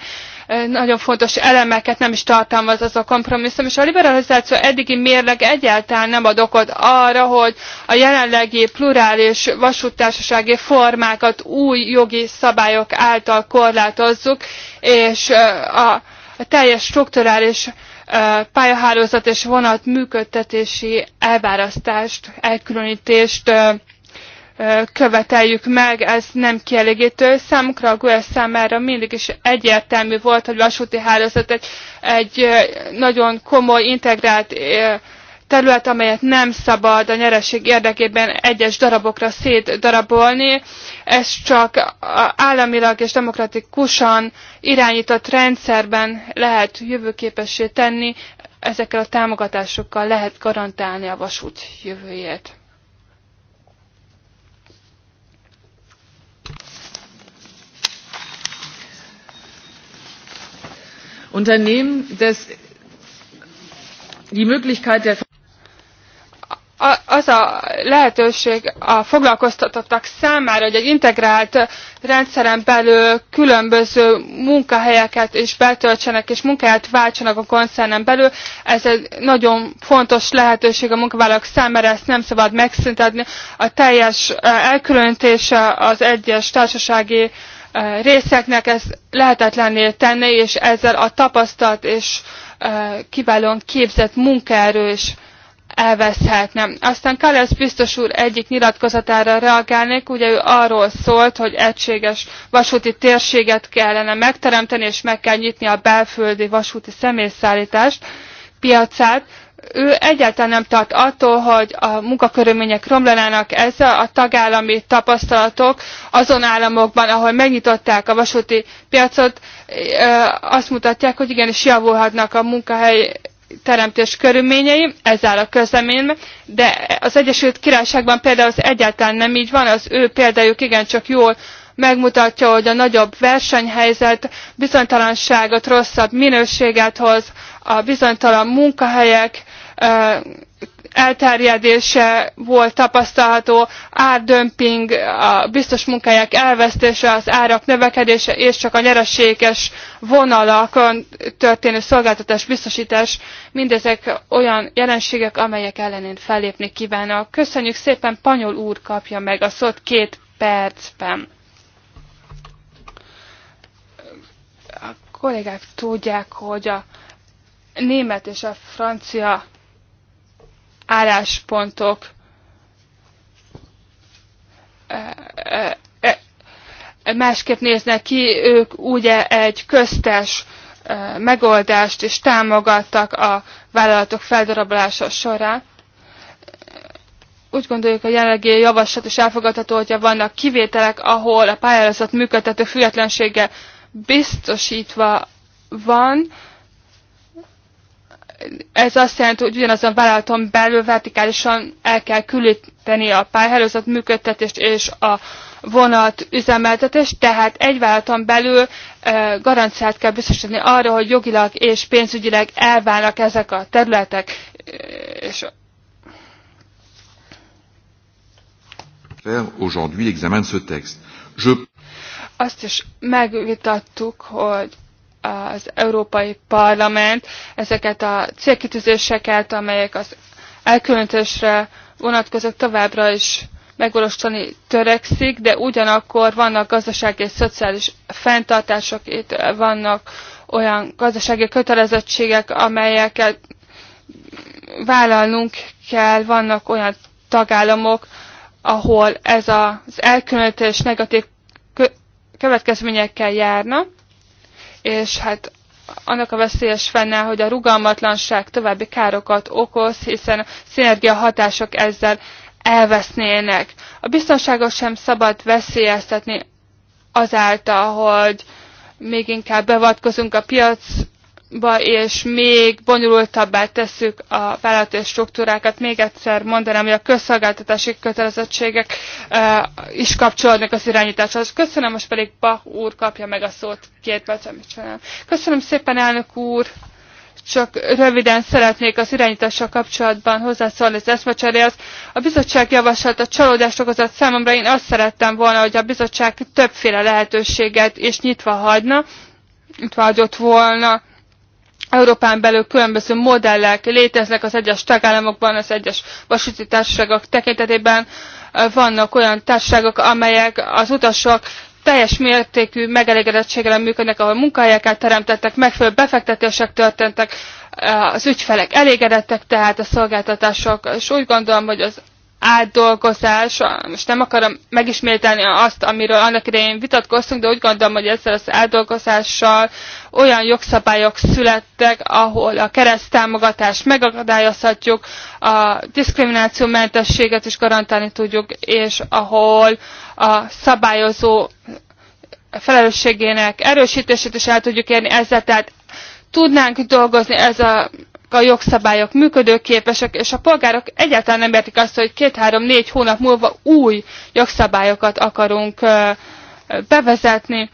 nagyon fontos elemeket nem is tartalmaz az a kompromisszum, és a liberalizáció eddigi mérleg egyáltalán nem ad okot arra, hogy a jelenlegi plurális vasúttársasági formákat új jogi szabályok által korlátozzuk, és a teljes strukturális pályahálózat és vonat működtetési elválasztást, elkülönítést követeljük meg, ez nem kielégítő. Számukra a GUE számára mindig is egyértelmű volt, hogy vasúti hálózat egy, egy nagyon komoly, integrált terület, amelyet nem szabad a nyereség érdekében egyes darabokra szétdarabolni. Ez csak államilag és demokratikusan irányított rendszerben lehet jövőképessé tenni, ezekkel a támogatásokkal lehet garantálni a vasút jövőjét. unternehmen das die möglichkeit der az a lehetőség a foglalkoztatottak számára, hogy egy integrált rendszeren belül különböző munkahelyeket is betöltsenek, és munkáját váltsanak a koncernen belül. Ez egy nagyon fontos lehetőség a munkavállalók számára, ezt nem szabad megszüntetni. A teljes eh, elkülönítése az egyes társasági uh, részeknek ez lehetetlenné tenni, és ezzel a tapasztalt és kiválóan képzett munkaerő is elveszhetne. Aztán Kalesz biztos úr egyik nyilatkozatára reagálnék, ugye ő arról szólt, hogy egységes vasúti térséget kellene megteremteni, és meg kell nyitni a belföldi vasúti személyszállítást, piacát ő egyáltalán nem tart attól, hogy a munkakörülmények romlanának ezzel a tagállami tapasztalatok azon államokban, ahol megnyitották a vasúti piacot, azt mutatják, hogy igenis javulhatnak a munkahely teremtés körülményei, ez áll a közleményben, de az Egyesült Királyságban például az egyáltalán nem így van, az ő példájuk igencsak jól megmutatja, hogy a nagyobb versenyhelyzet bizonytalanságot, rosszabb minőséget hoz, a bizonytalan munkahelyek elterjedése volt tapasztalható, árdömping, a biztos munkáják elvesztése, az árak növekedése és csak a nyereséges vonalakon történő szolgáltatás biztosítás, mindezek olyan jelenségek, amelyek ellenén fellépni kívánok. Köszönjük szépen, Panyol úr kapja meg a szót két percben. A kollégák tudják, hogy a német és a francia álláspontok eh, eh, eh, másképp néznek ki, ők ugye egy köztes megoldást is támogattak a vállalatok feldarabolása során. Úgy gondoljuk, a jelenlegi javaslat is elfogadható, hogyha vannak kivételek, ahol a pályázat működtető függetlensége biztosítva van, ez azt jelenti, hogy ugyanazon vállalaton belül vertikálisan el kell külíteni a pályahálózat működtetést és a vonat üzemeltetést, tehát egy vállalaton belül e, garanciát kell biztosítani arra, hogy jogilag és pénzügyileg elválnak ezek a területek. És aujourd'hui l'examen ce texte. Je... Azt is megvitattuk, hogy az Európai Parlament ezeket a célkitűzéseket, amelyek az elkülönítésre vonatkozók továbbra is megvalósítani törekszik, de ugyanakkor vannak gazdasági és szociális fenntartások, itt vannak olyan gazdasági kötelezettségek, amelyeket vállalnunk kell, vannak olyan tagállamok, ahol ez az elkülönítés negatív következményekkel járna, és hát annak a veszélyes fennáll, hogy a rugalmatlanság további károkat okoz, hiszen a szinergia hatások ezzel elvesznének. A biztonságot sem szabad veszélyeztetni azáltal, hogy még inkább bevatkozunk a piac ba, és még bonyolultabbá tesszük a vállalati struktúrákat. Még egyszer mondanám, hogy a közszolgáltatási kötelezettségek e, is kapcsolódnak az irányításhoz. Köszönöm, most pedig Bach úr kapja meg a szót két csinálom. Köszönöm szépen, elnök úr! Csak röviden szeretnék az irányítással kapcsolatban hozzászólni az eszmecseréhez. A bizottság javaslata csalódást okozott számomra. Én azt szerettem volna, hogy a bizottság többféle lehetőséget és nyitva hagyna, nyitva vágyott volna Európán belül különböző modellek léteznek az egyes tagállamokban, az egyes vasúti társaságok tekintetében. Vannak olyan társaságok, amelyek az utasok teljes mértékű megelégedettséggel működnek, ahol munkahelyeket teremtettek, megfelelő befektetések történtek, az ügyfelek elégedettek, tehát a szolgáltatások, és úgy gondolom, hogy az átdolgozás, most nem akarom megismételni azt, amiről annak idején vitatkoztunk, de úgy gondolom, hogy ezzel az átdolgozással olyan jogszabályok születtek, ahol a kereszttámogatást megakadályozhatjuk, a mentességet is garantálni tudjuk, és ahol a szabályozó felelősségének erősítését is el tudjuk érni ezzel, tehát tudnánk dolgozni ez a a jogszabályok működőképesek, és a polgárok egyáltalán nem értik azt, hogy két-három-négy hónap múlva új jogszabályokat akarunk bevezetni.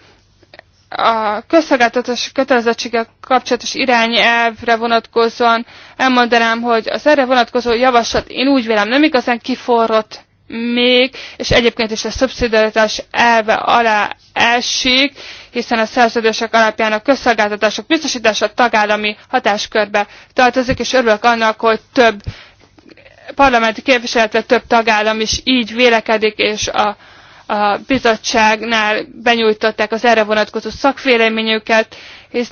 A közszolgáltatási kötelezettségek kapcsolatos irányelvre vonatkozóan elmondanám, hogy az erre vonatkozó javaslat én úgy vélem nem igazán kiforrott még, és egyébként is a szubszidiaritás elve alá esik, hiszen a szerződések alapján a közszolgáltatások biztosítása tagállami hatáskörbe tartozik, és örülök annak, hogy több parlamenti képviseletre több tagállam is így vélekedik, és a, a bizottságnál benyújtották az erre vonatkozó szakvéleményüket, és,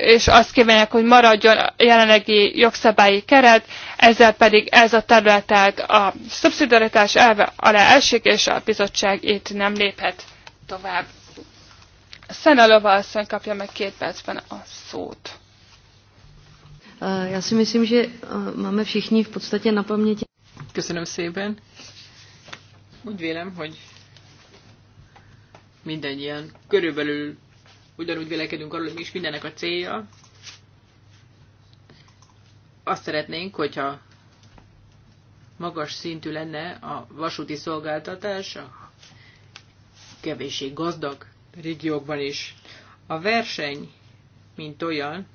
és azt kívánják, hogy maradjon a jelenlegi jogszabályi keret ezzel pedig ez a területek a szubszidaritás elve alá esik, és a bizottság itt nem léphet tovább. Szenelova asszony kapja meg két percben a szót. Já si myslím, že máme všichni v podstatě na paměti. Köszönöm szépen. Úgy vélem, hogy mindannyian körülbelül ugyanúgy vélekedünk arról, hogy mi is mindennek a célja, azt szeretnénk, hogyha magas szintű lenne a vasúti szolgáltatás a kevéssé gazdag régiókban is. A verseny, mint olyan,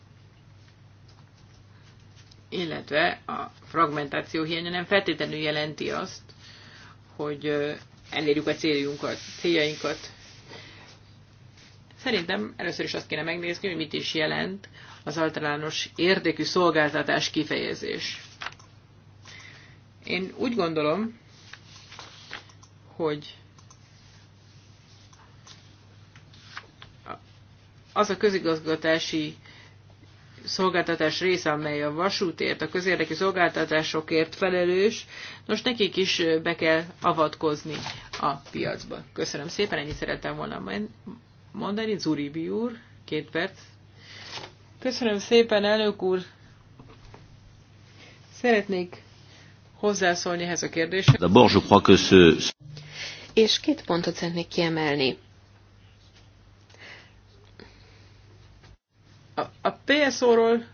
illetve a fragmentáció hiánya nem feltétlenül jelenti azt, hogy elérjük a céljunkat, céljainkat. Szerintem először is azt kéne megnézni, hogy mit is jelent az általános érdekű szolgáltatás kifejezés. Én úgy gondolom, hogy az a közigazgatási szolgáltatás része, amely a vasútért, a közérdekű szolgáltatásokért felelős, most nekik is be kell avatkozni a piacba. Köszönöm szépen, ennyit szerettem volna mondani. Zuribi úr, két perc. Köszönöm szépen, elnök úr! Szeretnék hozzászólni ehhez a kérdéshez. D'abord, je crois que ce... És két pontot szeretnék kiemelni. A, a PSO-ról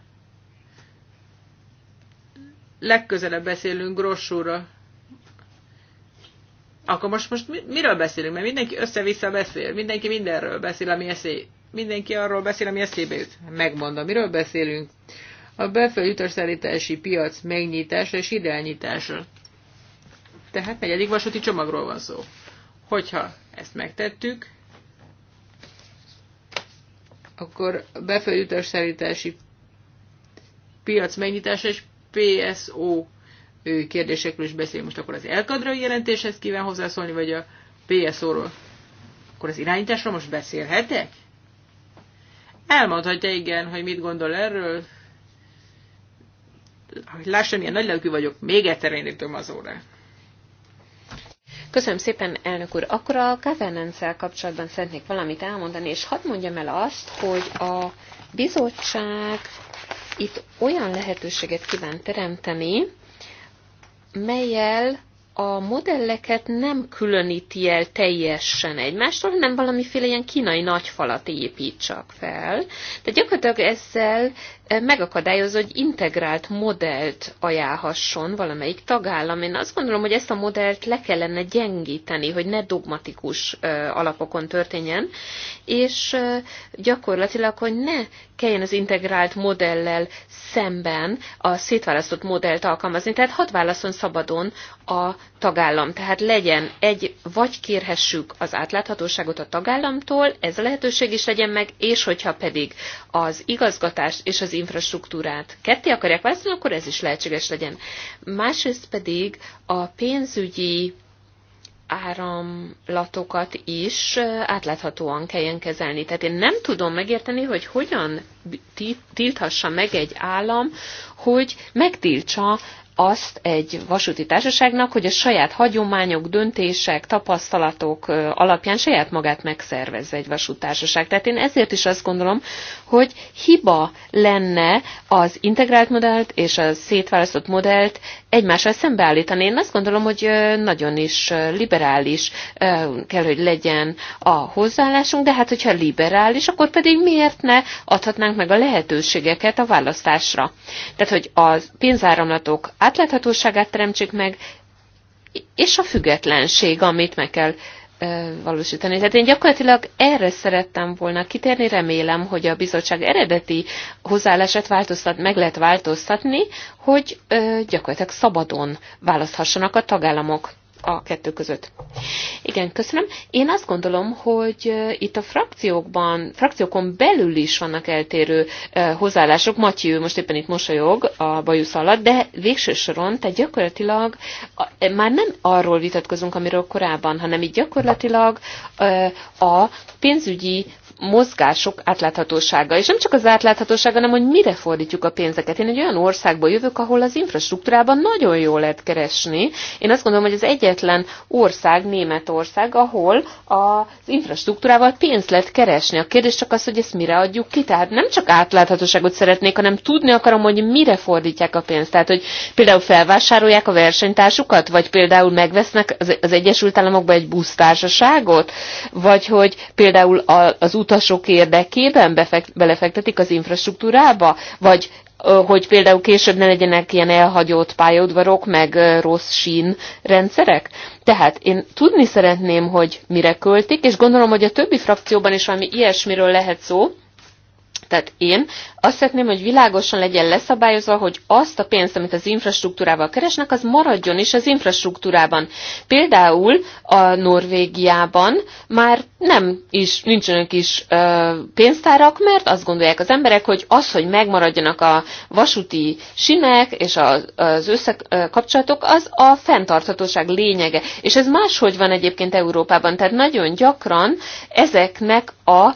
legközelebb beszélünk Grossúra. Akkor most, most miről beszélünk? Mert mindenki össze-vissza beszél, mindenki mindenről beszél, ami eszé, mindenki arról beszél, ami eszébe jut. Megmondom, miről beszélünk. A belföldi utasszállítási piac megnyitása és ideálnyitása. Tehát negyedik vasúti csomagról van szó. Hogyha ezt megtettük, akkor befelé utasszállítási piac megnyitása és PSO kérdésekről is beszélünk. Most akkor az elkadrai jelentéshez kíván hozzászólni, vagy a PSO-ról? Akkor az irányításról most beszélhetek? Elmondhatja igen, hogy mit gondol erről. Hogy lássam, milyen nagy lelkű vagyok, még egyszer indítom az óra. Köszönöm szépen, elnök úr. Akkor a governance kapcsolatban szeretnék valamit elmondani, és hadd mondjam el azt, hogy a bizottság itt olyan lehetőséget kíván teremteni, melyel a modelleket nem különíti el teljesen egymástól, hanem valamiféle ilyen kínai nagyfalat épít csak fel. Tehát gyakorlatilag ezzel megakadályozza, hogy integrált modellt ajánlhasson valamelyik tagállam. Én azt gondolom, hogy ezt a modellt le kellene gyengíteni, hogy ne dogmatikus alapokon történjen, és gyakorlatilag, hogy ne kelljen az integrált modellel szemben a szétválasztott modellt alkalmazni. Tehát hadd válaszol szabadon a tagállam. Tehát legyen egy, vagy kérhessük az átláthatóságot a tagállamtól, ez a lehetőség is legyen meg, és hogyha pedig az igazgatást és az infrastruktúrát ketté akarják választani, akkor ez is lehetséges legyen. Másrészt pedig a pénzügyi áramlatokat is eh, átláthatóan kelljen kezelni. Tehát én nem tudom megérteni, hogy hogyan tilthassa meg egy állam, hogy megtiltsa azt egy vasúti társaságnak, hogy a saját hagyományok, döntések, tapasztalatok alapján saját magát megszervezze egy vasútársaság. Tehát én ezért is azt gondolom, hogy hiba lenne az integrált modellt és a szétválasztott modellt egymással szembeállítani. Én azt gondolom, hogy nagyon is liberális kell, hogy legyen a hozzáállásunk, de hát hogyha liberális, akkor pedig miért ne adhatnánk meg a lehetőségeket a választásra? Tehát, hogy a pénzáramlatok átláthatóságát teremtsük meg, és a függetlenség, amit meg kell valósítani. Tehát én gyakorlatilag erre szerettem volna kitérni, remélem, hogy a bizottság eredeti hozzáállását változtat, meg lehet változtatni, hogy gyakorlatilag szabadon választhassanak a tagállamok a kettő között. Igen, köszönöm. Én azt gondolom, hogy itt a frakciókban, frakciókon belül is vannak eltérő hozzáállások. ő most éppen itt mosolyog a bajusz alatt, de végső soron, tehát gyakorlatilag e, már nem arról vitatkozunk, amiről korábban, hanem itt gyakorlatilag a pénzügyi mozgások átláthatósága, és nem csak az átláthatósága, hanem hogy mire fordítjuk a pénzeket. Én egy olyan országból jövök, ahol az infrastruktúrában nagyon jól lehet keresni. Én azt gondolom, hogy az egyetlen ország Németország, ahol az infrastruktúrával pénzt lehet keresni. A kérdés csak az, hogy ezt mire adjuk ki. Tehát nem csak átláthatóságot szeretnék, hanem tudni akarom, hogy mire fordítják a pénzt. Tehát, hogy például felvásárolják a versenytársukat, vagy például megvesznek az, Egyesült Államokba egy busztársaságot, vagy hogy például az út utasok érdekében belefektetik az infrastruktúrába, vagy hogy például később ne legyenek ilyen elhagyott pályaudvarok, meg rossz sín rendszerek. Tehát én tudni szeretném, hogy mire költik, és gondolom, hogy a többi frakcióban is valami ilyesmiről lehet szó, tehát én azt szeretném, hogy világosan legyen leszabályozva, hogy azt a pénzt, amit az infrastruktúrával keresnek, az maradjon is az infrastruktúrában. Például a Norvégiában már nem is, nincsenek is ö, pénztárak, mert azt gondolják az emberek, hogy az, hogy megmaradjanak a vasúti sinek és az, az összekapcsolatok, az a fenntarthatóság lényege. És ez máshogy van egyébként Európában, tehát nagyon gyakran ezeknek a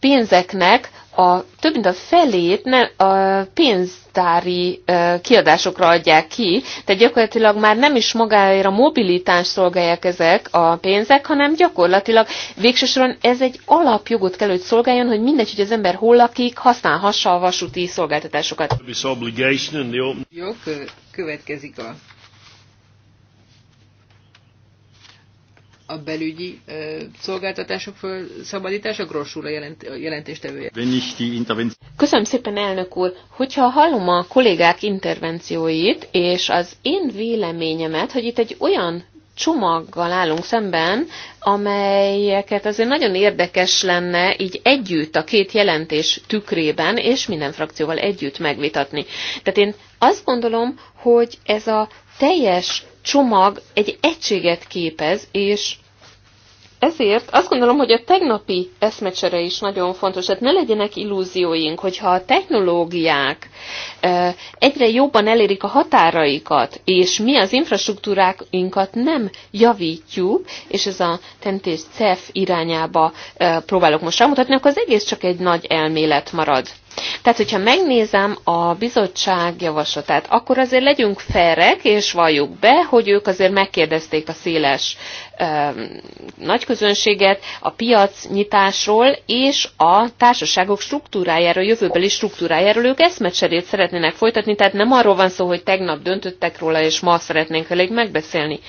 pénzeknek a több mint a felét nem, a pénztári kiadásokra adják ki, tehát gyakorlatilag már nem is magáért a mobilitást szolgálják ezek a pénzek, hanem gyakorlatilag végsősoron ez egy alapjogot kell, hogy szolgáljon, hogy mindegy, hogy az ember hol lakik, használhassa a vasúti szolgáltatásokat. Jó, következik a a belügyi ö, szolgáltatások szabadítása, Gross a jelent, jelentéstevője. Köszönöm szépen, elnök úr! Hogyha hallom a kollégák intervencióit, és az én véleményemet, hogy itt egy olyan csomaggal állunk szemben, amelyeket azért nagyon érdekes lenne így együtt a két jelentés tükrében, és minden frakcióval együtt megvitatni. Tehát én azt gondolom, hogy ez a teljes csomag egy egységet képez, és ezért azt gondolom, hogy a tegnapi eszmecsere is nagyon fontos. Tehát ne legyenek illúzióink, hogyha a technológiák egyre jobban elérik a határaikat, és mi az infrastruktúráinkat nem javítjuk, és ez a tentés CEF irányába próbálok most rámutatni, akkor az egész csak egy nagy elmélet marad. Tehát, hogyha megnézem a bizottság javaslatát, akkor azért legyünk ferrek, és valljuk be, hogy ők azért megkérdezték a széles ö, nagyközönséget a piac nyitásról és a társaságok struktúrájáról, jövőbeli struktúrájáról ők eszmecserét szeretnének folytatni, tehát nem arról van szó, hogy tegnap döntöttek róla, és ma szeretnénk elég megbeszélni.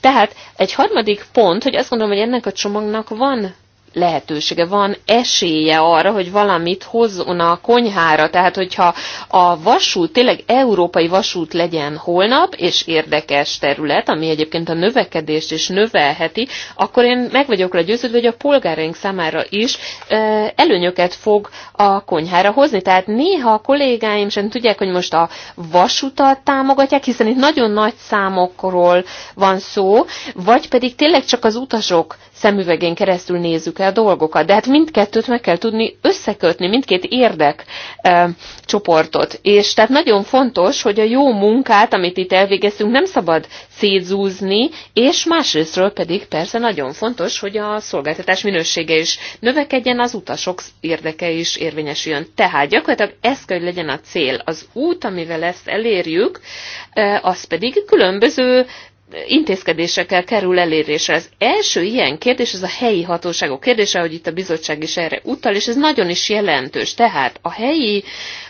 Tehát egy harmadik pont, hogy azt gondolom, hogy ennek a csomagnak van lehetősége, van esélye arra, hogy valamit hozzon a konyhára. Tehát, hogyha a vasút tényleg európai vasút legyen holnap, és érdekes terület, ami egyébként a növekedést is növelheti, akkor én meg vagyok rá győződve, hogy a polgáraink számára is e, előnyöket fog a konyhára hozni. Tehát néha a kollégáim sem tudják, hogy most a vasutat támogatják, hiszen itt nagyon nagy számokról van szó, vagy pedig tényleg csak az utasok szemüvegén keresztül nézzük el dolgokat. De hát mindkettőt meg kell tudni összekötni, mindkét érdek e, csoportot. És tehát nagyon fontos, hogy a jó munkát, amit itt elvégeztünk, nem szabad szétzúzni, és másrésztről pedig persze nagyon fontos, hogy a szolgáltatás minősége is növekedjen, az utasok érdeke is érvényesüljön. Tehát gyakorlatilag ez kell, hogy legyen a cél. Az út, amivel ezt elérjük, e, az pedig különböző intézkedésekkel kerül elérésre. Az első ilyen kérdés, ez a helyi hatóságok kérdése, hogy itt a bizottság is erre utal, és ez nagyon is jelentős. Tehát a helyi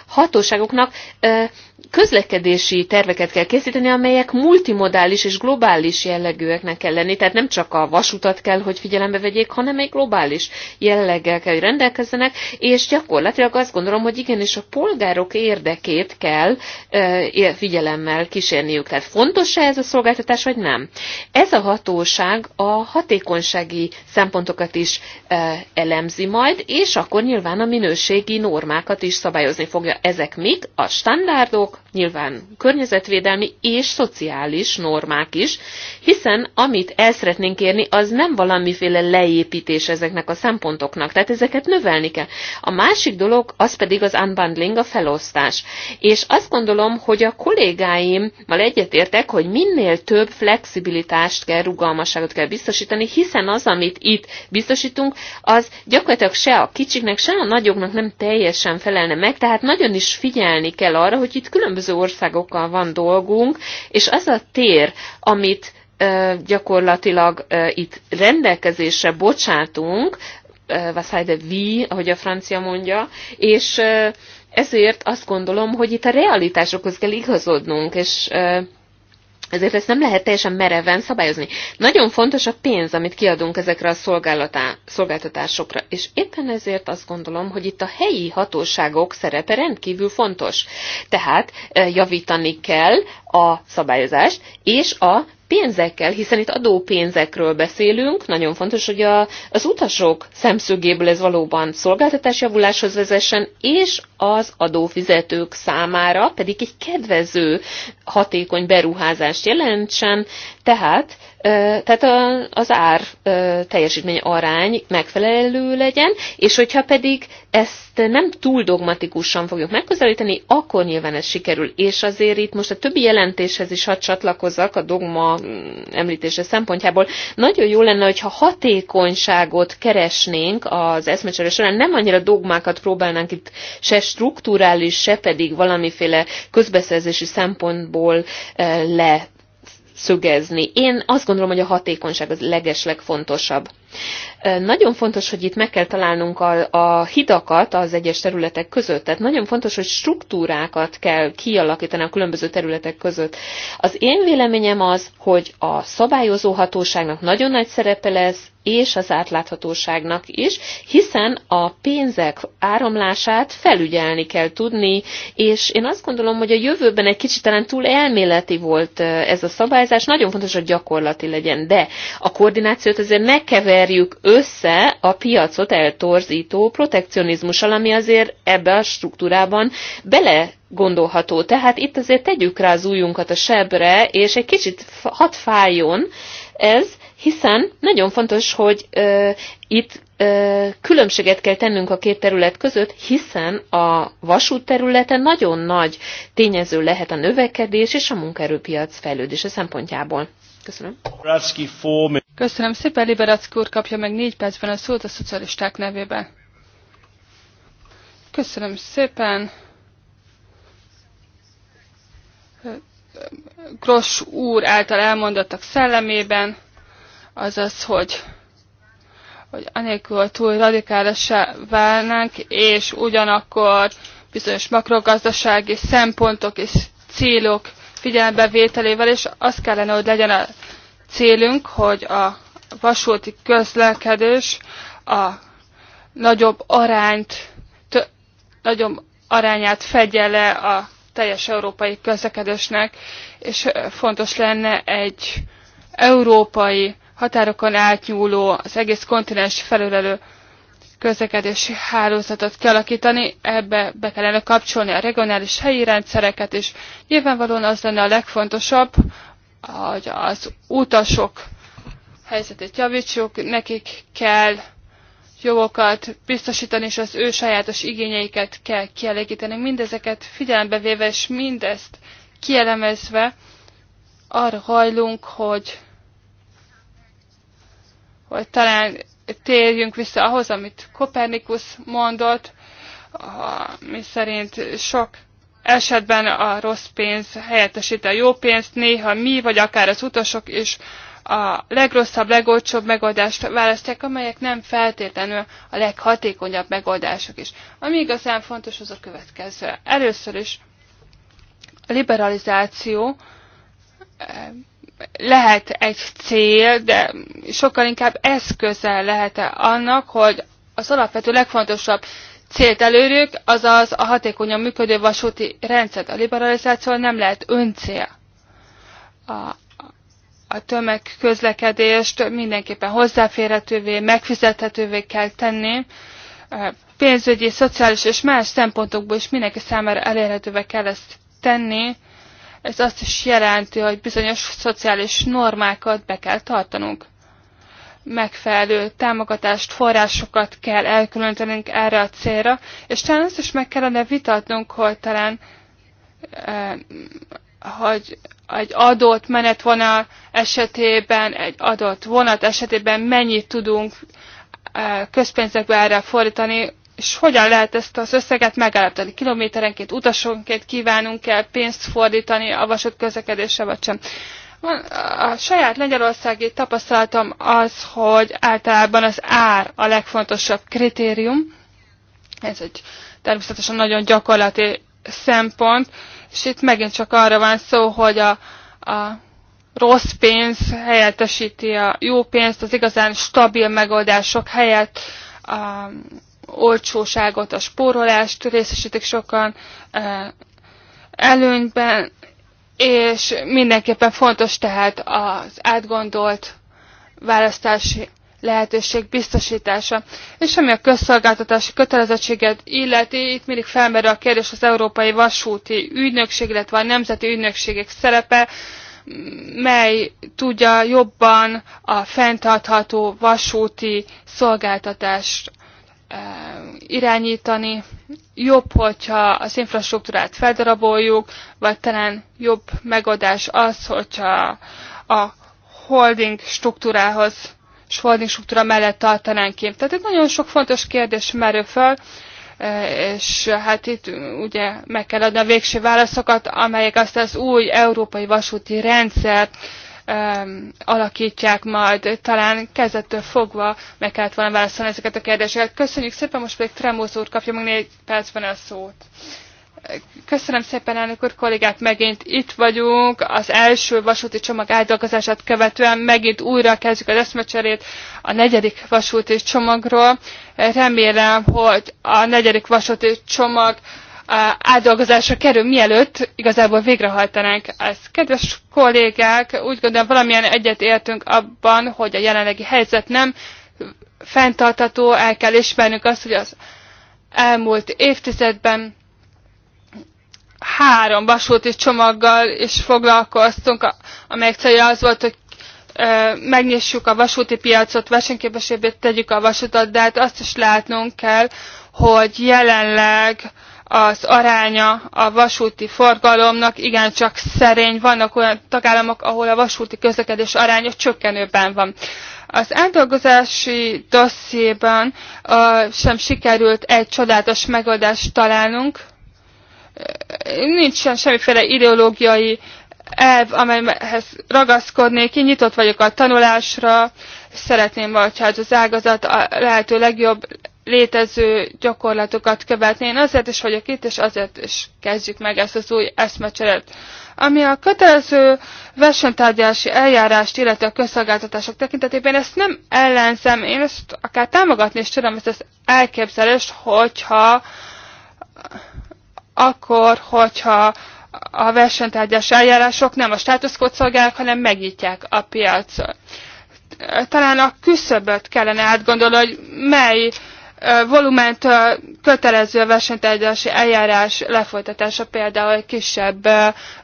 hatóságoknak közlekedési terveket kell készíteni, amelyek multimodális és globális jellegűeknek kell lenni, tehát nem csak a vasutat kell, hogy figyelembe vegyék, hanem egy globális jelleggel kell, hogy rendelkezzenek, és gyakorlatilag azt gondolom, hogy igenis a polgárok érdekét kell e, figyelemmel kísérniük. Tehát fontos-e ez a szolgáltatás, vagy nem? Ez a hatóság a hatékonysági szempontokat is e, elemzi majd, és akkor nyilván a minőségi normákat is szabályozni fogja. Ezek mik? A standardok, jogok nyilván környezetvédelmi és szociális normák is, hiszen amit el szeretnénk érni, az nem valamiféle leépítés ezeknek a szempontoknak, tehát ezeket növelni kell. A másik dolog, az pedig az unbundling, a felosztás. És azt gondolom, hogy a kollégáimmal egyetértek, hogy minél több flexibilitást kell, rugalmasságot kell biztosítani, hiszen az, amit itt biztosítunk, az gyakorlatilag se a kicsiknek, se a nagyoknak nem teljesen felelne meg, tehát nagyon is figyelni kell arra, hogy itt különböző különböző országokkal van dolgunk, és az a tér, amit gyakorlatilag itt rendelkezésre bocsátunk, Vassai de vi, ahogy a francia mondja, és ezért azt gondolom, hogy itt a realitásokhoz kell igazodnunk, és ezért ezt nem lehet teljesen mereven szabályozni. Nagyon fontos a pénz, amit kiadunk ezekre a szolgáltatásokra, és éppen ezért azt gondolom, hogy itt a helyi hatóságok szerepe rendkívül fontos. Tehát eh, javítani kell a szabályozást, és a pénzekkel, hiszen itt adópénzekről beszélünk, nagyon fontos, hogy a, az utasok szemszögéből ez valóban szolgáltatásjavuláshoz vezessen, és az adófizetők számára pedig egy kedvező, hatékony beruházást jelentsen, tehát, tehát az ár teljesítmény arány megfelelő legyen, és hogyha pedig ezt nem túl dogmatikusan fogjuk megközelíteni, akkor nyilván ez sikerül. És azért itt most a többi jelentéshez is hadd csatlakozzak a dogma mm, említése szempontjából. Nagyon jó lenne, hogyha hatékonyságot keresnénk az eszmecsere során, nem annyira dogmákat próbálnánk itt se strukturális, se pedig valamiféle közbeszerzési szempontból le szögezni. Én azt gondolom, hogy a hatékonyság az legeslegfontosabb. Nagyon fontos, hogy itt meg kell találnunk a, a hidakat az egyes területek között, tehát nagyon fontos, hogy struktúrákat kell kialakítani a különböző területek között. Az én véleményem az, hogy a szabályozó hatóságnak nagyon nagy szerepe lesz, és az átláthatóságnak is, hiszen a pénzek áramlását felügyelni kell tudni, és én azt gondolom, hogy a jövőben egy kicsit talán túl elméleti volt ez a szabályzás, nagyon fontos, hogy gyakorlati legyen, de a koordinációt azért megkever keverjük össze a piacot eltorzító protekcionizmussal, ami azért ebbe a struktúrában bele gondolható. Tehát itt azért tegyük rá az ujjunkat a sebre, és egy kicsit hat fájjon ez, hiszen nagyon fontos, hogy ö, itt ö, különbséget kell tennünk a két terület között, hiszen a vasút területe nagyon nagy tényező lehet a növekedés és a munkaerőpiac fejlődése szempontjából. Köszönöm. Köszönöm szépen, Liberacki úr kapja meg négy percben a szót a szocialisták nevében. Köszönöm szépen. Gross úr által elmondottak szellemében, azaz, hogy hogy anélkül, túl radikálisá válnánk, és ugyanakkor bizonyos makrogazdasági szempontok és célok figyelembevételével, és az kellene, hogy legyen a célunk, hogy a vasúti közlekedés a nagyobb arányt, nagyobb arányát fedje le a teljes európai közlekedésnek, és fontos lenne egy európai határokon átnyúló, az egész kontinens felülelő közlekedési hálózatot kialakítani, ebbe be kellene kapcsolni a regionális helyi rendszereket, és nyilvánvalóan az lenne a legfontosabb, hogy az utasok helyzetét javítsuk, nekik kell jogokat biztosítani, és az ő sajátos igényeiket kell kielégíteni. Mindezeket figyelembe véve, és mindezt kielemezve arra hajlunk, hogy, hogy talán térjünk vissza ahhoz, amit Kopernikus mondott, mi szerint sok esetben a rossz pénz helyettesít a jó pénzt, néha mi, vagy akár az utasok is a legrosszabb, legolcsóbb megoldást választják, amelyek nem feltétlenül a leghatékonyabb megoldások is. Ami igazán fontos, az a következő. Először is a liberalizáció lehet egy cél, de sokkal inkább eszköze lehet -e annak, hogy az alapvető legfontosabb célt előrjük, azaz a hatékonyan működő vasúti rendszert. A liberalizáció nem lehet öncél. A, a tömegközlekedést mindenképpen hozzáférhetővé, megfizethetővé kell tenni. Pénzügyi, szociális és más szempontokból is mindenki számára elérhetővé kell ezt tenni ez azt is jelenti, hogy bizonyos szociális normákat be kell tartanunk. Megfelelő támogatást, forrásokat kell elkülönítenünk erre a célra, és talán azt is meg kellene vitatnunk, hogy talán e, hogy egy adott menetvonal esetében, egy adott vonat esetében mennyit tudunk e, közpénzekbe erre fordítani, és hogyan lehet ezt az összeget megállapítani? Kilométerenként, utasonként kívánunk el pénzt fordítani a vasút közlekedésre, vagy sem? A saját lengyelországi tapasztalatom az, hogy általában az ár a legfontosabb kritérium. Ez egy természetesen nagyon gyakorlati szempont, és itt megint csak arra van szó, hogy a, a rossz pénz helyettesíti a jó pénzt, az igazán stabil megoldások helyett a, olcsóságot, a spórolást részesítik sokan eh, előnyben, és mindenképpen fontos tehát az átgondolt választási lehetőség biztosítása. És ami a közszolgáltatási kötelezettséget illeti, itt mindig felmerül a kérdés az Európai Vasúti Ügynökség, illetve a Nemzeti Ügynökségek szerepe, mely tudja jobban a fenntartható vasúti szolgáltatást irányítani. Jobb, hogyha az infrastruktúrát feldaraboljuk, vagy talán jobb megoldás az, hogyha a holding struktúrához és holding struktúra mellett tartanánk ki. Tehát itt nagyon sok fontos kérdés merül fel, és hát itt ugye meg kell adni a végső válaszokat, amelyek azt az új európai vasúti rendszert um, alakítják majd. Talán kezdettől fogva meg kellett volna válaszolni ezeket a kérdéseket. Köszönjük szépen, most pedig Tremóz úr kapja meg négy percben a szót. Köszönöm szépen, elnök úr, kollégák, megint itt vagyunk. Az első vasúti csomag átdolgozását követően megint újra kezdjük az eszmecserét a negyedik vasúti csomagról. Remélem, hogy a negyedik vasúti csomag átdolgozásra kerül, mielőtt igazából végrehajtanánk ezt. Kedves kollégák, úgy gondolom valamilyen egyet értünk abban, hogy a jelenlegi helyzet nem fenntartató, el kell ismernünk azt, hogy az elmúlt évtizedben három vasúti csomaggal is foglalkoztunk, amelyek célja az volt, hogy megnyissuk a vasúti piacot, versenyképesebbé tegyük a vasutat, de hát azt is látnunk kell, hogy jelenleg az aránya a vasúti forgalomnak igencsak szerény. Vannak olyan tagállamok, ahol a vasúti közlekedés aránya csökkenőben van. Az átdolgozási dossziéban sem sikerült egy csodálatos megoldást találnunk. Nincsen semmiféle ideológiai elv, amelyhez ragaszkodnék. Én nyitott vagyok a tanulásra, szeretném, hogyha az ágazat a lehető legjobb létező gyakorlatokat követni. Én azért is vagyok itt, és azért is kezdjük meg ezt az új eszmecseret. Ami a kötelező versenytárgyalási eljárást, illetve a közszolgáltatások tekintetében, ezt nem ellenzem, én ezt akár támogatni is tudom, ezt az elképzelést, hogyha akkor, hogyha a versenytárgyalási eljárások nem a státuszkód szolgálják, hanem megnyitják a piacot. Talán a küszöböt kellene átgondolni, hogy mely volument kötelező versenytárgyalási eljárás lefolytatása például egy kisebb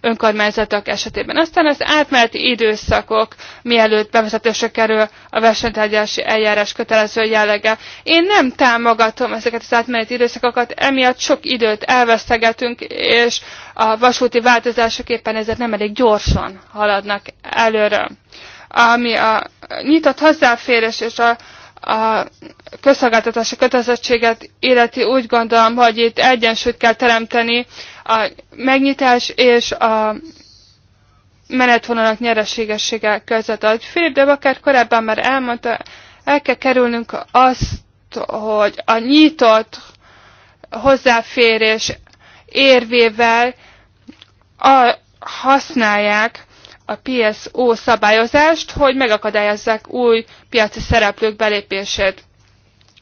önkormányzatok esetében. Aztán az átmeneti időszakok, mielőtt bevezetésre kerül a versenytárgyalási eljárás kötelező jellege. Én nem támogatom ezeket az átmeneti időszakokat, emiatt sok időt elvesztegetünk, és a vasúti változások éppen ezért nem elég gyorsan haladnak előre. Ami a nyitott hozzáférés és a a közszolgáltatási kötelezettséget illeti úgy gondolom, hogy itt egyensúlyt kell teremteni a megnyitás és a menetvonalak nyereségessége között. A Philip de korábban már elmondta, el kell kerülnünk azt, hogy a nyitott hozzáférés érvével a, használják a PSO szabályozást, hogy megakadályozzák új piaci szereplők belépését.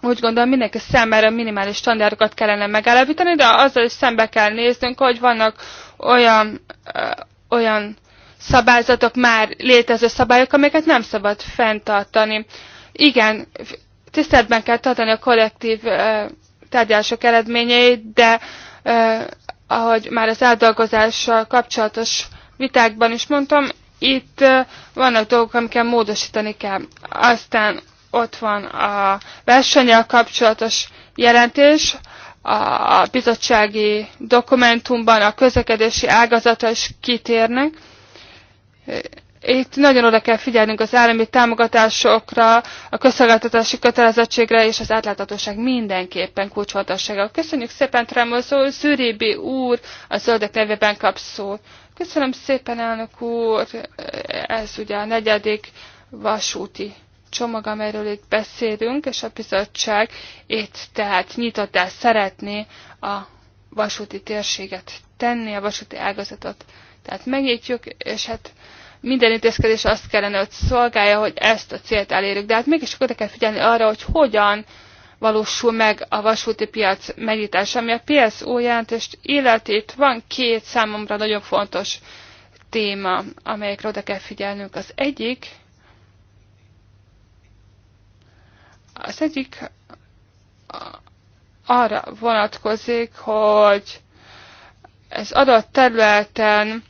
Úgy gondolom, mindenki számára minimális standardokat kellene megállapítani, de azzal is szembe kell néznünk, hogy vannak olyan, ö, olyan szabályzatok, már létező szabályok, amiket nem szabad fenntartani. Igen, tiszteletben kell tartani a kollektív ö, tárgyalások eredményeit, de ö, ahogy már az átdolgozással kapcsolatos ö, vitákban is mondtam, itt vannak dolgok, amiket módosítani kell. Aztán ott van a versenyel kapcsolatos jelentés, a bizottsági dokumentumban a közlekedési ágazata is kitérnek. Itt nagyon oda kell figyelnünk az állami támogatásokra, a közszolgáltatási kötelezettségre és az átláthatóság mindenképpen kulcsfontossága. Köszönjük szépen, Tremozó, Züribi úr, a zöldek nevében kap Köszönöm szépen, elnök úr! Ez ugye a negyedik vasúti csomag, amelyről itt beszélünk, és a bizottság itt tehát el szeretné a vasúti térséget tenni, a vasúti ágazatot. Tehát megnyitjuk, és hát minden intézkedés azt kellene, hogy szolgálja, hogy ezt a célt elérjük. De hát mégis oda kell figyelni arra, hogy hogyan valósul meg a vasúti piac megnyitása, ami a PSO jelentést illeti. van két számomra nagyon fontos téma, amelyekre oda kell figyelnünk. Az egyik, az egyik arra vonatkozik, hogy ez adott területen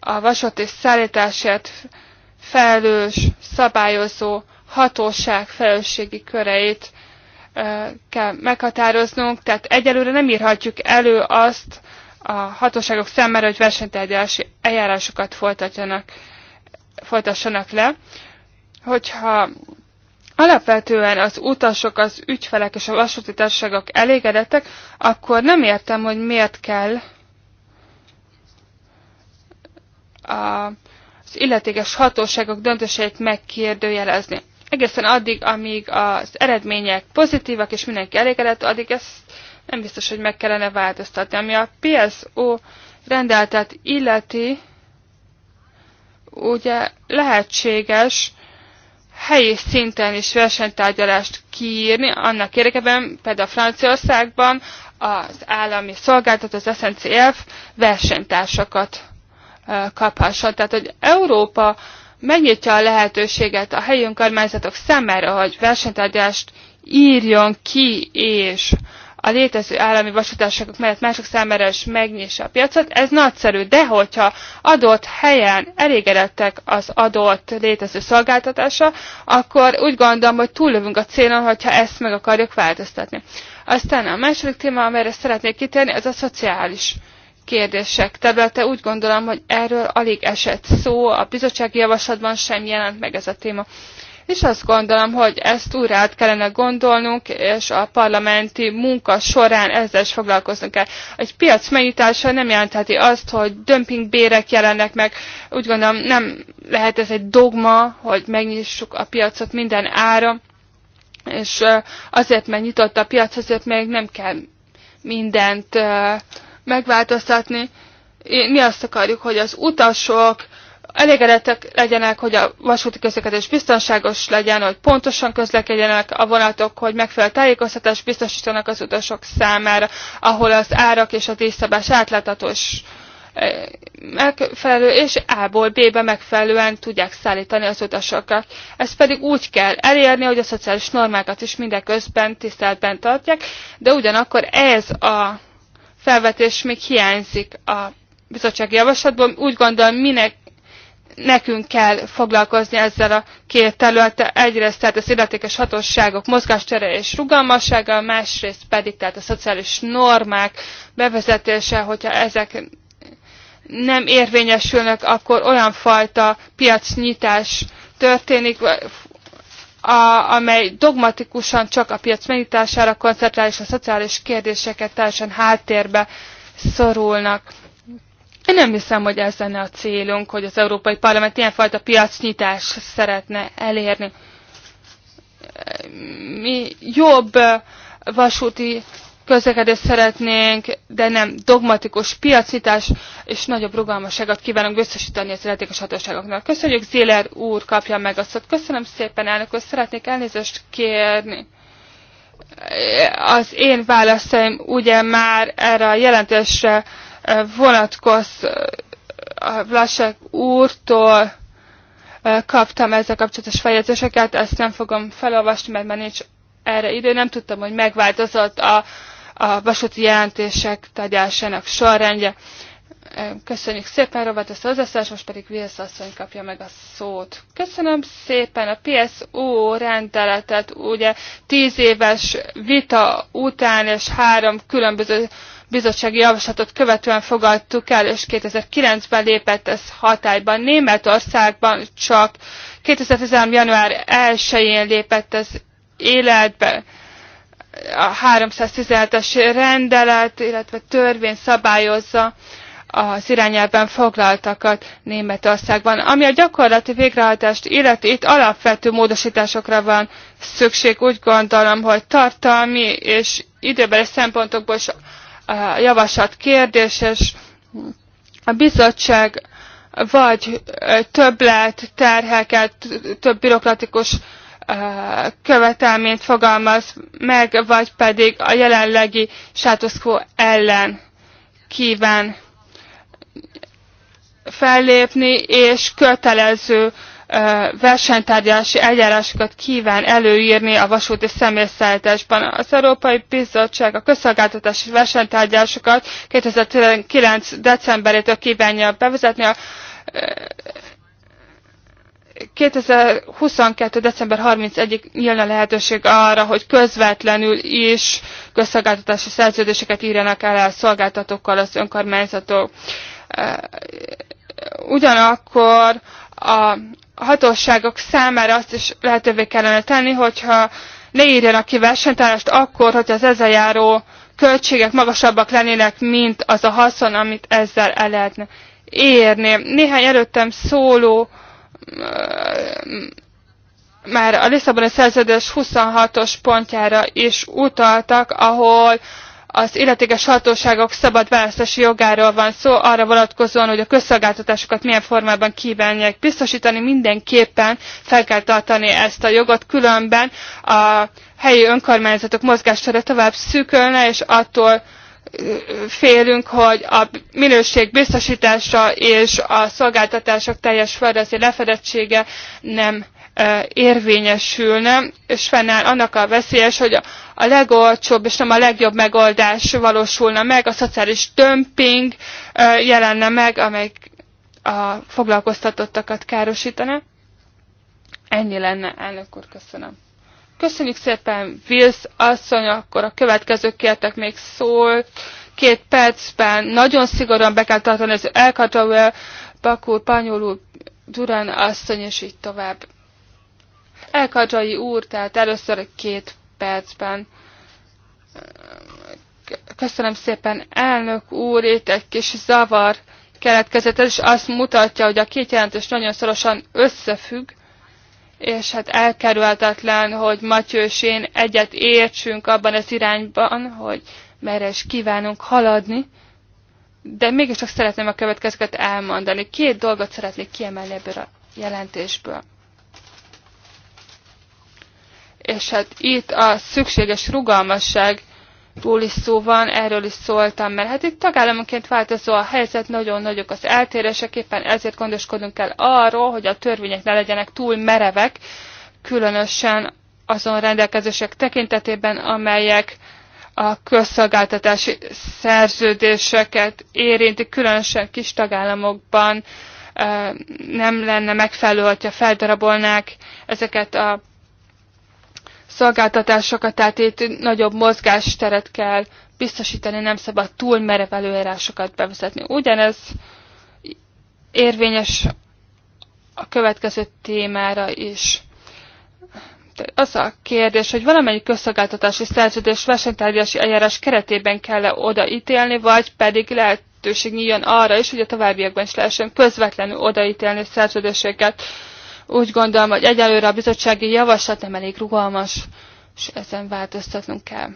a vasúti szállítását felelős, szabályozó hatóság felelősségi köreit kell meghatároznunk, tehát egyelőre nem írhatjuk elő azt a hatóságok szemmel hogy versenytárgyalási eljárásokat folytatjanak, folytassanak le. Hogyha alapvetően az utasok, az ügyfelek és a vasúti társaságok elégedettek, akkor nem értem, hogy miért kell a, az illetékes hatóságok döntéseit megkérdőjelezni egészen addig, amíg az eredmények pozitívak és mindenki elégedett, addig ezt nem biztos, hogy meg kellene változtatni. Ami a PSO rendeltet illeti, ugye lehetséges helyi szinten is versenytárgyalást kiírni, annak érdekében például Franciaországban az állami szolgáltató, az SNCF versenytársakat kaphasson. Tehát, hogy Európa megnyitja a lehetőséget a helyi önkormányzatok számára, hogy versenytárgyást írjon ki, és a létező állami vasútársaságok mellett mások számára is megnyissa a piacot. Ez nagyszerű, de hogyha adott helyen elégedettek az adott létező szolgáltatása, akkor úgy gondolom, hogy túllövünk a célon, hogyha ezt meg akarjuk változtatni. Aztán a második téma, amelyre szeretnék kitérni, az a szociális kérdések területe. Úgy gondolom, hogy erről alig esett szó, a bizottsági javaslatban sem jelent meg ez a téma. És azt gondolom, hogy ezt újra át kellene gondolnunk, és a parlamenti munka során ezzel is foglalkoznunk kell. Egy piac megnyitása nem jelentheti azt, hogy dömping bérek jelennek meg. Úgy gondolom, nem lehet ez egy dogma, hogy megnyissuk a piacot minden ára, és azért, mert nyitott a piac, azért még nem kell mindent megváltoztatni. Mi azt akarjuk, hogy az utasok elégedettek legyenek, hogy a vasúti közlekedés biztonságos legyen, hogy pontosan közlekedjenek a vonatok, hogy megfelelő tájékoztatást biztosítanak az utasok számára, ahol az árak és a díjszabás átláthatós eh, megfelelő, és A-ból B-be megfelelően tudják szállítani az utasokat. Ezt pedig úgy kell elérni, hogy a szociális normákat is mindeközben tiszteletben tartják, de ugyanakkor ez a felvetés még hiányzik a bizottsági javaslatból. Úgy gondolom, minek nekünk kell foglalkozni ezzel a két területe. Egyrészt tehát az illetékes hatóságok mozgástere és rugalmassága, másrészt pedig tehát a szociális normák bevezetése, hogyha ezek nem érvényesülnek, akkor olyan fajta piacnyitás történik, a, amely dogmatikusan csak a piac megnyitására koncentrál, és a szociális kérdéseket teljesen háttérbe szorulnak. Én nem hiszem, hogy ez lenne a célunk, hogy az Európai Parlament ilyenfajta piacnyitást szeretne elérni. Mi jobb vasúti közlekedést szeretnénk, de nem dogmatikus piacitás és nagyobb rugalmasságot kívánunk összesíteni az illetékes hatóságoknak. Köszönjük, Zéler úr kapja meg a szót. Köszönöm szépen, elnök úr, szeretnék elnézést kérni. Az én válaszaim ugye már erre a jelentésre eh, vonatkoz eh, a Vlasek úrtól eh, kaptam ezzel kapcsolatos fejezéseket, ezt nem fogom felolvasni, mert már nincs erre idő, nem tudtam, hogy megváltozott a a vasúti jelentések tárgyásának sorrendje. Köszönjük szépen, Robert, ezt az összes, most pedig Vilsz asszony kapja meg a szót. Köszönöm szépen a PSO rendeletet, ugye tíz éves vita után és három különböző bizottsági javaslatot követően fogadtuk el, és 2009-ben lépett ez hatályban. Németországban csak 2013. január 1-én lépett ez életbe a 317-es rendelet, illetve törvény szabályozza az irányelben foglaltakat Németországban. Ami a gyakorlati végrehajtást illeti, itt alapvető módosításokra van szükség. Úgy gondolom, hogy tartalmi és időbeli szempontokból is a javaslat kérdéses. A bizottság vagy többlet terheket, több bürokratikus követelményt fogalmaz meg, vagy pedig a jelenlegi sátuszkó ellen kíván fellépni, és kötelező versenytárgyalási eljárásokat kíván előírni a vasúti személyszállításban. Az Európai Bizottság a közszolgáltatási versenytárgyalásokat 2019. decemberétől kívánja bevezetni a 2022. december 31-ig nyílna lehetőség arra, hogy közvetlenül is közszolgáltatási szerződéseket írjanak el a szolgáltatókkal az önkormányzatok. Ugyanakkor a hatóságok számára azt is lehetővé kellene tenni, hogyha ne írjanak ki versenytárást akkor, hogy az ezzel járó költségek magasabbak lennének, mint az a haszon, amit ezzel el lehetne érni. Néhány előttem szóló uh, már a Lisszaboni szerződés 26-os pontjára is utaltak, ahol az illetékes hatóságok szabad választási jogáról van szó, arra vonatkozóan, hogy a közszolgáltatásokat milyen formában kívánják biztosítani, mindenképpen fel kell tartani ezt a jogot, különben a helyi önkormányzatok mozgástere tovább szűkölne, és attól félünk, hogy a minőség biztosítása és a szolgáltatások teljes földrajzi lefedettsége nem érvényesülne, és fennáll annak a veszélyes, hogy a legolcsóbb és nem a legjobb megoldás valósulna meg, a szociális dömping jelenne meg, amely a foglalkoztatottakat károsítana. Ennyi lenne, elnök úr, köszönöm. Köszönjük szépen, Wills asszony, akkor a következő kértek még szólt. Két percben nagyon szigorúan be kell tartani az Elkatawel, Bakul, Panyolú, Durán asszony, és így tovább. Elkadzsai úr, tehát először két percben. Köszönöm szépen, elnök úr, itt egy kis zavar keletkezett, ez azt mutatja, hogy a két jelentés nagyon szorosan összefügg, és hát elkerülhetetlen, hogy Matyősén egyet értsünk abban az irányban, hogy merre is kívánunk haladni, de mégiscsak szeretném a következőket elmondani. Két dolgot szeretnék kiemelni ebből a jelentésből. És hát itt a szükséges rugalmasság Túl is szó van, erről is szóltam, mert hát itt tagállamonként változó a helyzet, nagyon nagyok az eltérések, éppen ezért gondoskodunk kell arról, hogy a törvények ne legyenek túl merevek, különösen azon rendelkezések tekintetében, amelyek a közszolgáltatási szerződéseket érintik, különösen kis tagállamokban nem lenne megfelelő, hogyha feldarabolnák ezeket a szolgáltatásokat, tehát itt nagyobb mozgásteret kell biztosítani, nem szabad túl merev előjárásokat bevezetni. Ugyanez érvényes a következő témára is. az a kérdés, hogy valamelyik közszolgáltatási szerződés versenytárgyási eljárás keretében kell-e odaítélni, vagy pedig lehetőség nyíljon arra is, hogy a továbbiakban is lehessen közvetlenül odaítélni szerződéseket úgy gondolom, hogy egyelőre a bizottsági javaslat nem elég rugalmas, és ezen változtatnunk kell.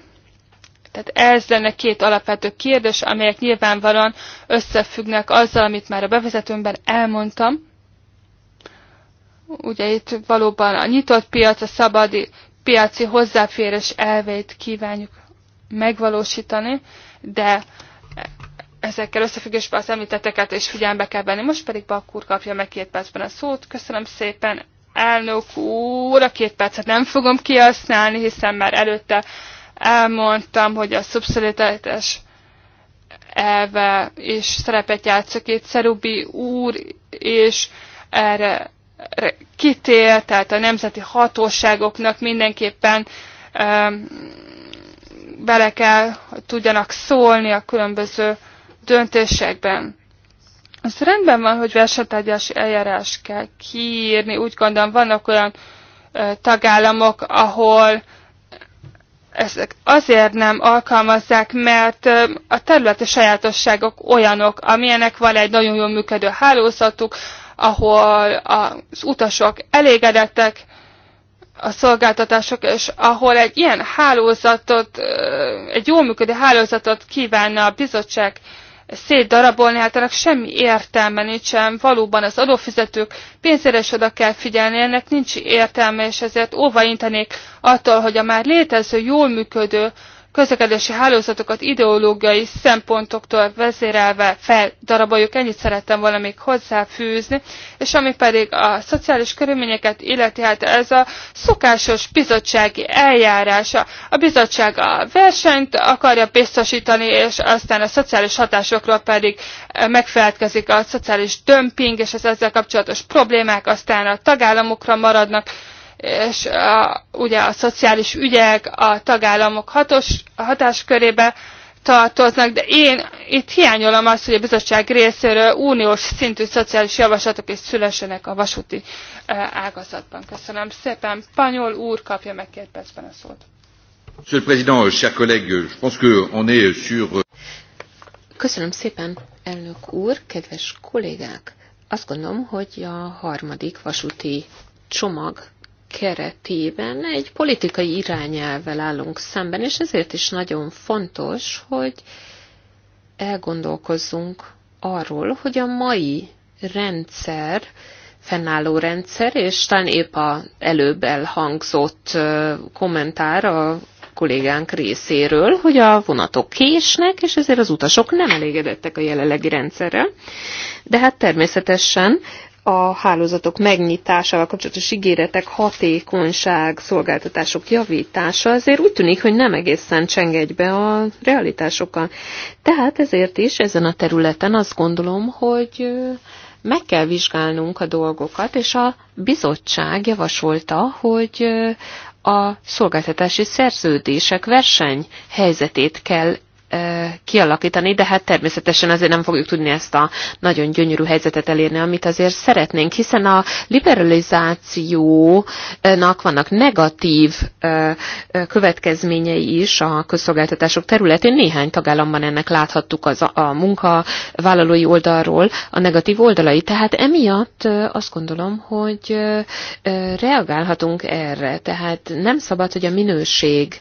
Tehát ez lenne két alapvető kérdés, amelyek nyilvánvalóan összefüggnek azzal, amit már a bevezetőmben elmondtam. Ugye itt valóban a nyitott piac, a szabadi piaci hozzáférés elveit kívánjuk megvalósítani, de ezekkel összefüggésben az említetteket és figyelembe kell venni. Most pedig Bakkúr kapja meg két percben a szót. Köszönöm szépen, elnök úr, a két percet nem fogom kihasználni, hiszen már előtte elmondtam, hogy a szubszidiaritás elve és szerepet játszik itt Szerubi úr, és erre kitér, tehát a nemzeti hatóságoknak mindenképpen um, bele kell, hogy tudjanak szólni a különböző döntésekben. Az rendben van, hogy versenytárgyási eljárás kell kiírni. Úgy gondolom, vannak olyan tagállamok, ahol ezek azért nem alkalmazzák, mert a területi sajátosságok olyanok, amilyenek van egy nagyon jól működő hálózatuk, ahol az utasok elégedettek, a szolgáltatások, és ahol egy ilyen hálózatot, egy jól működő hálózatot kívánna a bizottság szétdarabolni, hát ennek semmi értelme nincsen. Valóban az adófizetők pénzére is oda kell figyelni, ennek nincs értelme, és ezért óvaintenék attól, hogy a már létező, jól működő közlekedési hálózatokat ideológiai szempontoktól vezérelve feldaraboljuk, ennyit szerettem volna még hozzáfűzni, és ami pedig a szociális körülményeket illeti, hát ez a szokásos bizottsági eljárása. A bizottság a versenyt akarja biztosítani, és aztán a szociális hatásokról pedig eh, megfelelkezik a szociális dömping és az ezzel kapcsolatos problémák, aztán a tagállamokra maradnak, és a, ugye a szociális ügyek a tagállamok hatos, hatáskörébe tartoznak, de én itt hiányolom azt, hogy a bizottság részéről uniós szintű szociális javaslatok is szülessenek a vasúti e, ágazatban. Köszönöm szépen. Panyol úr kapja meg két percben a szót. Monsieur le Président, chers collègues, je pense on est sur... Köszönöm szépen, elnök úr, kedves kollégák! Azt gondolom, hogy a harmadik vasúti csomag keretében egy politikai irányelvel állunk szemben, és ezért is nagyon fontos, hogy elgondolkozzunk arról, hogy a mai rendszer, fennálló rendszer, és talán épp a előbb elhangzott kommentár a kollégánk részéről, hogy a vonatok késnek, és ezért az utasok nem elégedettek a jelenlegi rendszerrel. De hát természetesen a hálózatok megnyitásával kapcsolatos ígéretek, hatékonyság, szolgáltatások javítása azért úgy tűnik, hogy nem egészen cseng egybe a realitásokkal. Tehát ezért is ezen a területen azt gondolom, hogy meg kell vizsgálnunk a dolgokat, és a bizottság javasolta, hogy a szolgáltatási szerződések verseny helyzetét kell kialakítani, de hát természetesen azért nem fogjuk tudni ezt a nagyon gyönyörű helyzetet elérni, amit azért szeretnénk, hiszen a liberalizációnak vannak negatív következményei is a közszolgáltatások területén. Néhány tagállamban ennek láthattuk az a munkavállalói oldalról a negatív oldalai. Tehát emiatt azt gondolom, hogy reagálhatunk erre. Tehát nem szabad, hogy a minőség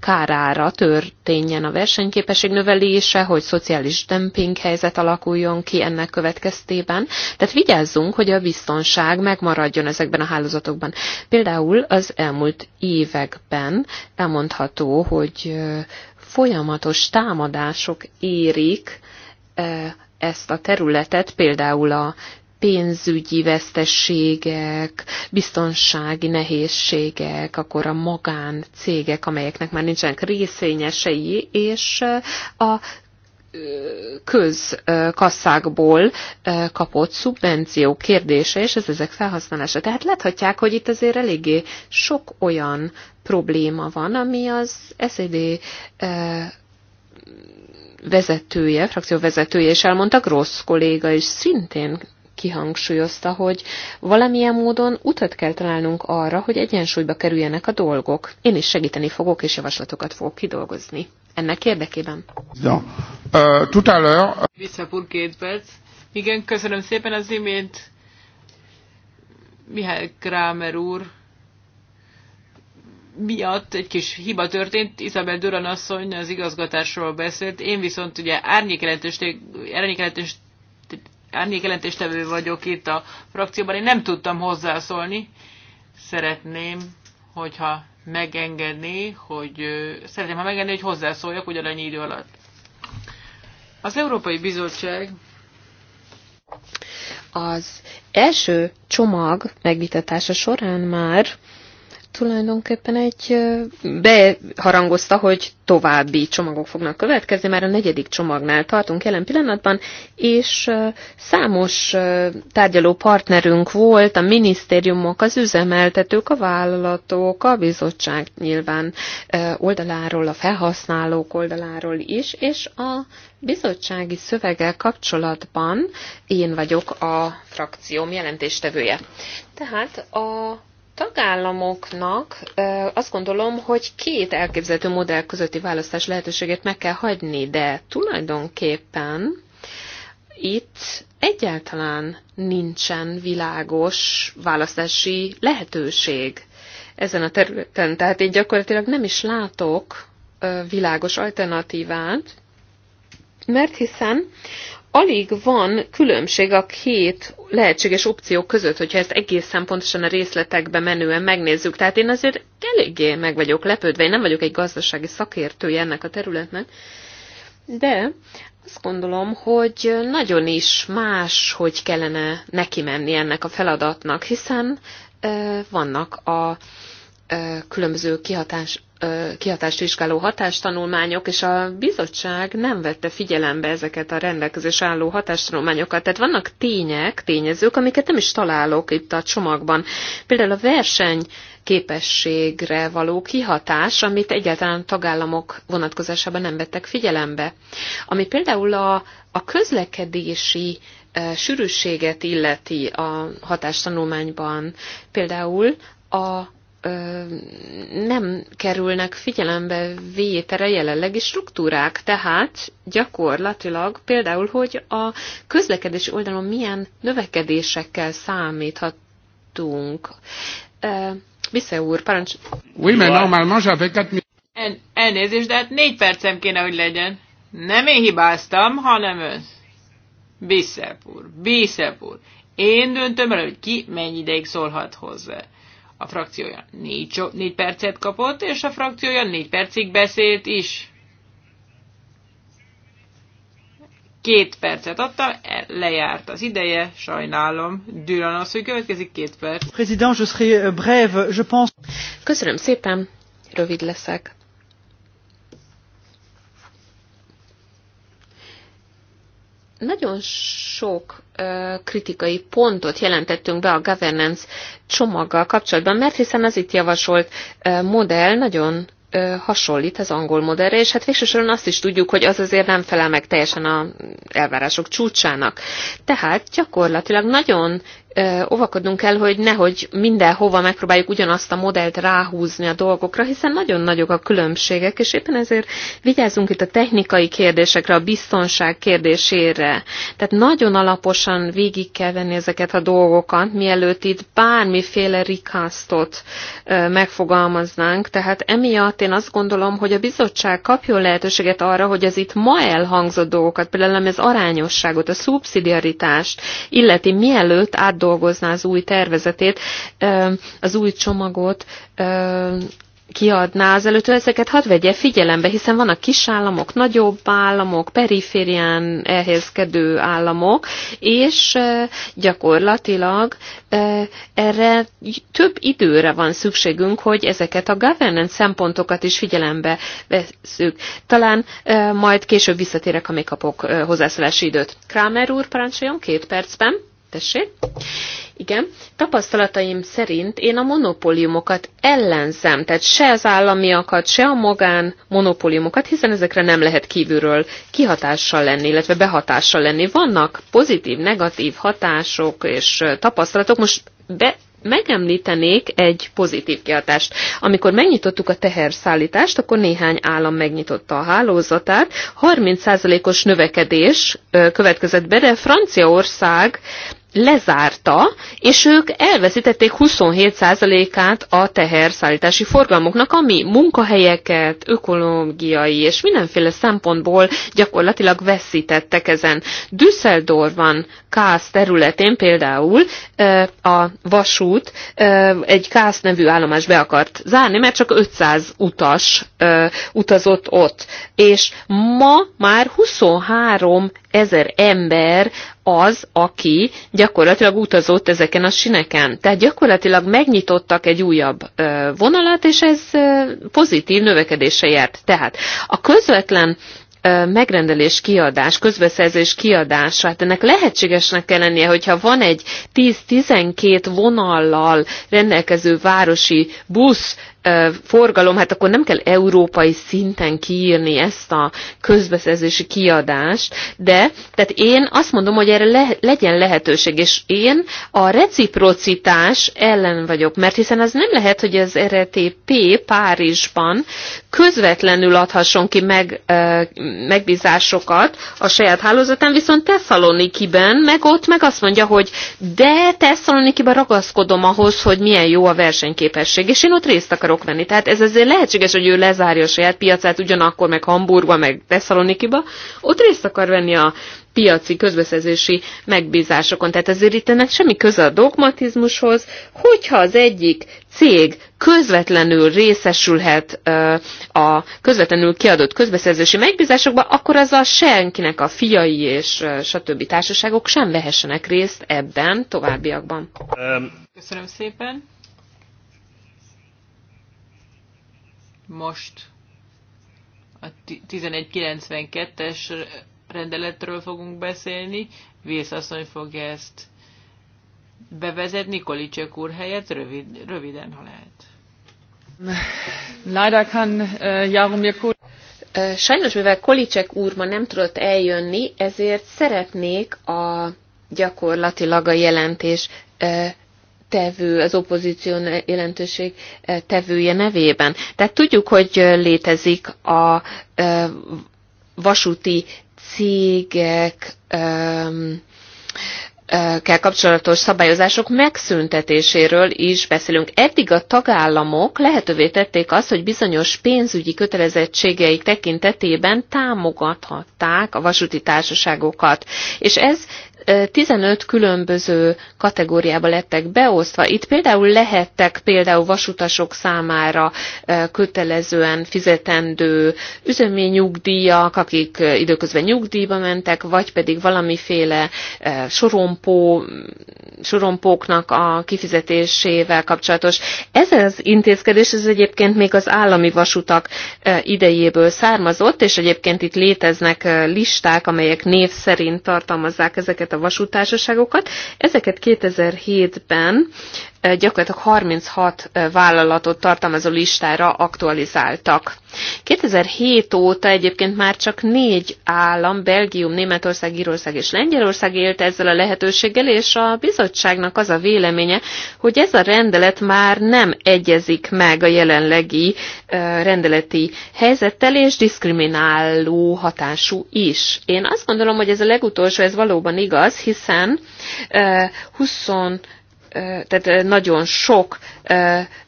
kárára történjen a verseny, versenyképesség növelése, hogy szociális dömping helyzet alakuljon ki ennek következtében. Tehát vigyázzunk, hogy a biztonság megmaradjon ezekben a hálózatokban. Például az elmúlt években elmondható, hogy folyamatos támadások érik ezt a területet, például a pénzügyi vesztességek, biztonsági nehézségek, akkor a magán cégek, amelyeknek már nincsenek részényesei, és a közkasszákból kapott szubvenció kérdése, és ez ezek felhasználása. Tehát láthatják, hogy itt azért eléggé sok olyan probléma van, ami az SZD vezetője, frakció vezetője is elmondta, rossz kolléga is szintén kihangsúlyozta, hogy valamilyen módon utat kell találnunk arra, hogy egyensúlyba kerüljenek a dolgok. Én is segíteni fogok, és javaslatokat fogok kidolgozni. Ennek érdekében. Ja. Uh, tout à l'heure. Visszapur két perc. Igen, köszönöm szépen az imént. Mihály Krámer úr miatt egy kis hiba történt, Isabel Duran asszony az igazgatásról beszélt, én viszont ugye árnyékjelentős árnyékjelentéstevő vagyok itt a frakcióban, én nem tudtam hozzászólni. Szeretném, hogyha megengedni, hogy szeretném, ha megengedni, hogy hozzászóljak ugyanannyi idő alatt. Az Európai Bizottság az első csomag megvitatása során már tulajdonképpen egy beharangozta, hogy további csomagok fognak következni, már a negyedik csomagnál tartunk jelen pillanatban, és számos tárgyaló partnerünk volt, a minisztériumok, az üzemeltetők, a vállalatok, a bizottság nyilván oldaláról, a felhasználók oldaláról is, és a bizottsági szöveggel kapcsolatban én vagyok a frakcióm jelentéstevője. Tehát a tagállamoknak azt gondolom, hogy két elképzelhető modell közötti választás lehetőségét meg kell hagyni, de tulajdonképpen itt egyáltalán nincsen világos választási lehetőség ezen a területen. Tehát én gyakorlatilag nem is látok világos alternatívát, mert hiszen alig van különbség a két lehetséges opció között, hogyha ezt egészen pontosan a részletekbe menően megnézzük. Tehát én azért eléggé meg vagyok lepődve, én nem vagyok egy gazdasági szakértője ennek a területnek, de azt gondolom, hogy nagyon is más, hogy kellene neki menni ennek a feladatnak, hiszen vannak a különböző kihatás kihatást vizsgáló hatástanulmányok, és a bizottság nem vette figyelembe ezeket a rendelkezés álló hatástanulmányokat. Tehát vannak tények, tényezők, amiket nem is találok itt a csomagban. Például a verseny képességre való kihatás, amit egyáltalán a tagállamok vonatkozásában nem vettek figyelembe. Ami például a, a közlekedési e, sűrűséget illeti a hatástanulmányban, például a nem kerülnek figyelembe vétere jelenlegi struktúrák, tehát gyakorlatilag például, hogy a közlekedési oldalon milyen növekedésekkel számíthatunk. Vissza úr, parancs... en, Elnézést, de hát négy percem kéne, hogy legyen. Nem én hibáztam, hanem ön. Bisszep úr, Bisszep úr. Én döntöm el, hogy ki mennyi ideig szólhat hozzá. A frakciója négy, négy percet kapott, és a frakciója négy percig beszélt is. Két percet adta, e, lejárt az ideje, sajnálom. Düran az, hogy következik két perc. Président, je serai euh, brève, je pense. Köszönöm szépen, rövid leszek. nagyon sok kritikai pontot jelentettünk be a governance csomaggal kapcsolatban, mert hiszen az itt javasolt modell nagyon hasonlít az angol modellre, és hát végsősorban azt is tudjuk, hogy az azért nem felel meg teljesen a elvárások csúcsának. Tehát gyakorlatilag nagyon óvakodnunk kell, hogy nehogy mindenhova megpróbáljuk ugyanazt a modellt ráhúzni a dolgokra, hiszen nagyon nagyok a különbségek, és éppen ezért vigyázzunk itt a technikai kérdésekre, a biztonság kérdésére. Tehát nagyon alaposan végig kell venni ezeket a dolgokat, mielőtt itt bármiféle rikasztot megfogalmaznánk. Tehát emiatt én azt gondolom, hogy a bizottság kapjon lehetőséget arra, hogy az itt ma elhangzott dolgokat, például ez arányosságot, a szubszidiaritást illeti, mielőtt át átdolgozná az új tervezetét, az új csomagot kiadná az előtt, ezeket hadd vegye figyelembe, hiszen vannak kis államok, nagyobb államok, periférián elhelyezkedő államok, és gyakorlatilag erre több időre van szükségünk, hogy ezeket a governance szempontokat is figyelembe veszük. Talán majd később visszatérek, ha kapok hozzászólási időt. Kramer úr, parancsoljon két percben. Tessék? Igen. Tapasztalataim szerint én a monopóliumokat ellenzem, tehát se az államiakat, se a magán monopóliumokat, hiszen ezekre nem lehet kívülről kihatással lenni, illetve behatással lenni. Vannak pozitív, negatív hatások és tapasztalatok. Most be, megemlítenék egy pozitív kiadást. Amikor megnyitottuk a teherszállítást, akkor néhány állam megnyitotta a hálózatát. 30%-os növekedés következett be, de Franciaország lezárta, és ők elveszítették 27%-át a teherszállítási forgalmoknak, ami munkahelyeket, ökológiai és mindenféle szempontból gyakorlatilag veszítettek ezen. Düsseldorfban, Kász területén például a vasút egy Kász nevű állomás be akart zárni, mert csak 500 utas utazott ott. És ma már 23 ezer ember az, aki gyakorlatilag utazott ezeken a sineken. Tehát gyakorlatilag megnyitottak egy újabb vonalat, és ez pozitív növekedése járt. Tehát a közvetlen megrendelés kiadás, közbeszerzés kiadás, hát ennek lehetségesnek kell lennie, hogyha van egy 10-12 vonallal rendelkező városi busz forgalom, hát akkor nem kell európai szinten kiírni ezt a közbeszerzési kiadást, de tehát én azt mondom, hogy erre le, legyen lehetőség, és én a reciprocitás ellen vagyok, mert hiszen az nem lehet, hogy az RTP Párizsban közvetlenül adhasson ki meg, megbízásokat a saját hálózatán, viszont Tesszalonikiben, meg ott meg azt mondja, hogy de Tesszalonikiben ragaszkodom ahhoz, hogy milyen jó a versenyképesség, és én ott részt akarok akarok lenni. Tehát ez azért lehetséges, hogy ő lezárja a saját piacát ugyanakkor, meg Hamburgba, meg Thessalonikiba. ott részt akar venni a piaci közbeszerzési megbízásokon. Tehát azért itt ennek semmi köze a dogmatizmushoz, hogyha az egyik cég közvetlenül részesülhet a közvetlenül kiadott közbeszerzési megbízásokba, akkor a senkinek a fiai és stb. társaságok sem vehessenek részt ebben továbbiakban. Köszönöm szépen. Most a 1192-es rendeletről fogunk beszélni. Vész asszony fogja ezt bevezetni Kolicsek úr helyett rövid, röviden, ha lehet. Leider kann äh, Jaromir Kohl Sajnos, mivel Kolicsek úr ma nem tudott eljönni, ezért szeretnék a gyakorlatilag a jelentés tevő, az opozíció jelentőség e, tevője nevében. Tehát tudjuk, hogy e, létezik a e, vasúti cégek kell kapcsolatos szabályozások megszüntetéséről is beszélünk. Eddig a tagállamok lehetővé tették azt, hogy bizonyos pénzügyi kötelezettségeik tekintetében támogathatták a vasúti társaságokat, és ez 15 különböző kategóriába lettek beosztva. Itt például lehettek például vasutasok számára kötelezően fizetendő üzemi nyugdíjak, akik időközben nyugdíjba mentek, vagy pedig valamiféle sorompó, sorompóknak a kifizetésével kapcsolatos. Ez az intézkedés, ez egyébként még az állami vasutak idejéből származott, és egyébként itt léteznek listák, amelyek név szerint tartalmazzák ezeket a vasútársaságokat. Ezeket 2007-ben gyakorlatilag 36 vállalatot tartalmazó listára aktualizáltak. 2007 óta egyébként már csak négy állam, Belgium, Németország, Írország és Lengyelország élt ezzel a lehetőséggel, és a bizottságnak az a véleménye, hogy ez a rendelet már nem egyezik meg a jelenlegi rendeleti helyzettel, és diszkrimináló hatású is. Én azt gondolom, hogy ez a legutolsó, ez valóban igaz, hiszen 20 tehát nagyon sok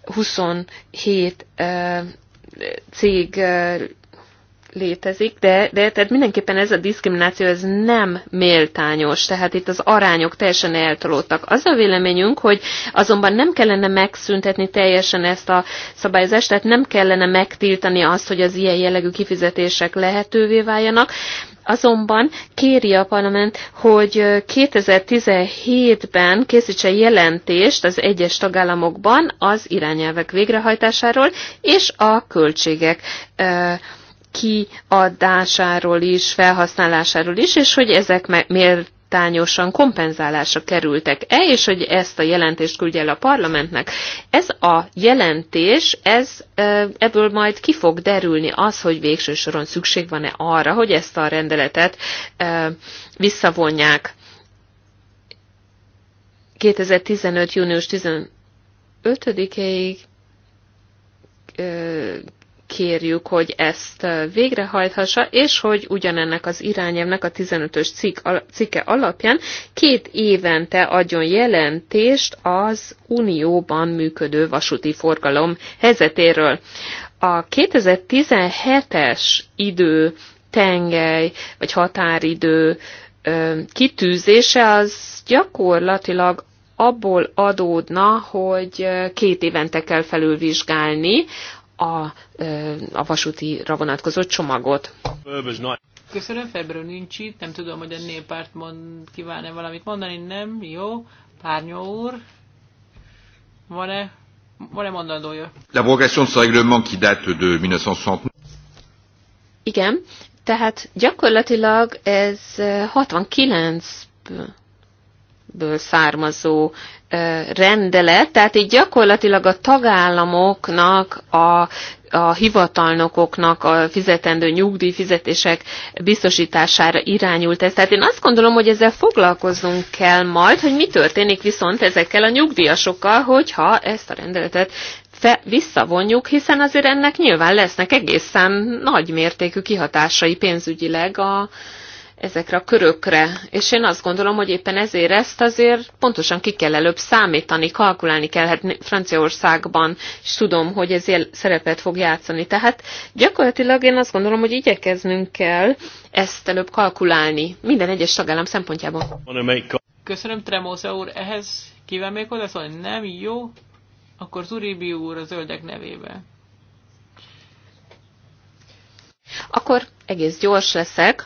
27 cég létezik, de, de tehát mindenképpen ez a diszkrimináció ez nem méltányos, tehát itt az arányok teljesen eltolódtak. Az a véleményünk, hogy azonban nem kellene megszüntetni teljesen ezt a szabályozást, tehát nem kellene megtiltani azt, hogy az ilyen jellegű kifizetések lehetővé váljanak, Azonban kéri a parlament, hogy 2017-ben készítse jelentést az egyes tagállamokban az irányelvek végrehajtásáról és a költségek kiadásáról is, felhasználásáról is, és hogy ezek miért tányosan kompenzálásra kerültek-e, és hogy ezt a jelentést küldje el a parlamentnek. Ez a jelentés, ez ebből majd ki fog derülni az, hogy végső soron szükség van-e arra, hogy ezt a rendeletet visszavonják. 2015. június 15-ig kérjük, hogy ezt végrehajthassa, és hogy ugyanennek az irányelvnek a 15-ös cikk, cikke alapján két évente adjon jelentést az unióban működő vasúti forgalom helyzetéről. A 2017-es idő tengely vagy határidő kitűzése az gyakorlatilag abból adódna, hogy két évente kell felülvizsgálni a, a vasútira vonatkozó csomagot. Köszönöm, Ferber nincs itt, nem tudom, hogy a néppárt mond, kíván-e valamit mondani, nem, jó, Párnyó úr, van-e, van-e mondandója? L'abrogation de ce règlement qui date de 1960. Igen, tehát gyakorlatilag ez 69 ből származó rendelet, tehát így gyakorlatilag a tagállamoknak a a hivatalnokoknak a fizetendő nyugdíjfizetések biztosítására irányult ez. Tehát én azt gondolom, hogy ezzel foglalkoznunk kell majd, hogy mi történik viszont ezekkel a nyugdíjasokkal, hogyha ezt a rendeletet fe- visszavonjuk, hiszen azért ennek nyilván lesznek egészen nagy mértékű kihatásai pénzügyileg a, ezekre a körökre, és én azt gondolom, hogy éppen ezért ezt azért pontosan ki kell előbb számítani, kalkulálni kell, hát Franciaországban és tudom, hogy ez szerepet fog játszani. Tehát gyakorlatilag én azt gondolom, hogy igyekeznünk kell ezt előbb kalkulálni, minden egyes tagállam szempontjából. Köszönöm, Tremóza úr, ehhez kíván még hozzászólni? Nem, jó? Akkor Zuribi úr a zöldek nevében. Akkor egész gyors leszek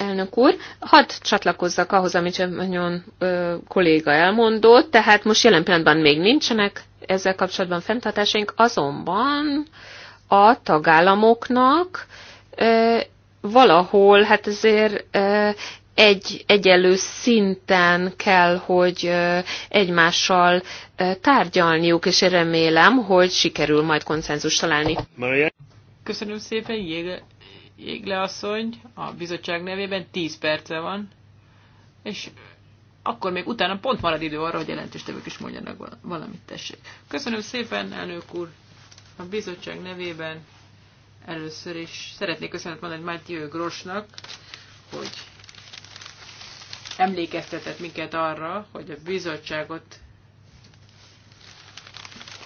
elnök úr, hadd csatlakozzak ahhoz, amit nagyon ö, kolléga elmondott, tehát most jelen pillanatban még nincsenek ezzel kapcsolatban fenntartásaink, azonban a tagállamoknak ö, valahol, hát ezért ö, egy egyelő szinten kell, hogy egymással tárgyalniuk, és én remélem, hogy sikerül majd konszenzus találni. Maria. Köszönöm szépen, Jége. Jégle asszony a bizottság nevében 10 perce van, és akkor még utána pont marad idő arra, hogy jelentéstevők is mondjanak valamit, tessék. Köszönöm szépen, elnök úr, a bizottság nevében először is szeretnék köszönet mondani Mátyő Grosnak, hogy emlékeztetett minket arra, hogy a bizottságot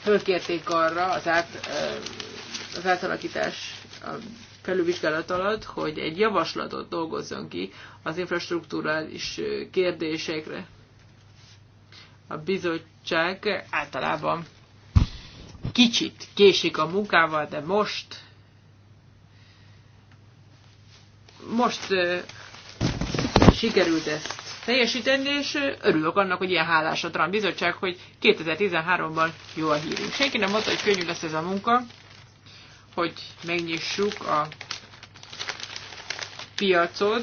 fölkérték arra az, át, az átalakítás, a felülvizsgálat alatt, hogy egy javaslatot dolgozzon ki az infrastruktúrális kérdésekre. A bizottság általában kicsit késik a munkával, de most most sikerült ezt teljesíteni, és örülök annak, hogy ilyen hálás a Trump bizottság, hogy 2013-ban jó a hírünk. Senki nem mondta, hogy könnyű lesz ez a munka hogy megnyissuk a piacot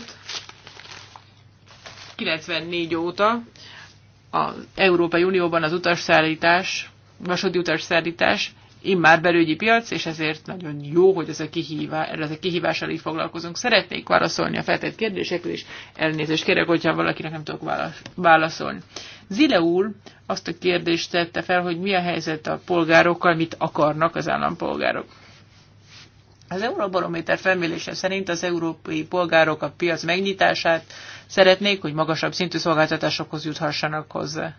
94 óta az Európai Unióban az utasszállítás, vasúti utasszállítás immár belügyi piac, és ezért nagyon jó, hogy ez a, kihívá, ez a kihívással így foglalkozunk. Szeretnék válaszolni a feltett kérdésekre, és elnézést kérek, hogyha valakinek nem tudok válaszolni. Zile úr azt a kérdést tette fel, hogy mi a helyzet a polgárokkal, mit akarnak az állampolgárok. Az Euróbarométer felmérése szerint az európai polgárok a piac megnyitását szeretnék, hogy magasabb szintű szolgáltatásokhoz juthassanak hozzá.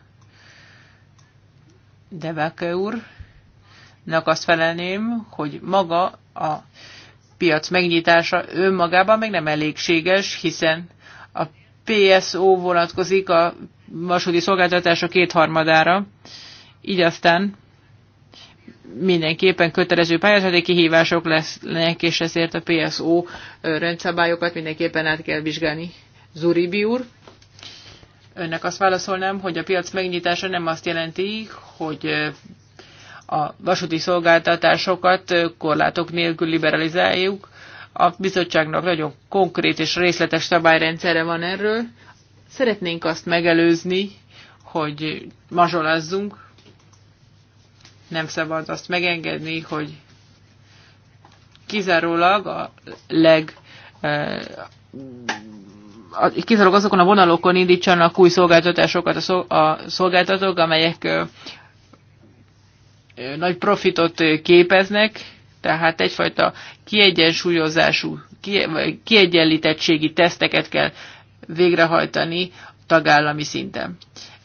De Beke úrnak azt felelném, hogy maga a piac megnyitása önmagában még nem elégséges, hiszen a PSO vonatkozik a vasúti szolgáltatások kétharmadára, így aztán mindenképpen kötelező pályázati kihívások lesznek, és ezért a PSO rendszabályokat mindenképpen át kell vizsgálni. Zuribi úr, önnek azt válaszolnám, hogy a piac megnyitása nem azt jelenti, hogy a vasúti szolgáltatásokat korlátok nélkül liberalizáljuk. A bizottságnak nagyon konkrét és részletes szabályrendszere van erről. Szeretnénk azt megelőzni, hogy mazsolázzunk, nem szabad azt megengedni, hogy kizárólag a leg kizárólag azokon a vonalokon indítsanak új szolgáltatásokat a szolgáltatók, amelyek nagy profitot képeznek, tehát egyfajta kiegyensúlyozású, kiegyenlítettségi teszteket kell végrehajtani tagállami szinten.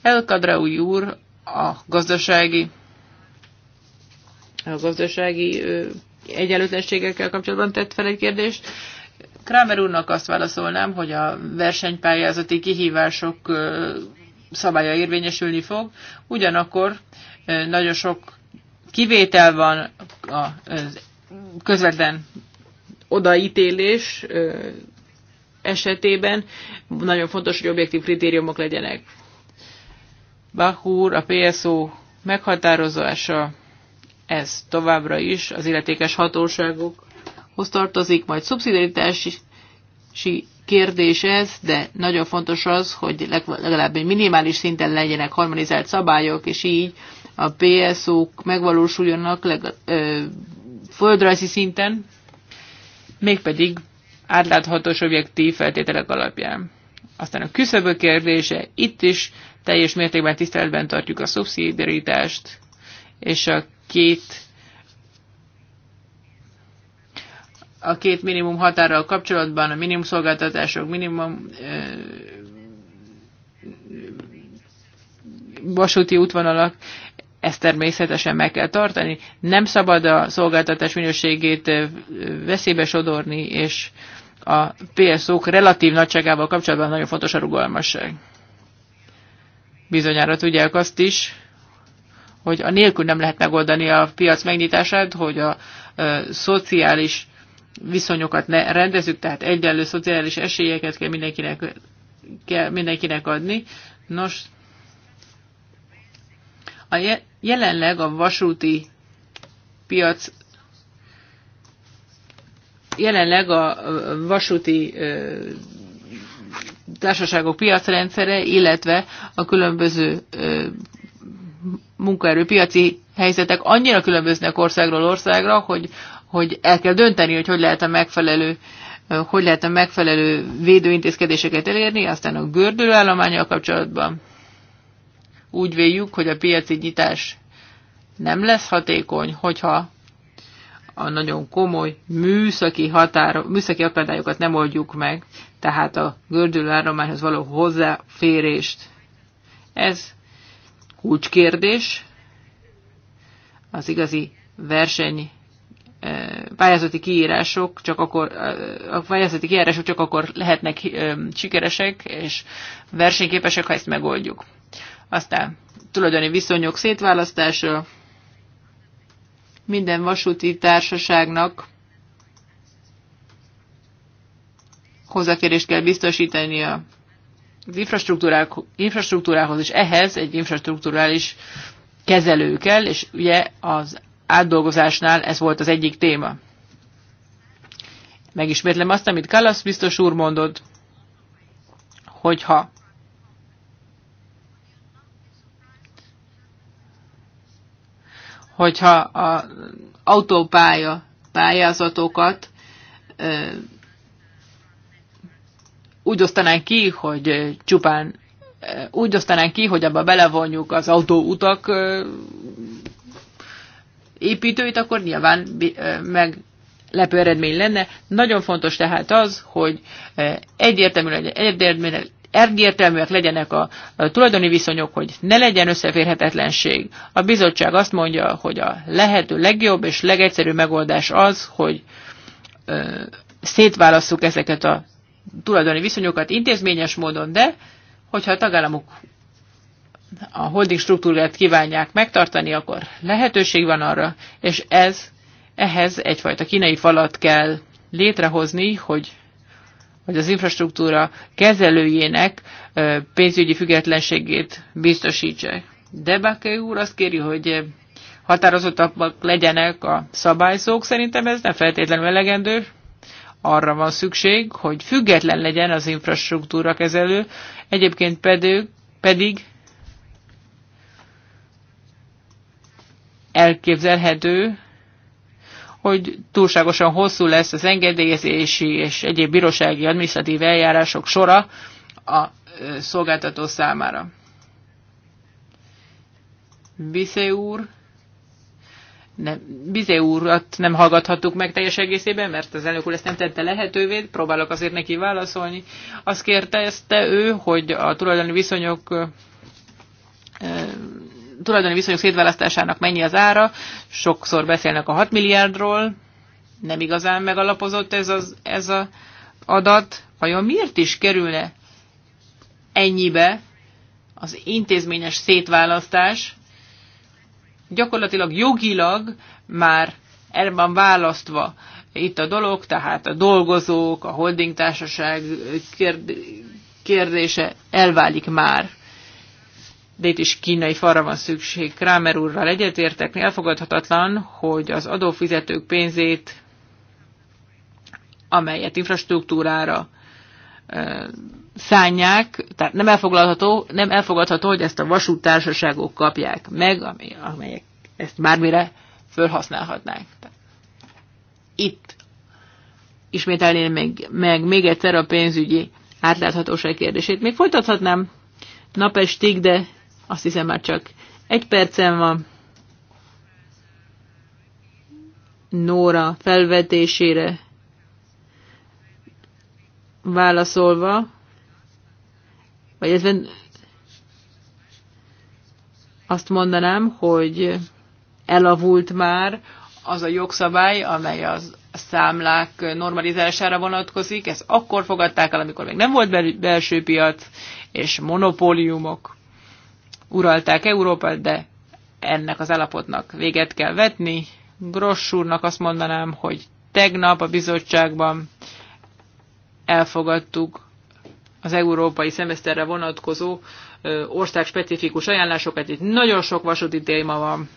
Elkadraúj úr a gazdasági a gazdasági egyenlőtlenségekkel kapcsolatban tett fel egy kérdést. Kramer úrnak azt válaszolnám, hogy a versenypályázati kihívások szabálya érvényesülni fog, ugyanakkor nagyon sok kivétel van a közvetlen odaítélés esetében, nagyon fontos, hogy objektív kritériumok legyenek. Bach úr, a PSO meghatározása ez továbbra is az illetékes hatóságokhoz tartozik, majd szubszidiaritási kérdés ez, de nagyon fontos az, hogy legalább egy minimális szinten legyenek harmonizált szabályok, és így a PSO-k megvalósuljanak leg, ö, földrajzi szinten, mégpedig átlátható objektív feltételek alapján. Aztán a küszöbök kérdése, itt is teljes mértékben tiszteletben tartjuk a szubszidiaritást, és a két a két minimum határral kapcsolatban, a minimum szolgáltatások, minimum vasúti útvonalak, ezt természetesen meg kell tartani. Nem szabad a szolgáltatás minőségét veszélybe sodorni, és a PSO-k relatív nagyságával kapcsolatban nagyon fontos a rugalmasság. Bizonyára tudják azt is, hogy a nélkül nem lehet megoldani a piac megnyitását, hogy a, ö, szociális viszonyokat ne rendezzük, tehát egyenlő szociális esélyeket kell mindenkinek, kell mindenkinek adni. Nos, a je, jelenleg a vasúti piac jelenleg a vasúti társaságok piacrendszere, illetve a különböző munkaerőpiaci helyzetek annyira különböznek országról országra, hogy, hogy el kell dönteni, hogy hogy lehet a megfelelő hogy lehet a megfelelő védőintézkedéseket elérni, aztán a gördülőállományjal kapcsolatban úgy véljük, hogy a piaci nyitás nem lesz hatékony, hogyha a nagyon komoly műszaki, határo, műszaki akadályokat nem oldjuk meg, tehát a gördülőállományhoz való hozzáférést. Ez kulcskérdés, az igazi verseny eh, pályázati kiírások csak akkor, eh, a pályázati kiírások csak akkor lehetnek eh, sikeresek és versenyképesek, ha ezt megoldjuk. Aztán tulajdoni viszonyok szétválasztása, minden vasúti társaságnak hozzáférést kell biztosítani a infrastruktúrához, és ehhez egy infrastruktúrális kezelő kell, és ugye az átdolgozásnál ez volt az egyik téma. Megismétlem azt, amit Kalasz biztos úr mondott, hogyha hogyha az autópálya pályázatokat úgy osztanánk ki, hogy csupán eh, úgy osztanánk ki, hogy abba belevonjuk az autóutak eh, építőit, akkor nyilván eh, meg lepő eredmény lenne. Nagyon fontos tehát az, hogy egyértelműen, egyértelmű, egyértelműek legyenek a, a tulajdoni viszonyok, hogy ne legyen összeférhetetlenség. A bizottság azt mondja, hogy a lehető legjobb és legegyszerűbb megoldás az, hogy ö, szétválasszuk ezeket a tulajdoni viszonyokat intézményes módon, de hogyha a tagállamok a holding struktúrát kívánják megtartani, akkor lehetőség van arra, és ez, ehhez egyfajta kínai falat kell létrehozni, hogy, hogy az infrastruktúra kezelőjének pénzügyi függetlenségét De Bakke úr azt kéri, hogy határozottabbak legyenek a szabályzók, szerintem ez nem feltétlenül elegendő arra van szükség, hogy független legyen az infrastruktúra kezelő, egyébként pedig, pedig elképzelhető, hogy túlságosan hosszú lesz az engedélyezési és egyéb bírósági administratív eljárások sora a szolgáltató számára. Viszé úr nem, Bizé úrat nem hallgathattuk meg teljes egészében, mert az elnök úr ezt nem tette lehetővé, próbálok azért neki válaszolni. Azt kérte ezt ő, hogy a tulajdoni viszonyok tulajdoni viszonyok szétválasztásának mennyi az ára. Sokszor beszélnek a 6 milliárdról, nem igazán megalapozott ez az ez a adat. Vajon miért is kerülne ennyibe az intézményes szétválasztás? gyakorlatilag jogilag már el van választva itt a dolog, tehát a dolgozók, a holding társaság kérdése elválik már. De itt is kínai falra van szükség. Kramer úrral egyetértek, elfogadhatatlan, hogy az adófizetők pénzét, amelyet infrastruktúrára szánják, tehát nem elfogadható, nem elfogadható, hogy ezt a vasútársaságok kapják meg, amelyek ezt bármire felhasználhatnák. Itt ismételném meg, meg még egyszer a pénzügyi átláthatóság kérdését. Még folytathatnám napestig, de azt hiszem már csak egy percem van. Nóra felvetésére válaszolva, vagy ez azt mondanám, hogy elavult már az a jogszabály, amely az számlák normalizálására vonatkozik. Ezt akkor fogadták el, amikor még nem volt belső piac, és monopóliumok uralták Európát, de ennek az állapotnak véget kell vetni. Gross úrnak azt mondanám, hogy tegnap a bizottságban elfogadtuk az európai szemeszterre vonatkozó országspecifikus ajánlásokat. Itt nagyon sok vasúti téma van,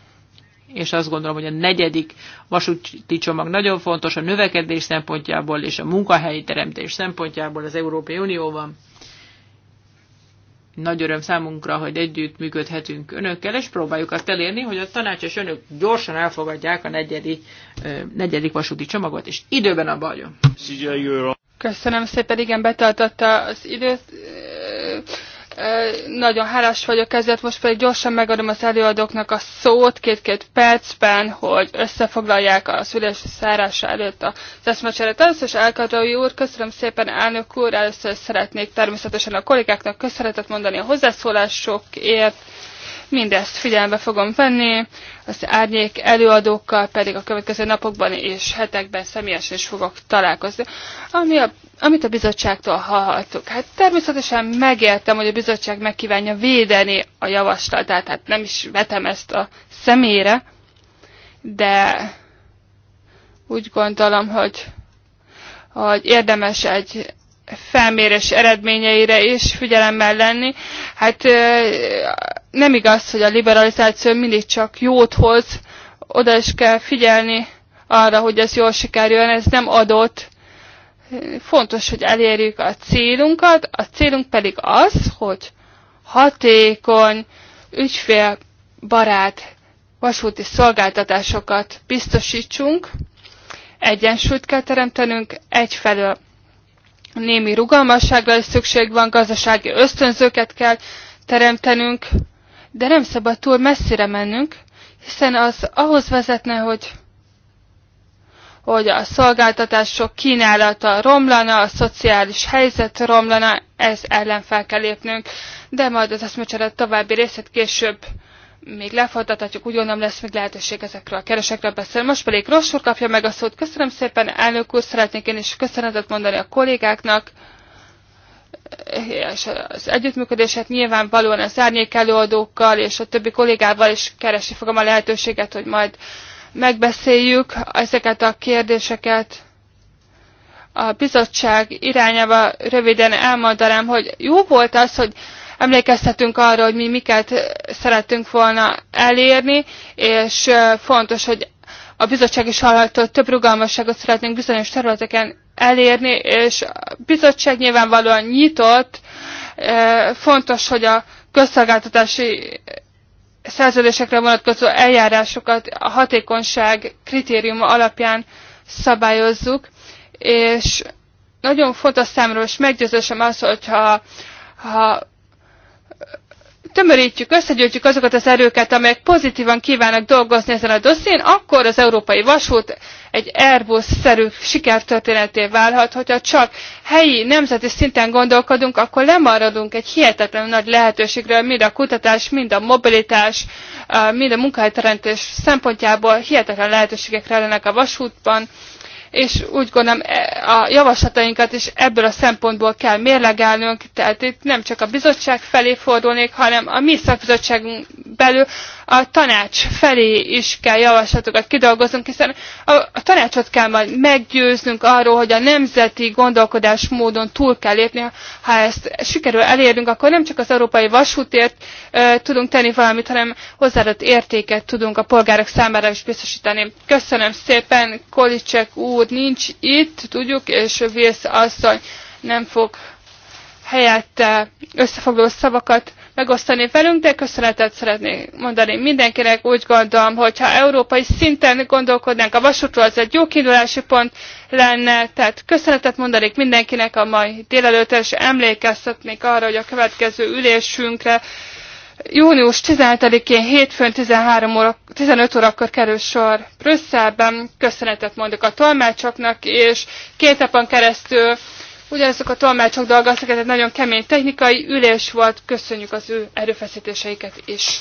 és azt gondolom, hogy a negyedik vasúti csomag nagyon fontos a növekedés szempontjából és a munkahelyi teremtés szempontjából az Európai Unióban. Nagy öröm számunkra, hogy együtt működhetünk önökkel, és próbáljuk azt elérni, hogy a tanács és önök gyorsan elfogadják a negyedik, negyedik vasúti csomagot, és időben a hagyom. Köszönöm szépen, igen, betartotta az időt. Nagyon hálás vagyok ezért, most pedig gyorsan megadom az előadóknak a szót két-két percben, hogy összefoglalják a szülési szárása előtt az eszmecseret. Először is Elkadói úr, köszönöm szépen elnök úr, először szeretnék természetesen a kollégáknak köszönetet mondani a hozzászólásokért, Mindezt figyelembe fogom venni, az árnyék előadókkal pedig a következő napokban és hetekben személyesen is fogok találkozni. Ami a, amit a bizottságtól hallhattuk. Hát természetesen megértem, hogy a bizottság megkívánja védeni a javaslatát, hát nem is vetem ezt a személyre, de úgy gondolom, hogy, hogy érdemes egy felmérés eredményeire is figyelemmel lenni. Hát nem igaz, hogy a liberalizáció mindig csak jót hoz, oda is kell figyelni arra, hogy ez jól sikerüljön, ez nem adott. Fontos, hogy elérjük a célunkat, a célunk pedig az, hogy hatékony, ügyfélbarát vasúti szolgáltatásokat biztosítsunk, egyensúlyt kell teremtenünk egyfelől némi rugalmasságra is szükség van, gazdasági ösztönzőket kell teremtenünk, de nem szabad túl messzire mennünk, hiszen az ahhoz vezetne, hogy hogy a szolgáltatások kínálata romlana, a szociális helyzet romlana, ez ellen fel kell lépnünk, de majd az eszmecsere további részét később még lefolytatjuk, úgy gondolom lesz még lehetőség ezekről a keresekről beszélni. Most pedig Ross úr kapja meg a szót. Köszönöm szépen, elnök úr, szeretnék én is köszönetet mondani a kollégáknak, és az együttműködéset nyilvánvalóan az árnyék előadókkal és a többi kollégával is keresni fogom a lehetőséget, hogy majd megbeszéljük ezeket a kérdéseket a bizottság irányába röviden elmondanám, hogy jó volt az, hogy emlékeztetünk arra, hogy mi miket szerettünk volna elérni, és fontos, hogy a bizottság is hallható, hogy több rugalmasságot szeretnénk bizonyos területeken elérni, és a bizottság nyilvánvalóan nyitott, fontos, hogy a közszolgáltatási szerződésekre vonatkozó eljárásokat a hatékonyság kritériuma alapján szabályozzuk, és nagyon fontos számról, és meggyőzősem az, hogyha ha tömörítjük, összegyűjtjük azokat az erőket, amelyek pozitívan kívánnak dolgozni ezen a dosszén, akkor az európai vasút egy Airbus-szerű sikertörténeté válhat, hogyha csak helyi, nemzeti szinten gondolkodunk, akkor lemaradunk egy hihetetlen nagy lehetőségről, mind a kutatás, mind a mobilitás, mind a munkahelyteremtés szempontjából hihetetlen lehetőségek lennek a vasútban, és úgy gondolom e, a javaslatainkat is ebből a szempontból kell mérlegelnünk, tehát itt nem csak a bizottság felé fordulnék, hanem a mi szakbizottságunk belül a tanács felé is kell javaslatokat kidolgoznunk, hiszen a, a tanácsot kell majd meggyőznünk arról, hogy a nemzeti gondolkodásmódon túl kell lépni. Ha ezt sikerül elérnünk, akkor nem csak az európai vasútért e, tudunk tenni valamit, hanem hozzáadott értéket tudunk a polgárok számára is biztosítani. Köszönöm szépen, Kolicek úr nincs itt, tudjuk, és Vilsz asszony nem fog helyette összefoglaló szavakat megosztani velünk, de köszönetet szeretnék mondani mindenkinek. Úgy gondolom, hogyha európai szinten gondolkodnánk a vasútról, az egy jó kiindulási pont lenne. Tehát köszönetet mondanék mindenkinek a mai délelőtt, és emlékeztetnék arra, hogy a következő ülésünkre június 17-én hétfőn 13 óra, 15 órakor kerül sor Brüsszelben. Köszönetet mondok a tolmácsoknak, és két napon keresztül Ugyanazok a tolmácsok dolgoztak, ez egy nagyon kemény technikai ülés volt, köszönjük az ő erőfeszítéseiket is.